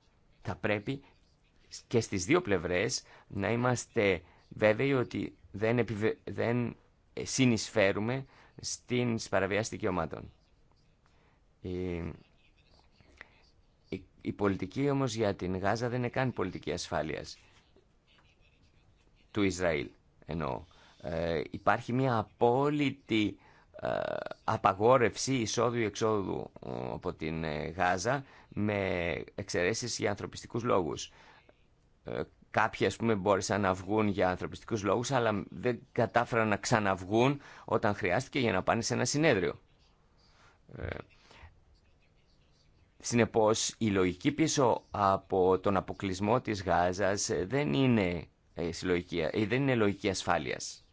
θα πρέπει και στις δύο πλευρές να είμαστε βέβαιοι ότι δεν, επιβε... συνεισφέρουμε στην παραβιάση δικαιωμάτων. Η πολιτική όμως για την Γάζα δεν είναι καν πολιτική ασφάλειας του Ισραήλ. Ενώ ε, υπάρχει μια απόλυτη ε, απαγόρευση εισόδου-εξόδου ε, από την Γάζα με εξαιρέσεις για ανθρωπιστικούς λόγους. Ε, κάποιοι ας πούμε μπόρεσαν να βγουν για ανθρωπιστικούς λόγους αλλά δεν κατάφεραν να ξαναβγούν όταν χρειάστηκε για να πάνε σε ένα συνέδριο. Συνεπώς, η λογική πίσω από τον αποκλεισμό της Γάζας δεν είναι, ε, συλλογική, ε, δεν είναι λογική ασφάλειας.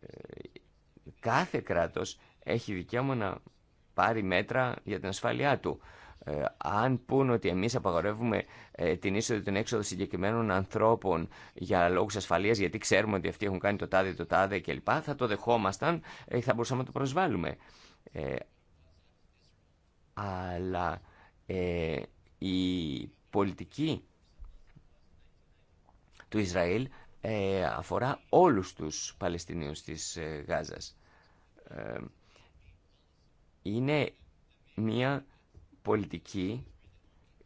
Ε, κάθε κράτος έχει δικαίωμα να πάρει μέτρα για την ασφάλειά του. αν πούν ότι εμείς απαγορεύουμε την είσοδο την έξοδο συγκεκριμένων ανθρώπων για λόγους ασφαλείας, γιατί ξέρουμε ότι αυτοί έχουν κάνει το τάδε, το τάδε κλπ, θα το δεχόμασταν, ε, θα μπορούσαμε να το προσβάλλουμε. Ε, αλλά ε, η πολιτική του Ισραήλ ε, αφορά όλους τους Παλαιστινίους της Γάζας. Είναι μια πολιτική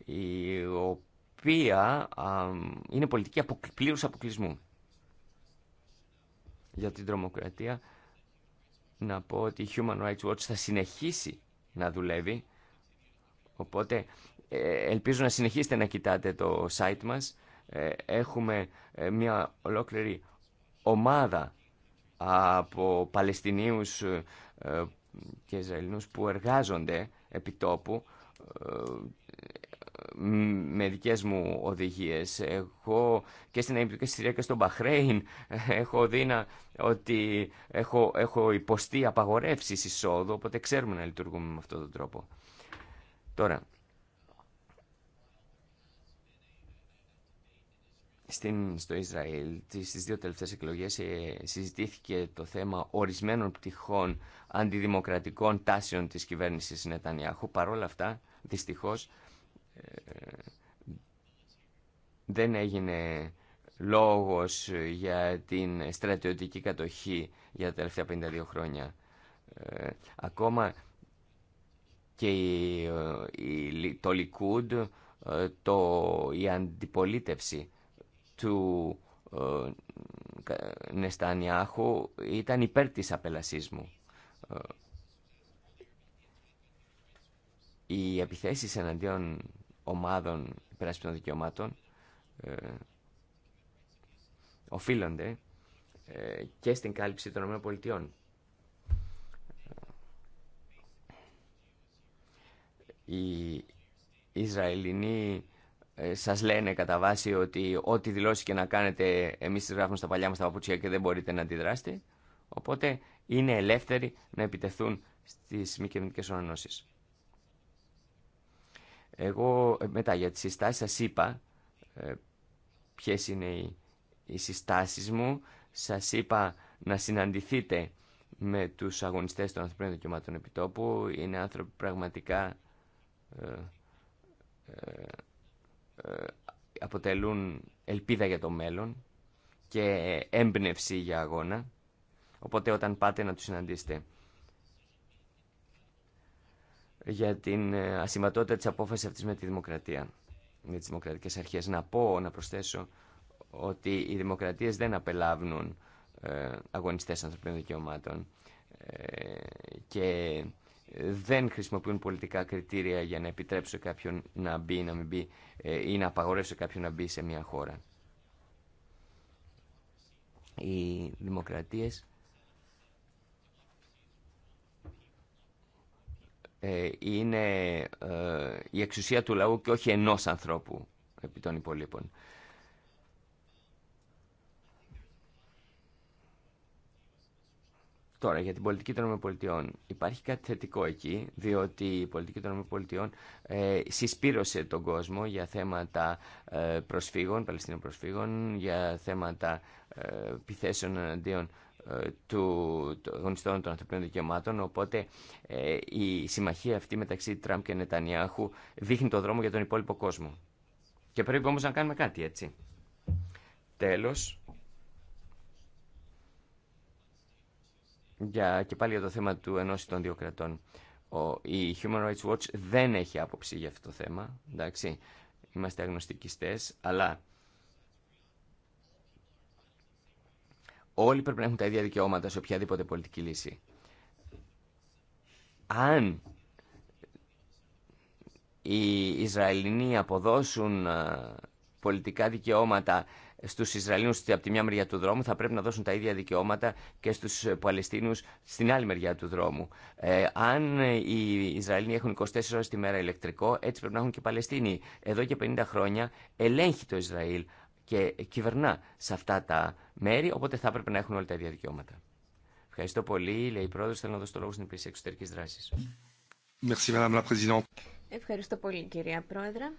η οποία είναι πολιτική πλήρους αποκλεισμού. Για την τρομοκρατία να πω ότι η Human Rights Watch θα συνεχίσει να δουλεύει. Οπότε ε, ελπίζω να συνεχίσετε να κοιτάτε το site μας. Ε, έχουμε ε, μια ολόκληρη ομάδα από Παλαιστινίους και Ισραηλινούς που εργάζονται επί τόπου με δικές μου οδηγίες. Εγώ και στην Αίγυπτο και στη Συρία και στο Μπαχρέιν έχω δει ότι έχω, έχω υποστεί απαγορεύσεις εισόδου, οπότε ξέρουμε να λειτουργούμε με αυτόν τον τρόπο. Τώρα, στην, στο Ισραήλ στις δύο τελευταίες εκλογές ε, συζητήθηκε το θέμα ορισμένων πτυχών αντιδημοκρατικών τάσεων της κυβέρνησης Νετανιάχου. Παρ' όλα αυτά, δυστυχώς, ε, δεν έγινε λόγος για την στρατιωτική κατοχή για τα τελευταία 52 χρόνια. Ε, ακόμα και το Λικούντ, ε, το, η αντιπολίτευση του Νεστανιάχου ήταν υπέρ της απελασής μου. οι επιθέσεις εναντίον ομάδων υπεράσπιση δικαιωμάτων ε, οφείλονται ε, και στην κάλυψη των ΗΠΑ. Ε, οι Ισραηλινοί ε, σας λένε κατά βάση ότι ό,τι δηλώσει και να κάνετε εμείς τις γράφουμε στα παλιά μας τα παπούτσια και δεν μπορείτε να αντιδράσετε. Οπότε είναι ελεύθεροι να επιτεθούν στις μη κυβερνητικές οργανώσεις. Εγώ ε, μετά για τις συστάσεις σας είπα ε, ποιες είναι οι, οι συστάσεις μου. Σας είπα να συναντηθείτε με τους αγωνιστές των ανθρωπίνων δικαιωμάτων επιτόπου. Είναι άνθρωποι πραγματικά ε, ε, αποτελούν ελπίδα για το μέλλον και έμπνευση για αγώνα. Οπότε όταν πάτε να τους συναντήσετε για την ε, ασυμβατότητα της απόφασης αυτής με τη δημοκρατία, με τις δημοκρατικές αρχές. Να πω, να προσθέσω ότι οι δημοκρατίες δεν απελάβουν ε, αγωνιστές ανθρωπίνων δικαιωμάτων ε, και δεν χρησιμοποιούν πολιτικά κριτήρια για να επιτρέψουν κάποιον να μπει ή να μην μπει ή να απαγορεύσουν κάποιον να μπει σε μια χώρα. Οι δημοκρατίες Ε, είναι ε, η εξουσία του λαού και όχι ενός ανθρώπου επί των υπολείπων. Τώρα, για την πολιτική των πολιτιών Υπάρχει κάτι θετικό εκεί, διότι η πολιτική των πολιτών ε, συσπήρωσε τον κόσμο για θέματα ε, προσφύγων, Παλαιστίνων προσφύγων, για θέματα ε, επιθέσεων εναντίον ε, του, των των ανθρωπίνων δικαιωμάτων. Οπότε ε, η συμμαχία αυτή μεταξύ Τραμπ και Νετανιάχου δείχνει το δρόμο για τον υπόλοιπο κόσμο. Και πρέπει όμως να κάνουμε κάτι έτσι. Τέλος, για, και πάλι για το θέμα του ενός των δύο κρατών. Ο, η Human Rights Watch δεν έχει άποψη για αυτό το θέμα, εντάξει. Είμαστε αγνωστικιστές, αλλά όλοι πρέπει να έχουν τα ίδια δικαιώματα σε οποιαδήποτε πολιτική λύση. Αν οι Ισραηλινοί αποδώσουν ε, πολιτικά δικαιώματα στους Ισραηλινούς από τη μια μεριά του δρόμου, θα πρέπει να δώσουν τα ίδια δικαιώματα και στους Παλαιστίνου στην άλλη μεριά του δρόμου. Ε, αν ε, οι Ισραηλινοί έχουν 24 ώρες τη μέρα ηλεκτρικό, έτσι πρέπει να έχουν και οι Παλαιστίνοι. Εδώ και 50 χρόνια ελέγχει το Ισραήλ και κυβερνά σε αυτά τα μέρη, οπότε θα έπρεπε να έχουν όλα τα ίδια δικαιώματα. Ευχαριστώ πολύ. Λέει η πρόεδρο, θέλω να δώσω το λόγο στην υπηρεσία εξωτερική δράση. Ευχαριστώ πολύ, κυρία Πρόεδρε.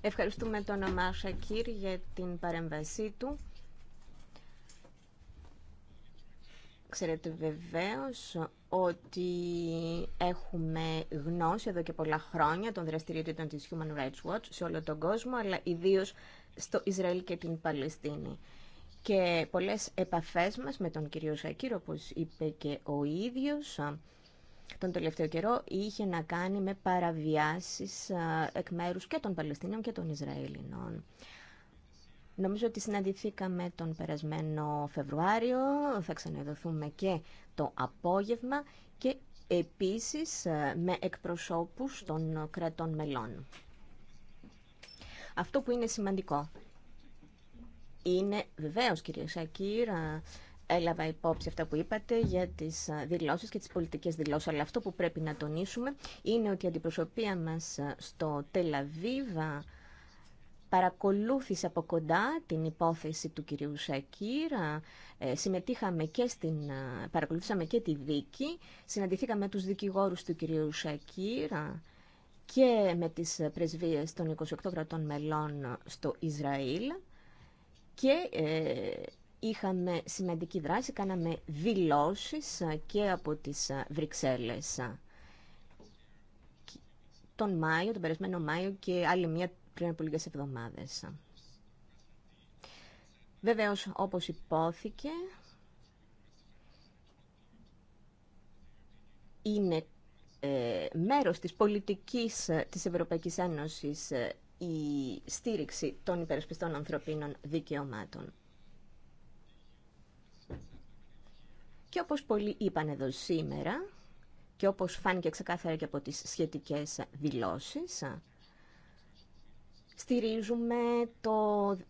Ευχαριστούμε τον Αμάσα Κύρ για την παρέμβασή του. Ξέρετε βεβαίως ότι έχουμε γνώση εδώ και πολλά χρόνια των δραστηριοτήτων της Human Rights Watch σε όλο τον κόσμο, αλλά ιδίως στο Ισραήλ και την Παλαιστίνη. Και πολλές επαφές μας με τον κύριο Σακύρο, όπως είπε και ο ίδιος, τον τελευταίο καιρό είχε να κάνει με παραβιάσεις ε, εκ μέρους και των Παλαιστινίων και των Ισραηλινών. Νομίζω ότι συναντηθήκαμε τον περασμένο Φεβρουάριο, θα ξαναδοθούμε και το απόγευμα και επίσης ε, με εκπροσώπους των κρατών μελών. Αυτό που είναι σημαντικό είναι βεβαίως κυρία Σακύρα, έλαβα υπόψη αυτά που είπατε για τις ε, δηλώσεις και τις πολιτικές δηλώσεις, αλλά αυτό που πρέπει να τονίσουμε είναι ότι η αντιπροσωπεία μας ε, στο Τελαβίβα παρακολούθησε από κοντά την υπόθεση του κυρίου Σακύρ, ε, συμμετείχαμε και στην, ε, παρακολουθήσαμε και τη δίκη, συναντηθήκαμε με τους δικηγόρους του κυρίου Σακύρ και με τις πρεσβείες των 28 κρατών μελών στο Ισραήλ και ε, είχαμε σημαντική δράση, κάναμε δηλώσεις και από τις Βρυξέλλες τον Μάιο, τον περασμένο Μάιο και άλλη μια πριν από λίγες εβδομάδες. Βεβαίως, όπως υπόθηκε, είναι ε, μέρος της πολιτικής ε, της Ευρωπαϊκής Ένωσης ε, η στήριξη των υπερασπιστών ανθρωπίνων δικαιωμάτων. Και όπως πολλοί είπαν εδώ σήμερα, και όπως φάνηκε ξεκάθαρα και από τις σχετικές δηλώσεις, Στηρίζουμε το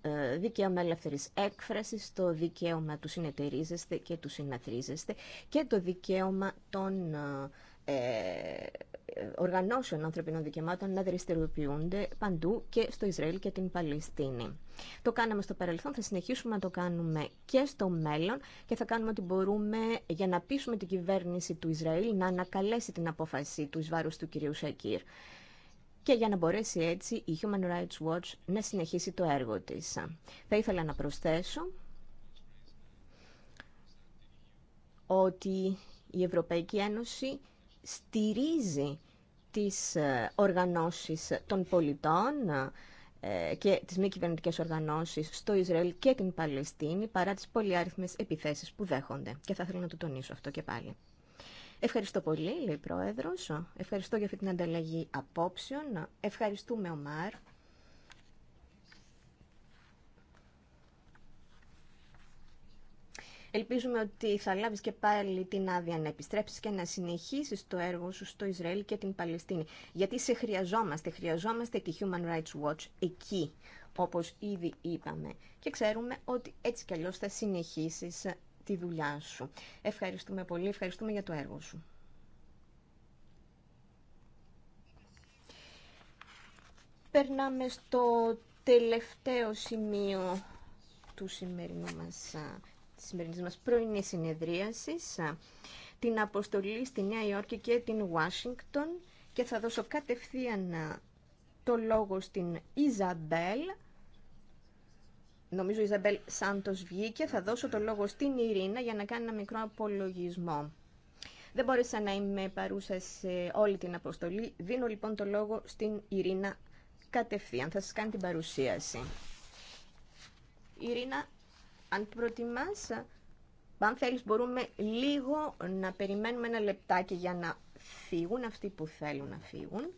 ε, δικαίωμα ελεύθερη έκφρασης, το δικαίωμα του συνεταιρίζεστε και του συναθρίζεστε και το δικαίωμα των ε, ε, οργανώσεων ανθρωπινών δικαιωμάτων να δραστηριοποιούνται παντού και στο Ισραήλ και την Παλαιστίνη. Το κάναμε στο παρελθόν, θα συνεχίσουμε να το κάνουμε και στο μέλλον και θα κάνουμε ό,τι μπορούμε για να πείσουμε την κυβέρνηση του Ισραήλ να ανακαλέσει την απόφαση του εις του κυρίου Σακύρ και για να μπορέσει έτσι η Human Rights Watch να συνεχίσει το έργο της. Θα ήθελα να προσθέσω ότι η Ευρωπαϊκή Ένωση στηρίζει τις ε, οργανώσεις των πολιτών ε, και τις μη κυβερνητικέ οργανώσεις στο Ισραήλ και την Παλαιστίνη παρά τις πολυάριθμες επιθέσεις που δέχονται. Και θα ήθελα να το τονίσω αυτό και πάλι. Ευχαριστώ πολύ, λέει η Ευχαριστώ για αυτή την ανταλλαγή απόψεων. Ευχαριστούμε, Ομάρ. Ελπίζουμε ότι θα λάβεις και πάλι την άδεια να επιστρέψεις και να συνεχίσεις το έργο σου στο Ισραήλ και την Παλαιστίνη. Γιατί σε χρειαζόμαστε. Χρειαζόμαστε τη Human Rights Watch εκεί, όπως ήδη είπαμε. Και ξέρουμε ότι έτσι κι αλλιώς θα συνεχίσεις τη δουλειά σου. Ευχαριστούμε πολύ, ευχαριστούμε για το έργο σου. Περνάμε στο τελευταίο σημείο του σημερινού μας, της σημερινής μας πρωινή συνεδρίασης, την αποστολή στη Νέα Υόρκη και την Ουάσιγκτον και θα δώσω κατευθείαν το λόγο στην Ιζαμπέλ Νομίζω η Ιζαμπέλ Σάντος βγήκε. Θα δώσω το λόγο στην Ειρήνα για να κάνει ένα μικρό απολογισμό. Δεν μπόρεσα να είμαι παρούσα σε όλη την αποστολή. Δίνω λοιπόν το λόγο στην Ειρήνα κατευθείαν. Θα σας κάνει την παρουσίαση. Ειρήνα, αν προτιμάς, αν θέλεις μπορούμε λίγο να περιμένουμε ένα λεπτάκι για να φύγουν αυτοί που θέλουν να φύγουν.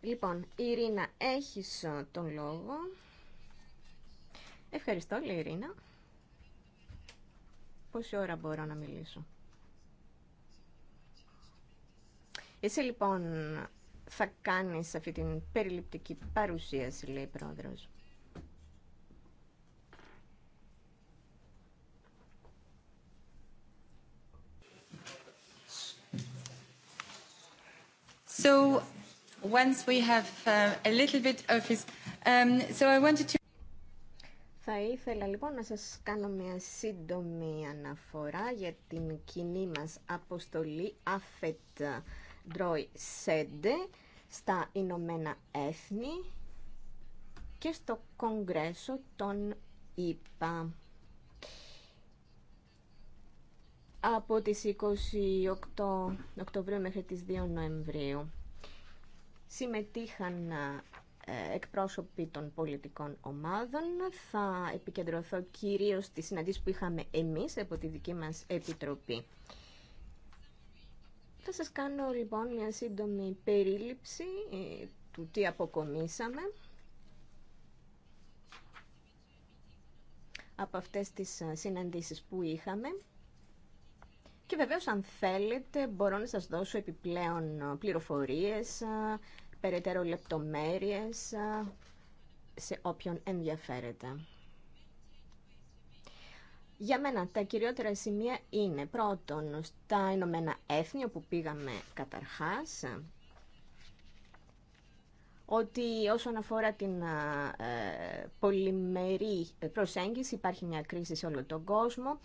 Λοιπόν, η Ειρήνα, έχεις ε, τον λόγο. Ευχαριστώ, λέει η Ειρήνα. Πόση ώρα μπορώ να μιλήσω. Εσύ λοιπόν θα κάνεις αυτή την περιληπτική παρουσίαση, λέει η Πρόεδρος. Θα ήθελα λοιπόν να σας κάνω μια σύντομη αναφορά για την κοινή μας αποστολή αφετ Ντρόι σεντε στα Ηνωμένα Έθνη και στο Κογκρέσο των ΗΠΑ. από τις 28 Οκτωβρίου μέχρι τις 2 Νοεμβρίου. Συμμετείχαν ε, εκπρόσωποι των πολιτικών ομάδων. Θα επικεντρωθώ κυρίως στις συναντήσεις που είχαμε εμείς από τη δική μας Επιτροπή. Θα σας κάνω λοιπόν μια σύντομη περίληψη ε, του τι αποκομίσαμε από αυτές τις ε, συναντήσεις που είχαμε. Και βεβαίως αν θέλετε μπορώ να σας δώσω επιπλέον ε, πληροφορίες, ε, περαιτέρω λεπτομέρειες ε, σε όποιον ενδιαφέρεται. Για μένα τα κυριότερα σημεία είναι πρώτον στα Ηνωμένα Έθνη όπου πήγαμε καταρχάς ότι όσον αφορά την πολυμερή προσέγγιση υπάρχει μια κρίση σε όλο τον κόσμο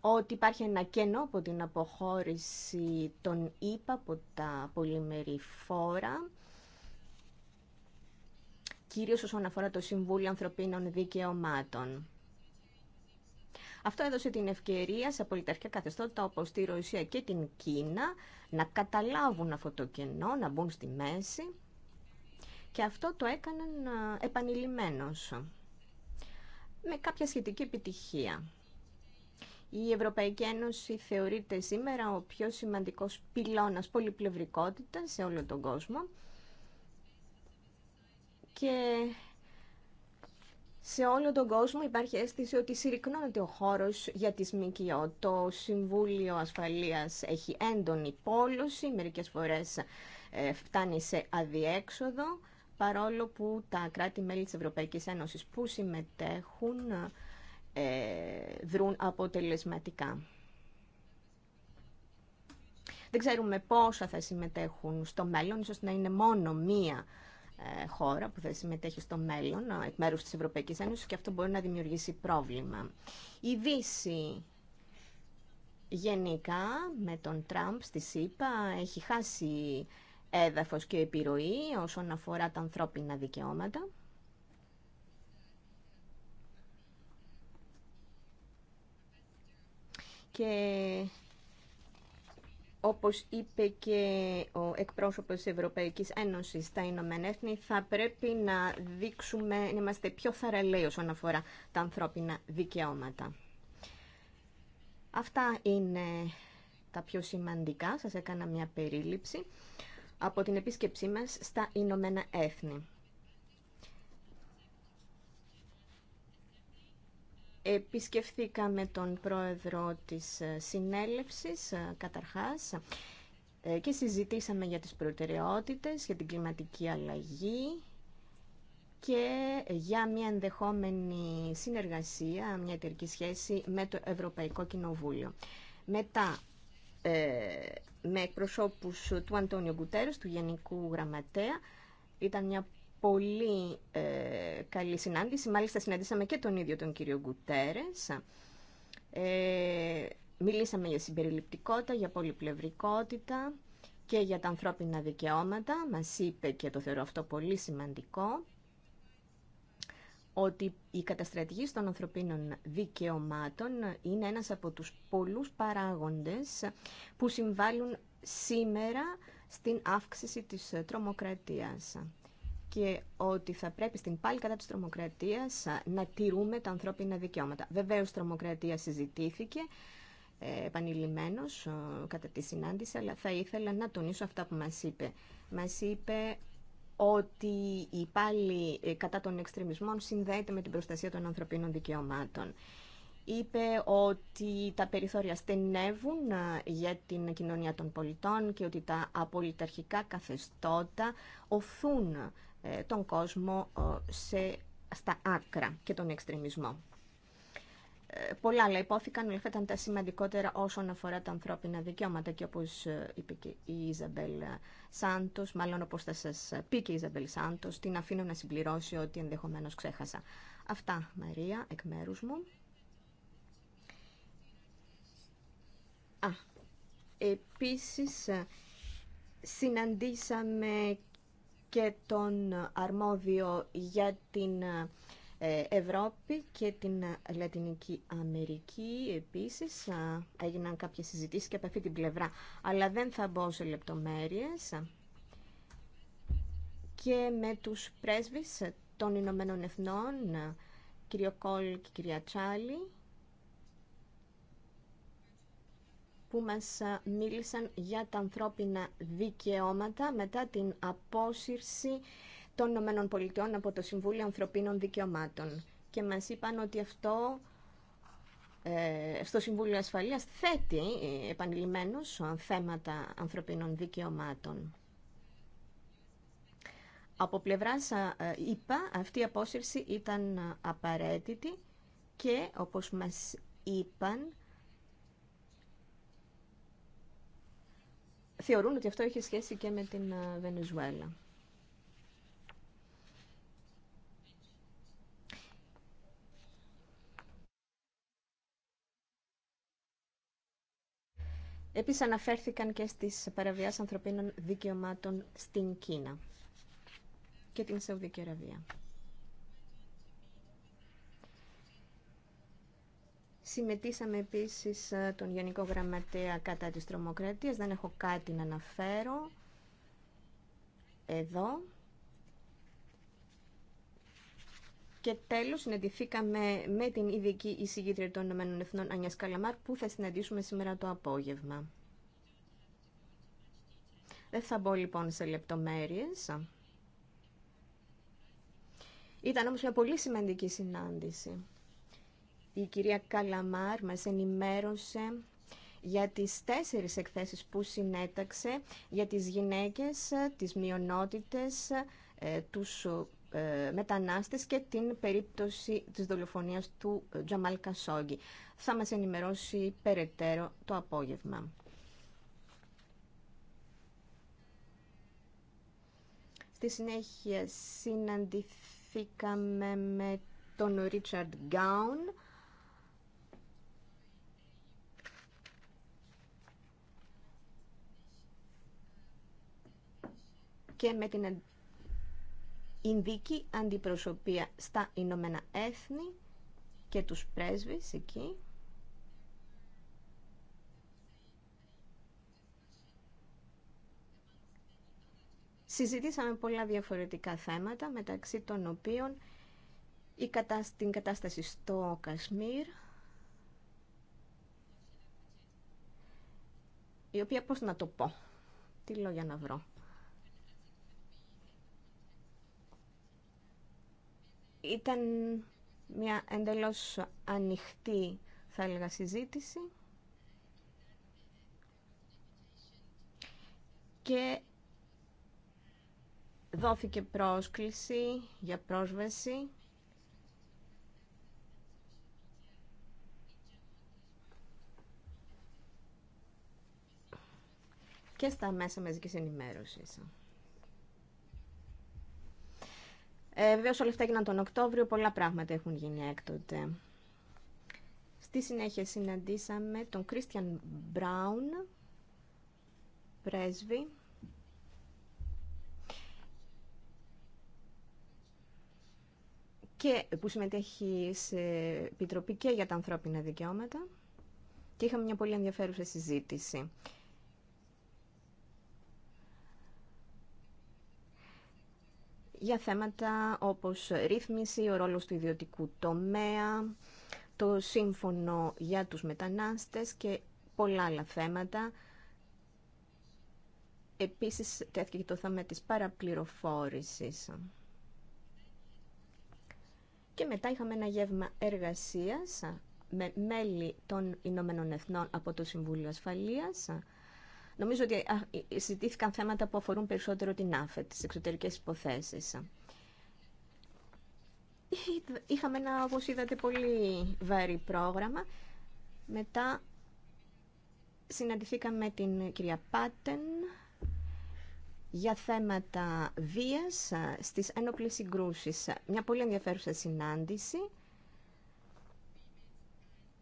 ότι υπάρχει ένα κενό από την αποχώρηση των ΙΠΑ από τα πολυμερή φόρα, κυρίως όσον αφορά το Συμβούλιο Ανθρωπίνων Δικαιωμάτων. Αυτό έδωσε την ευκαιρία σε πολιταρχικά καθεστώτα όπως τη Ρωσία και την Κίνα να καταλάβουν αυτό το κενό, να μπουν στη μέση και αυτό το έκαναν ε, επανειλημμένος με κάποια σχετική επιτυχία. Η Ευρωπαϊκή Ένωση θεωρείται σήμερα ο πιο σημαντικός πυλώνας πολυπλευρικότητας σε όλο τον κόσμο και σε όλο τον κόσμο υπάρχει αίσθηση ότι συρρυκνώνεται ο χώρος για τις ΜΚΟ. Το Συμβούλιο Ασφαλείας έχει έντονη πόλωση, μερικές φορές ε, φτάνει σε αδιέξοδο, παρόλο που τα κράτη-μέλη της Ευρωπαϊκής Ένωσης που συμμετέχουν ε, ε, δρούν αποτελεσματικά. Δεν ξέρουμε πόσα θα συμμετέχουν στο μέλλον, ίσως να είναι μόνο μία ε, χώρα που θα συμμετέχει στο μέλλον ε, εκ μέρους της Ευρωπαϊκής Ένωσης και αυτό μπορεί να δημιουργήσει πρόβλημα. Η Δύση γενικά με τον Τραμπ στη ΣΥΠΑ έχει χάσει έδαφος και επιρροή όσον αφορά τα ανθρώπινα δικαιώματα. και όπως είπε και ο εκπρόσωπος της Ευρωπαϊκής Ένωσης στα Ηνωμένα Έθνη, θα πρέπει να δείξουμε, να είμαστε πιο θαραλέοι όσον αφορά τα ανθρώπινα δικαιώματα. Αυτά είναι τα πιο σημαντικά. Σας έκανα μια περίληψη από την επίσκεψή μας στα Ηνωμένα Έθνη. Επισκεφθήκαμε τον πρόεδρο της ε, συνέλευσης ε, καταρχάς ε, και συζητήσαμε για τις προτεραιότητες, για την κλιματική αλλαγή και για μια ενδεχόμενη συνεργασία, μια εταιρική σχέση με το Ευρωπαϊκό Κοινοβούλιο. Μετά με εκπροσώπους του Αντώνιο Γκουτέρος, του Γενικού Γραμματέα, ήταν μια πολύ ε, καλή συνάντηση. Μάλιστα συναντήσαμε και τον ίδιο τον κύριο Γκουτέρες. Ε, μιλήσαμε για συμπεριληπτικότητα, για πολυπλευρικότητα και για τα ανθρώπινα δικαιώματα. Μας είπε και το θεωρώ αυτό πολύ σημαντικό ότι η καταστρατηγή των ανθρωπίνων δικαιωμάτων είναι ένας από τους πολλούς παράγοντες που συμβάλλουν σήμερα στην αύξηση της τρομοκρατίας και ότι θα πρέπει στην πάλι κατά της τρομοκρατίας να τηρούμε τα ανθρώπινα δικαιώματα. Βεβαίως, τρομοκρατία συζητήθηκε ε, επανειλημμένος κατά τη συνάντηση, αλλά θα ήθελα να τονίσω αυτά που μας είπε. Μας είπε ότι η πάλι ε, κατά των εξτρεμισμών συνδέεται με την προστασία των ανθρωπίνων δικαιωμάτων. Είπε ότι τα περιθώρια στενεύουν για την κοινωνία των πολιτών και ότι τα απολυταρχικά καθεστώτα οθούν ε, τον κόσμο ε, σε, στα άκρα και τον εξτρεμισμό. Ε, πολλά άλλα υπόθηκαν, αλλά ήταν τα σημαντικότερα όσον αφορά τα ανθρώπινα δικαιώματα και όπως είπε και η Ιζαμπέλ Σάντος, μάλλον όπως θα σας πει και η Ιζαμπέλ Σάντος, την αφήνω να συμπληρώσει ότι ενδεχομένως ξέχασα. Αυτά, Μαρία, εκ μέρους μου. Α, επίσης συναντήσαμε και τον αρμόδιο για την ε, Ευρώπη και την Λατινική Αμερική. Επίσης έγιναν κάποιες συζητήσεις και από αυτή την πλευρά, αλλά δεν θα μπω σε λεπτομέρειες. Και με τους πρέσβεις των Ηνωμένων Εθνών, κύριο Κόλ και κυρία Τσάλι, που μας ε, μίλησαν για τα ανθρώπινα δικαιώματα μετά την απόσυρση των Ηνωμένων από το Συμβούλιο Ανθρωπίνων Δικαιωμάτων. Και μας είπαν ότι αυτό ε, στο Συμβούλιο Ασφαλείας θέτει ε, επανειλημμένως θέματα ανθρωπίνων δικαιωμάτων. Από πλευράς είπα, αυτή η απόσυρση ήταν απαραίτητη και όπως μας είπαν θεωρούν ότι αυτό έχει σχέση και με την ε, Βενεζουέλα. Επίσης αναφέρθηκαν και στις παραβιάσεις ανθρωπίνων δικαιωμάτων στην Κίνα και την Σαουδική Αραβία. Συμμετήσαμε επίσης ε, τον Γενικό Γραμματέα κατά της τρομοκρατίας. Δεν έχω κάτι να αναφέρω εδώ. Και τέλος συναντηθήκαμε με την ειδική εισηγήτρια των Ηνωμένων Εθνών Ανιά Καλαμάρ που θα συναντήσουμε σήμερα το απόγευμα. Δεν θα μπω λοιπόν σε λεπτομέρειες. Ήταν όμως μια πολύ σημαντική συνάντηση. Η κυρία Καλαμάρ μας ενημέρωσε για τις τέσσερις εκθέσεις που συνέταξε για τις γυναίκες, τις μειονότητες, ε, τους ε, μετανάστες και την περίπτωση της δολοφονίας του ε, Τζαμάλ Κασόγγι. Θα μας ενημερώσει περαιτέρω το απόγευμα. Στη συνέχεια συναντηθήκαμε με τον Ρίτσαρντ Γκάουν, και με την Ινδική Αντιπροσωπεία στα Ηνωμένα Έθνη και τους πρέσβεις εκεί. Συζητήσαμε πολλά διαφορετικά θέματα, μεταξύ των οποίων η την κατάσταση στο Κασμίρ, η οποία πώς να το πω, τι λόγια να βρω. Ήταν μια εντελώς ανοιχτή, θα έλεγα, συζήτηση. Και δόθηκε πρόσκληση για πρόσβαση και στα μέσα μαζικής ενημέρωσης. Ε, Βεβαίω όλα αυτά έγιναν τον Οκτώβριο, πολλά πράγματα έχουν γίνει έκτοτε. Στη συνέχεια συναντήσαμε τον Κρίστιαν Μπράουν, πρέσβη. Και που συμμετέχει σε επιτροπή και για τα ανθρώπινα δικαιώματα και είχαμε μια πολύ ενδιαφέρουσα συζήτηση. για θέματα όπως ρύθμιση, ο ρόλος του ιδιωτικού τομέα, το σύμφωνο για τους μετανάστες και πολλά άλλα θέματα. Επίσης, τέθηκε και το θέμα της παραπληροφόρησης. Και μετά είχαμε ένα γεύμα εργασίας με μέλη των Ηνωμένων Εθνών από το Συμβούλιο Ασφαλείας Νομίζω ότι ε, ε, συζητήθηκαν θέματα που αφορούν περισσότερο την ΑΦΕΤ, τις εξωτερικές υποθέσεις. Είχαμε ένα, όπως είδατε, πολύ βαρύ πρόγραμμα. Μετά συναντηθήκαμε με την κυρία Πάτεν για θέματα βίας ε, στις ένοπλες συγκρούσεις. Μια πολύ ενδιαφέρουσα συνάντηση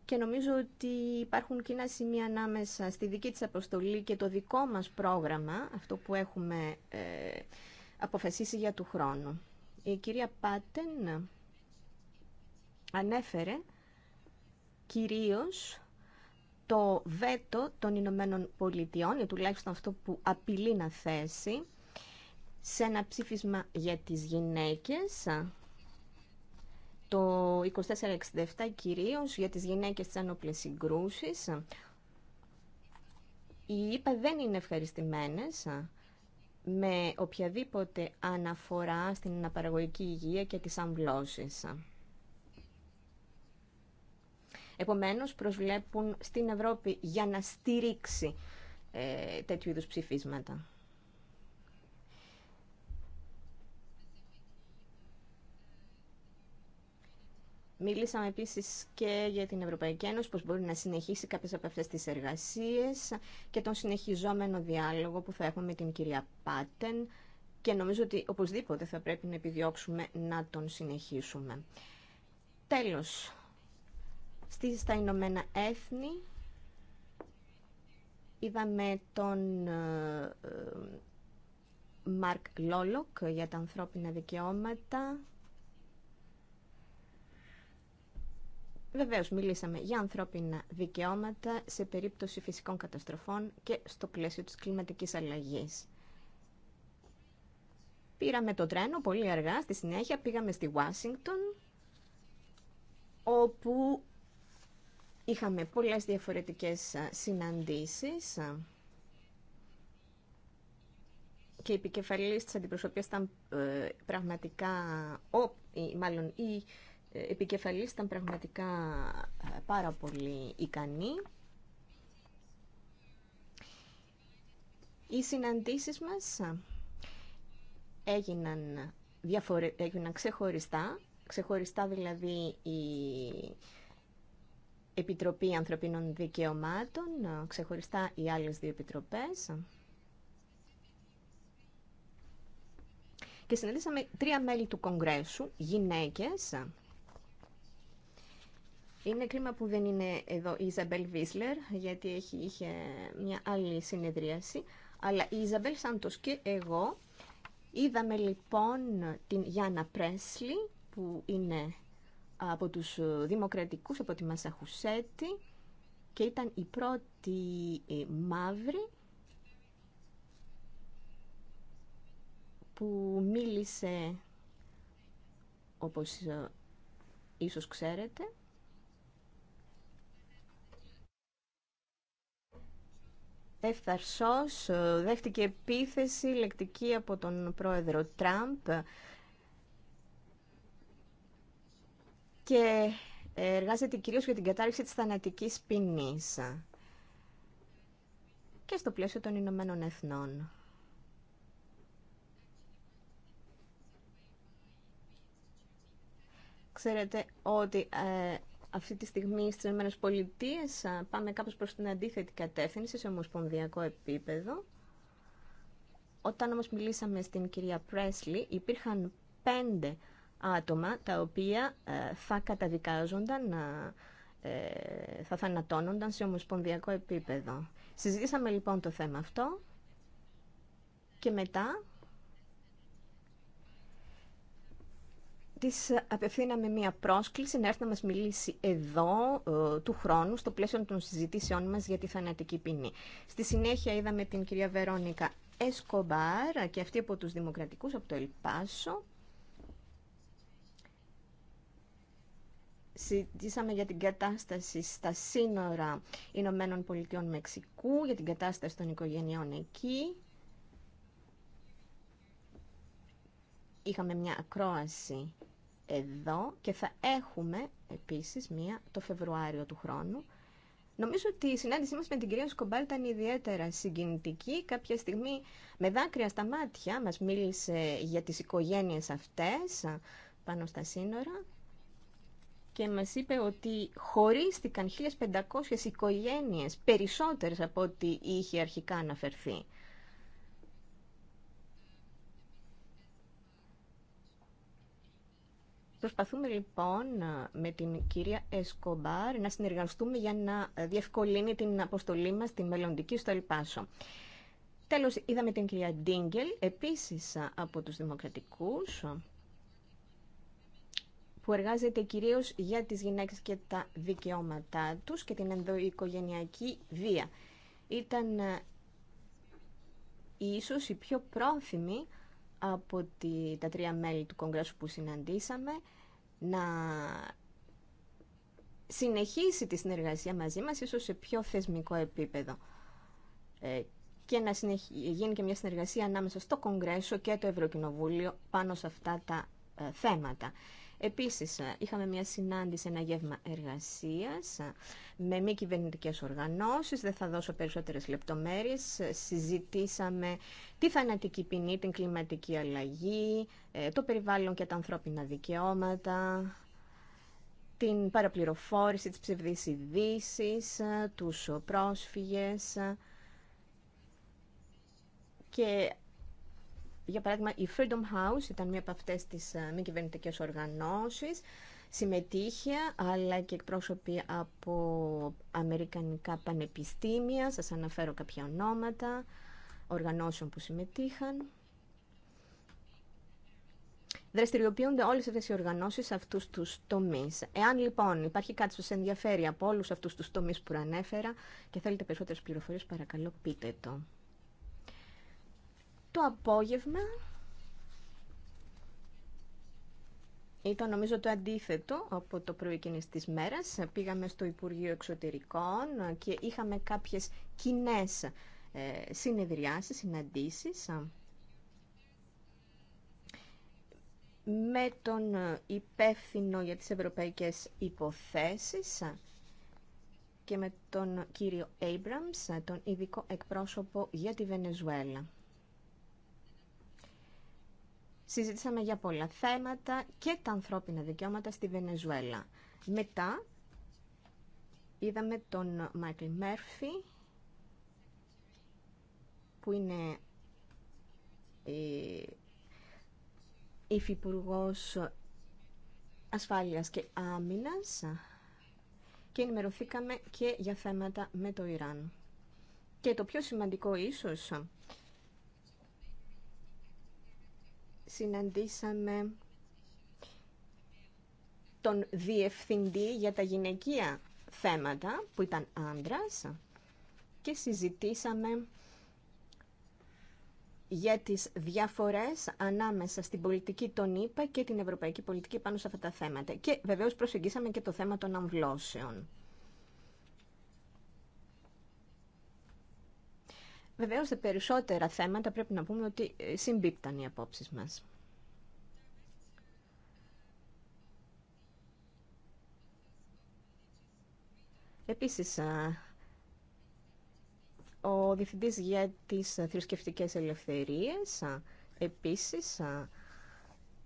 και νομίζω ότι υπάρχουν κοινά σημεία ανάμεσα στη δική της αποστολή και το δικό μας πρόγραμμα, αυτό που έχουμε ε, αποφασίσει για του χρόνου. Η κυρία Πάτεν ανέφερε κυρίως το βέτο των Ηνωμένων Πολιτειών, ή τουλάχιστον αυτό που απειλεί να θέσει, σε ένα ψήφισμα για τις γυναίκες το 2467 κυρίως για τις γυναίκες της ανώπλες συγκρούσεις. Οι ΙΠΑ δεν είναι ευχαριστημένες με οποιαδήποτε αναφορά στην αναπαραγωγική υγεία και τις αμβλώσεις. Επομένως, προσβλέπουν στην Ευρώπη για να στηρίξει ε, τέτοιου είδους ψηφίσματα. Μίλησαμε επίσης και για την Ευρωπαϊκή Ένωση, πώ μπορεί να συνεχίσει κάποιε από αυτέ τι εργασίες και τον συνεχιζόμενο διάλογο που θα έχουμε με την κυρία Πάτεν και νομίζω ότι οπωσδήποτε θα πρέπει να επιδιώξουμε να τον συνεχίσουμε. Τέλος, στα Ηνωμένα Έθνη είδαμε τον ε, ε, Μαρκ Λόλοκ για τα ανθρώπινα δικαιώματα Βεβαίως μιλήσαμε για ανθρώπινα δικαιώματα σε περίπτωση φυσικών καταστροφών και στο πλαίσιο της κλιματικής αλλαγής. Πήραμε το τρένο πολύ αργά, στη συνέχεια πήγαμε στη Ουάσιγκτον, όπου είχαμε πολλές διαφορετικές συναντήσεις και οι επικεφαλής της αντιπροσωπείας ήταν ε, πραγματικά, ο, μάλλον η επικεφαλής ήταν πραγματικά ε, πάρα πολύ ικανή. Οι συναντήσεις μας έγιναν, διαφορε... έγιναν ξεχωριστά, ξεχωριστά δηλαδή η Επιτροπή Ανθρωπίνων Δικαιωμάτων, ξεχωριστά οι άλλες δύο επιτροπές. Και συναντήσαμε τρία μέλη του Κογκρέσου, γυναίκες, είναι κρίμα που δεν είναι εδώ η Ιζαμπέλ Βίσλερ, γιατί έχει, είχε μια άλλη συνεδρίαση. Αλλά η Ιζαμπέλ Σάντος και εγώ είδαμε λοιπόν την Γιάννα Πρέσλι, που είναι από τους Δημοκρατικούς, από τη Μασαχουσέτη, και ήταν η πρώτη ε, μαύρη που μίλησε, όπως ε, ίσως ξέρετε, ευθαρσός ε, δέχτηκε επίθεση λεκτική από τον πρόεδρο Τραμπ και εργάζεται κυρίως για την κατάρριξη της θανατικής ποινής και στο πλαίσιο των Ηνωμένων Εθνών. Ξέρετε ότι ε, αυτή τη στιγμή στις Ηνωμένες πάμε κάπως προς την αντίθετη κατεύθυνση σε ομοσπονδιακό επίπεδο. Όταν όμως μιλήσαμε στην κυρία Πρέσλι υπήρχαν πέντε άτομα τα οποία ε, θα καταδικάζονταν, ε, θα θανατώνονταν σε ομοσπονδιακό επίπεδο. Συζητήσαμε λοιπόν το θέμα αυτό και μετά της απευθύναμε μία πρόσκληση να έρθει να μας μιλήσει εδώ ε, του χρόνου στο πλαίσιο των συζητήσεών μας για τη θανατική ποινή. Στη συνέχεια είδαμε την κυρία Βερόνικα Εσκομπάρ και αυτή από τους Δημοκρατικούς από το Ελπάσο. συζητήσαμε για την κατάσταση στα σύνορα Ηνωμένων Πολιτειών Μεξικού, για την κατάσταση των οικογενειών εκεί. Είχαμε μια ακρόαση εδώ και θα έχουμε επίσης μία το Φεβρουάριο του χρόνου. Νομίζω ότι η συνάντησή μας με την κυρία Σκομπάλ ήταν ιδιαίτερα συγκινητική. Κάποια στιγμή με δάκρυα στα μάτια μας μίλησε για τις οικογένειες αυτές πάνω στα σύνορα και μας είπε ότι χωρίστηκαν 1.500 οικογένειες περισσότερες από ό,τι είχε αρχικά αναφερθεί. Προσπαθούμε λοιπόν ε, με την κυρία Εσκομπάρ να συνεργαστούμε για να ε, διευκολύνει την αποστολή μας στη μελλοντική στο Ελπάσο. Τέλος, είδαμε την κυρία Ντίγκελ, επίσης ε, από τους Δημοκρατικούς, που εργάζεται κυρίως για τις γυναίκες και τα δικαιώματά τους και την ενδοοικογενειακή βία. Ήταν ίσως η πιο πρόθυμη από τη, τα τρία μέλη του Κογκρέσου που συναντήσαμε να συνεχίσει τη συνεργασία μαζί μας, ίσως σε πιο θεσμικό επίπεδο ε, και να γίνει και μια συνεργασία ανάμεσα στο Κογκρέσο και το Ευρωκοινοβούλιο πάνω σε αυτά τα ε, θέματα. Επίσης, ε, είχαμε μια συνάντηση, ένα γεύμα εργασίας ε, με μη κυβερνητικέ οργανώσεις. Δεν θα δώσω περισσότερες λεπτομέρειες. Ε, συζητήσαμε τη θανατική ποινή, την κλιματική αλλαγή, το περιβάλλον και τα ανθρώπινα δικαιώματα, την παραπληροφόρηση, τις ψευδείς ειδήσει, τους πρόσφυγες και για παράδειγμα, η Freedom House ήταν μία από αυτές τις ε, μη κυβερνητικέ οργανώσεις. Συμμετείχε, αλλά και εκπρόσωποι από αμερικανικά πανεπιστήμια. Σας αναφέρω κάποια ονόματα οργανώσεων που συμμετείχαν. Δραστηριοποιούνται όλες αυτές οι οργανώσεις σε αυτούς τους τομείς. Εάν λοιπόν υπάρχει κάτι που σας ενδιαφέρει από όλους αυτούς τους τομείς που ανέφερα και θέλετε περισσότερες πληροφορίες, παρακαλώ πείτε το το απόγευμα ήταν νομίζω το αντίθετο από το πρωί εκείνης της μέρας. Πήγαμε στο Υπουργείο Εξωτερικών και είχαμε κάποιες κοινέ ε, συνεδριάσεις, συναντήσεις με τον υπεύθυνο για τις ευρωπαϊκές υποθέσεις και με τον κύριο Abrams, τον ειδικό εκπρόσωπο για τη Βενεζουέλα συζήτησαμε για πολλά θέματα και τα ανθρώπινα δικαιώματα στη Βενεζουέλα. Μετά είδαμε τον Μάικλ Μέρφυ, που είναι υφυπουργό Ασφάλειας και Άμυνας και ενημερωθήκαμε και για θέματα με το Ιράν. Και το πιο σημαντικό ίσως συναντήσαμε τον διευθυντή για τα γυναικεία θέματα που ήταν άντρας και συζητήσαμε για τις διαφορές ανάμεσα στην πολιτική των ΗΠΑ και την ευρωπαϊκή πολιτική πάνω σε αυτά τα θέματα. Και βεβαίως προσεγγίσαμε και το θέμα των αμβλώσεων. Βεβαίως, σε περισσότερα θέματα πρέπει να πούμε ότι ε, συμπίπταν οι απόψεις μας. Επίσης, ο Διευθυντής για τις θρησκευτικές ελευθερίες, επίσης,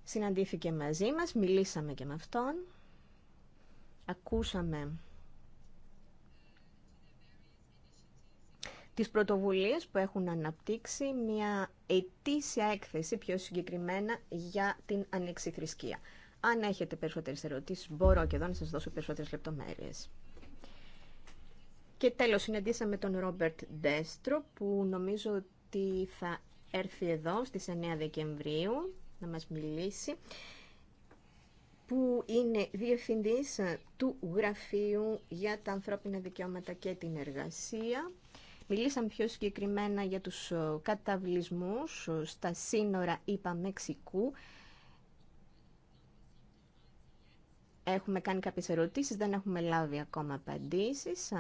συναντήθηκε μαζί μας, μιλήσαμε και με αυτόν, ακούσαμε τις πρωτοβουλίες που έχουν αναπτύξει μια ετήσια έκθεση πιο συγκεκριμένα για την Θρησκεία. Αν έχετε περισσότερες ερωτήσεις μπορώ και εδώ να σας δώσω περισσότερες λεπτομέρειες. Και τέλος συναντήσαμε τον Ρόμπερτ Ντέστρο που νομίζω ότι θα έρθει εδώ στις 9 Δεκεμβρίου να μας μιλήσει που είναι διευθυντής του Γραφείου για τα ανθρώπινα δικαιώματα και την εργασία Μιλήσαμε πιο συγκεκριμένα για τους ε, καταβλισμούς ε, στα σύνορα είπα Μεξικού. Έχουμε κάνει κάποιες ερωτήσεις, δεν έχουμε λάβει ακόμα απαντήσεις.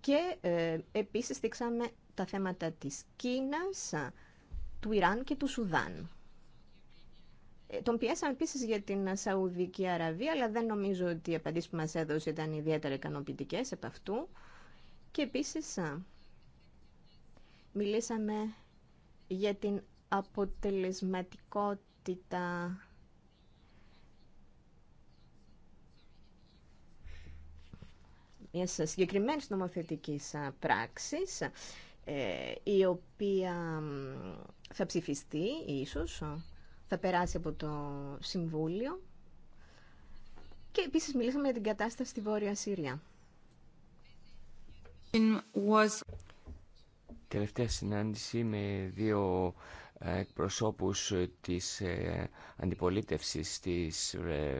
Και ε, επίσης δείξαμε τα θέματα της Κίνας, του Ιράν και του Σουδάν. Ε, τον πιέσαμε επίση για την Σαουδική Αραβία, αλλά δεν νομίζω ότι οι απαντήσει που μα έδωσε ήταν ιδιαίτερα ικανοποιητικέ από αυτού. Και επίσης μιλήσαμε για την αποτελεσματικότητα μια συγκεκριμένη νομοθετική πράξη, ε, η οποία θα ψηφιστεί ίσως, θα περάσει από το Συμβούλιο. Και επίσης μιλήσαμε για την κατάσταση στη Βόρεια Συρία. Τελευταία συνάντηση με δύο ε, εκπροσώπους ε, της ε, αντιπολίτευσης της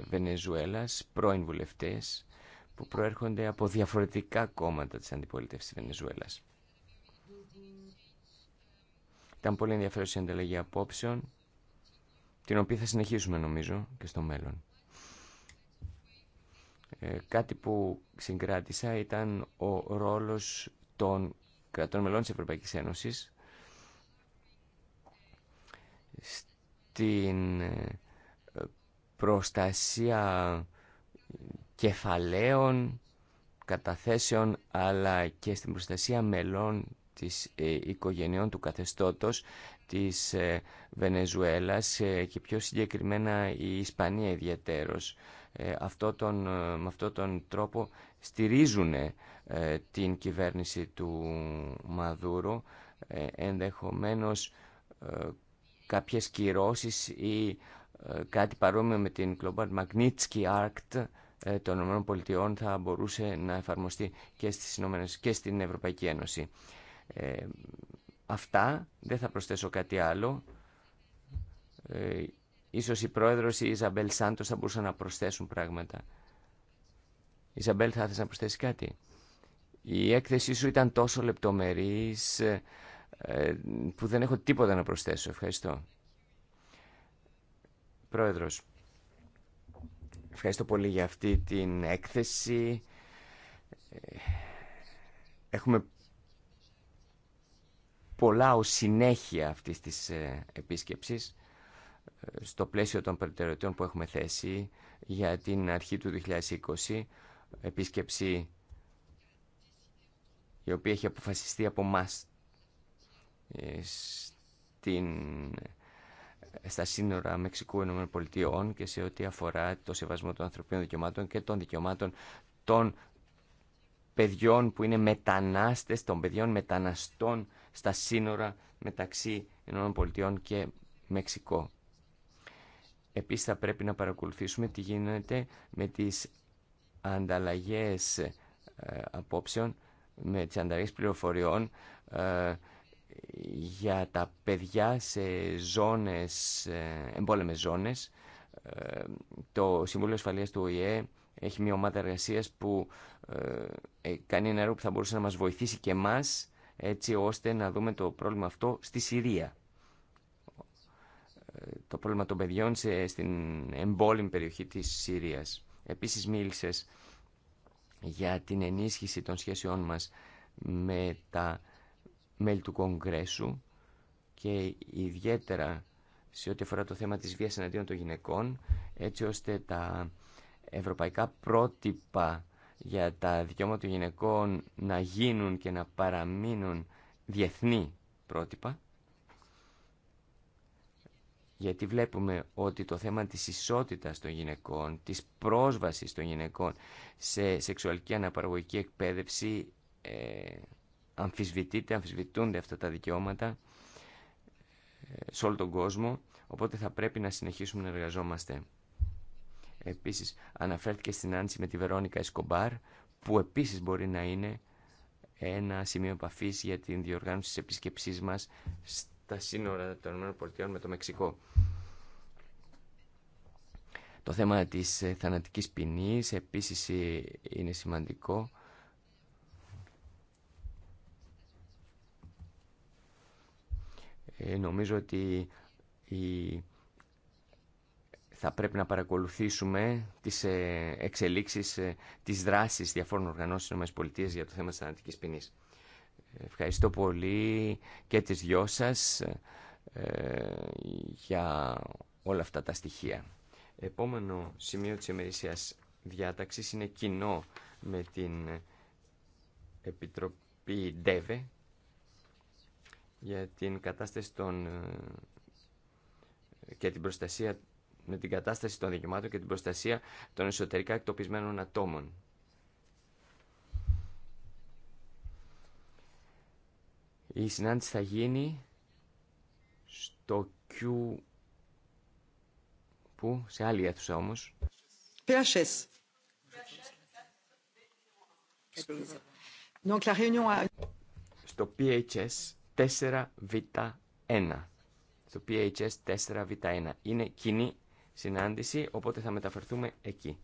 Βενεζουέλας, πρώην βουλευτές, που προέρχονται από διαφορετικά κόμματα της αντιπολίτευσης της Βενεζουέλας. Ήταν πολύ ενδιαφέρουσα η ανταλλαγή απόψεων, την οποία θα συνεχίσουμε νομίζω και στο μέλλον. Ε, κάτι που συγκράτησα ήταν ο ρόλος των κρατών μελών της Ευρωπαϊκής Ένωσης στην ε, προστασία κεφαλαίων, καταθέσεων αλλά και στην προστασία μελών της ε, οικογενειών του καθεστώτος της Βενεζουέλας και πιο συγκεκριμένα η Ισπανία ιδιαίτερος ε, αυτό τον, ε, με αυτόν τον τρόπο στηρίζουν ε, την κυβέρνηση του Μαδούρου ενδεχομένως κάποιες κυρώσεις ή κάτι παρόμοιο με την Global Magnitsky Act των ΗΠΑ θα μπορούσε να εφαρμοστεί και, στις Ηνωμένες, και στην Ευρωπαϊκή Ένωση. αυτά, δεν θα προσθέσω κάτι άλλο. Ίσως η πρόεδρος ή η Ιζαμπέλ Σάντος θα μπορούσαν να προσθέσουν πράγματα. Η Ιζαμπέλ θα ήθελε να προσθέσει κάτι. Η έκθεσή σου ήταν τόσο λεπτομερής ε, ε, που δεν έχω τίποτα να προσθέσω. Ευχαριστώ. Πρόεδρος, ευχαριστώ πολύ για αυτή την έκθεση. Ε, έχουμε πολλά ως συνέχεια αυτής της επίσκεψης στο πλαίσιο των προτεραιοτήτων που έχουμε θέσει για την αρχή του 2020 επίσκεψη η οποία έχει αποφασιστεί από εμά στα σύνορα Μεξικού Ηνωμένων Πολιτειών και σε ό,τι αφορά το σεβασμό των ανθρωπίνων δικαιωμάτων και των δικαιωμάτων των παιδιών που είναι μετανάστες, των παιδιών μεταναστών στα σύνορα μεταξύ Ηνωμένων Πολιτειών και Μεξικό. Επίσης θα πρέπει να παρακολουθήσουμε τι γίνεται με τις ανταλλαγές ε, απόψεων, με τις ανταλλαγές πληροφοριών ε, για τα παιδιά σε ζώνες, ε, εμπόλεμες ζώνες. Το Συμβούλιο Ασφαλείας του ΟΗΕ έχει μια ομάδα εργασίας που κάνει ένα έργο που θα μπορούσε να μας βοηθήσει και εμάς έτσι ώστε να δούμε το πρόβλημα αυτό στη Συρία το πρόβλημα των παιδιών σε, στην εμπόλυμη περιοχή της Συρίας. Επίσης μίλησες για την ενίσχυση των σχέσεών μας με τα μέλη του Κογκρέσου και ιδιαίτερα σε ό,τι αφορά το θέμα της βίας εναντίον των γυναικών, έτσι ώστε τα ευρωπαϊκά πρότυπα για τα δικαιώματα των γυναικών να γίνουν και να παραμείνουν διεθνή πρότυπα γιατί βλέπουμε ότι το θέμα της ισότητας των γυναικών, της πρόσβασης των γυναικών σε σεξουαλική αναπαραγωγική εκπαίδευση ε, αμφισβητείται, αμφισβητούνται αυτά τα δικαιώματα ε, σε όλο τον κόσμο, οπότε θα πρέπει να συνεχίσουμε να εργαζόμαστε. Επίσης, αναφέρθηκε στην άνση με τη Βερόνικα Εσκομπάρ, που επίσης μπορεί να είναι ένα σημείο επαφή για την διοργάνωση της επισκεψής μας τα σύνορα των ΗΠΑ με το Μεξικό. Το θέμα της ε, θανατικής ποινής επίσης ε, είναι σημαντικό. Ε, νομίζω ότι θα πρέπει να παρακολουθήσουμε τις εξελίξεις, τις δράσεις διαφόρων οργανώσεων της ΗΠΑ για το θέμα της θανατικής ποινής. Ευχαριστώ πολύ και τις δυο σας ε, για όλα αυτά τα στοιχεία. Επόμενο σημείο της ημερησίας διάταξης είναι κοινό με την Επιτροπή ΔΕΒΕ για την κατάσταση των ε, και την προστασία με την κατάσταση των δικαιωμάτων και την προστασία των εσωτερικά εκτοπισμένων ατόμων. Η συνάντηση θα γίνει στο Q... Πού, σε άλλη αίθουσα όμω. PHS. Στο PHS 4Β1. Στο PHS 4Β1. Είναι κοινή συνάντηση, οπότε θα μεταφερθούμε εκεί.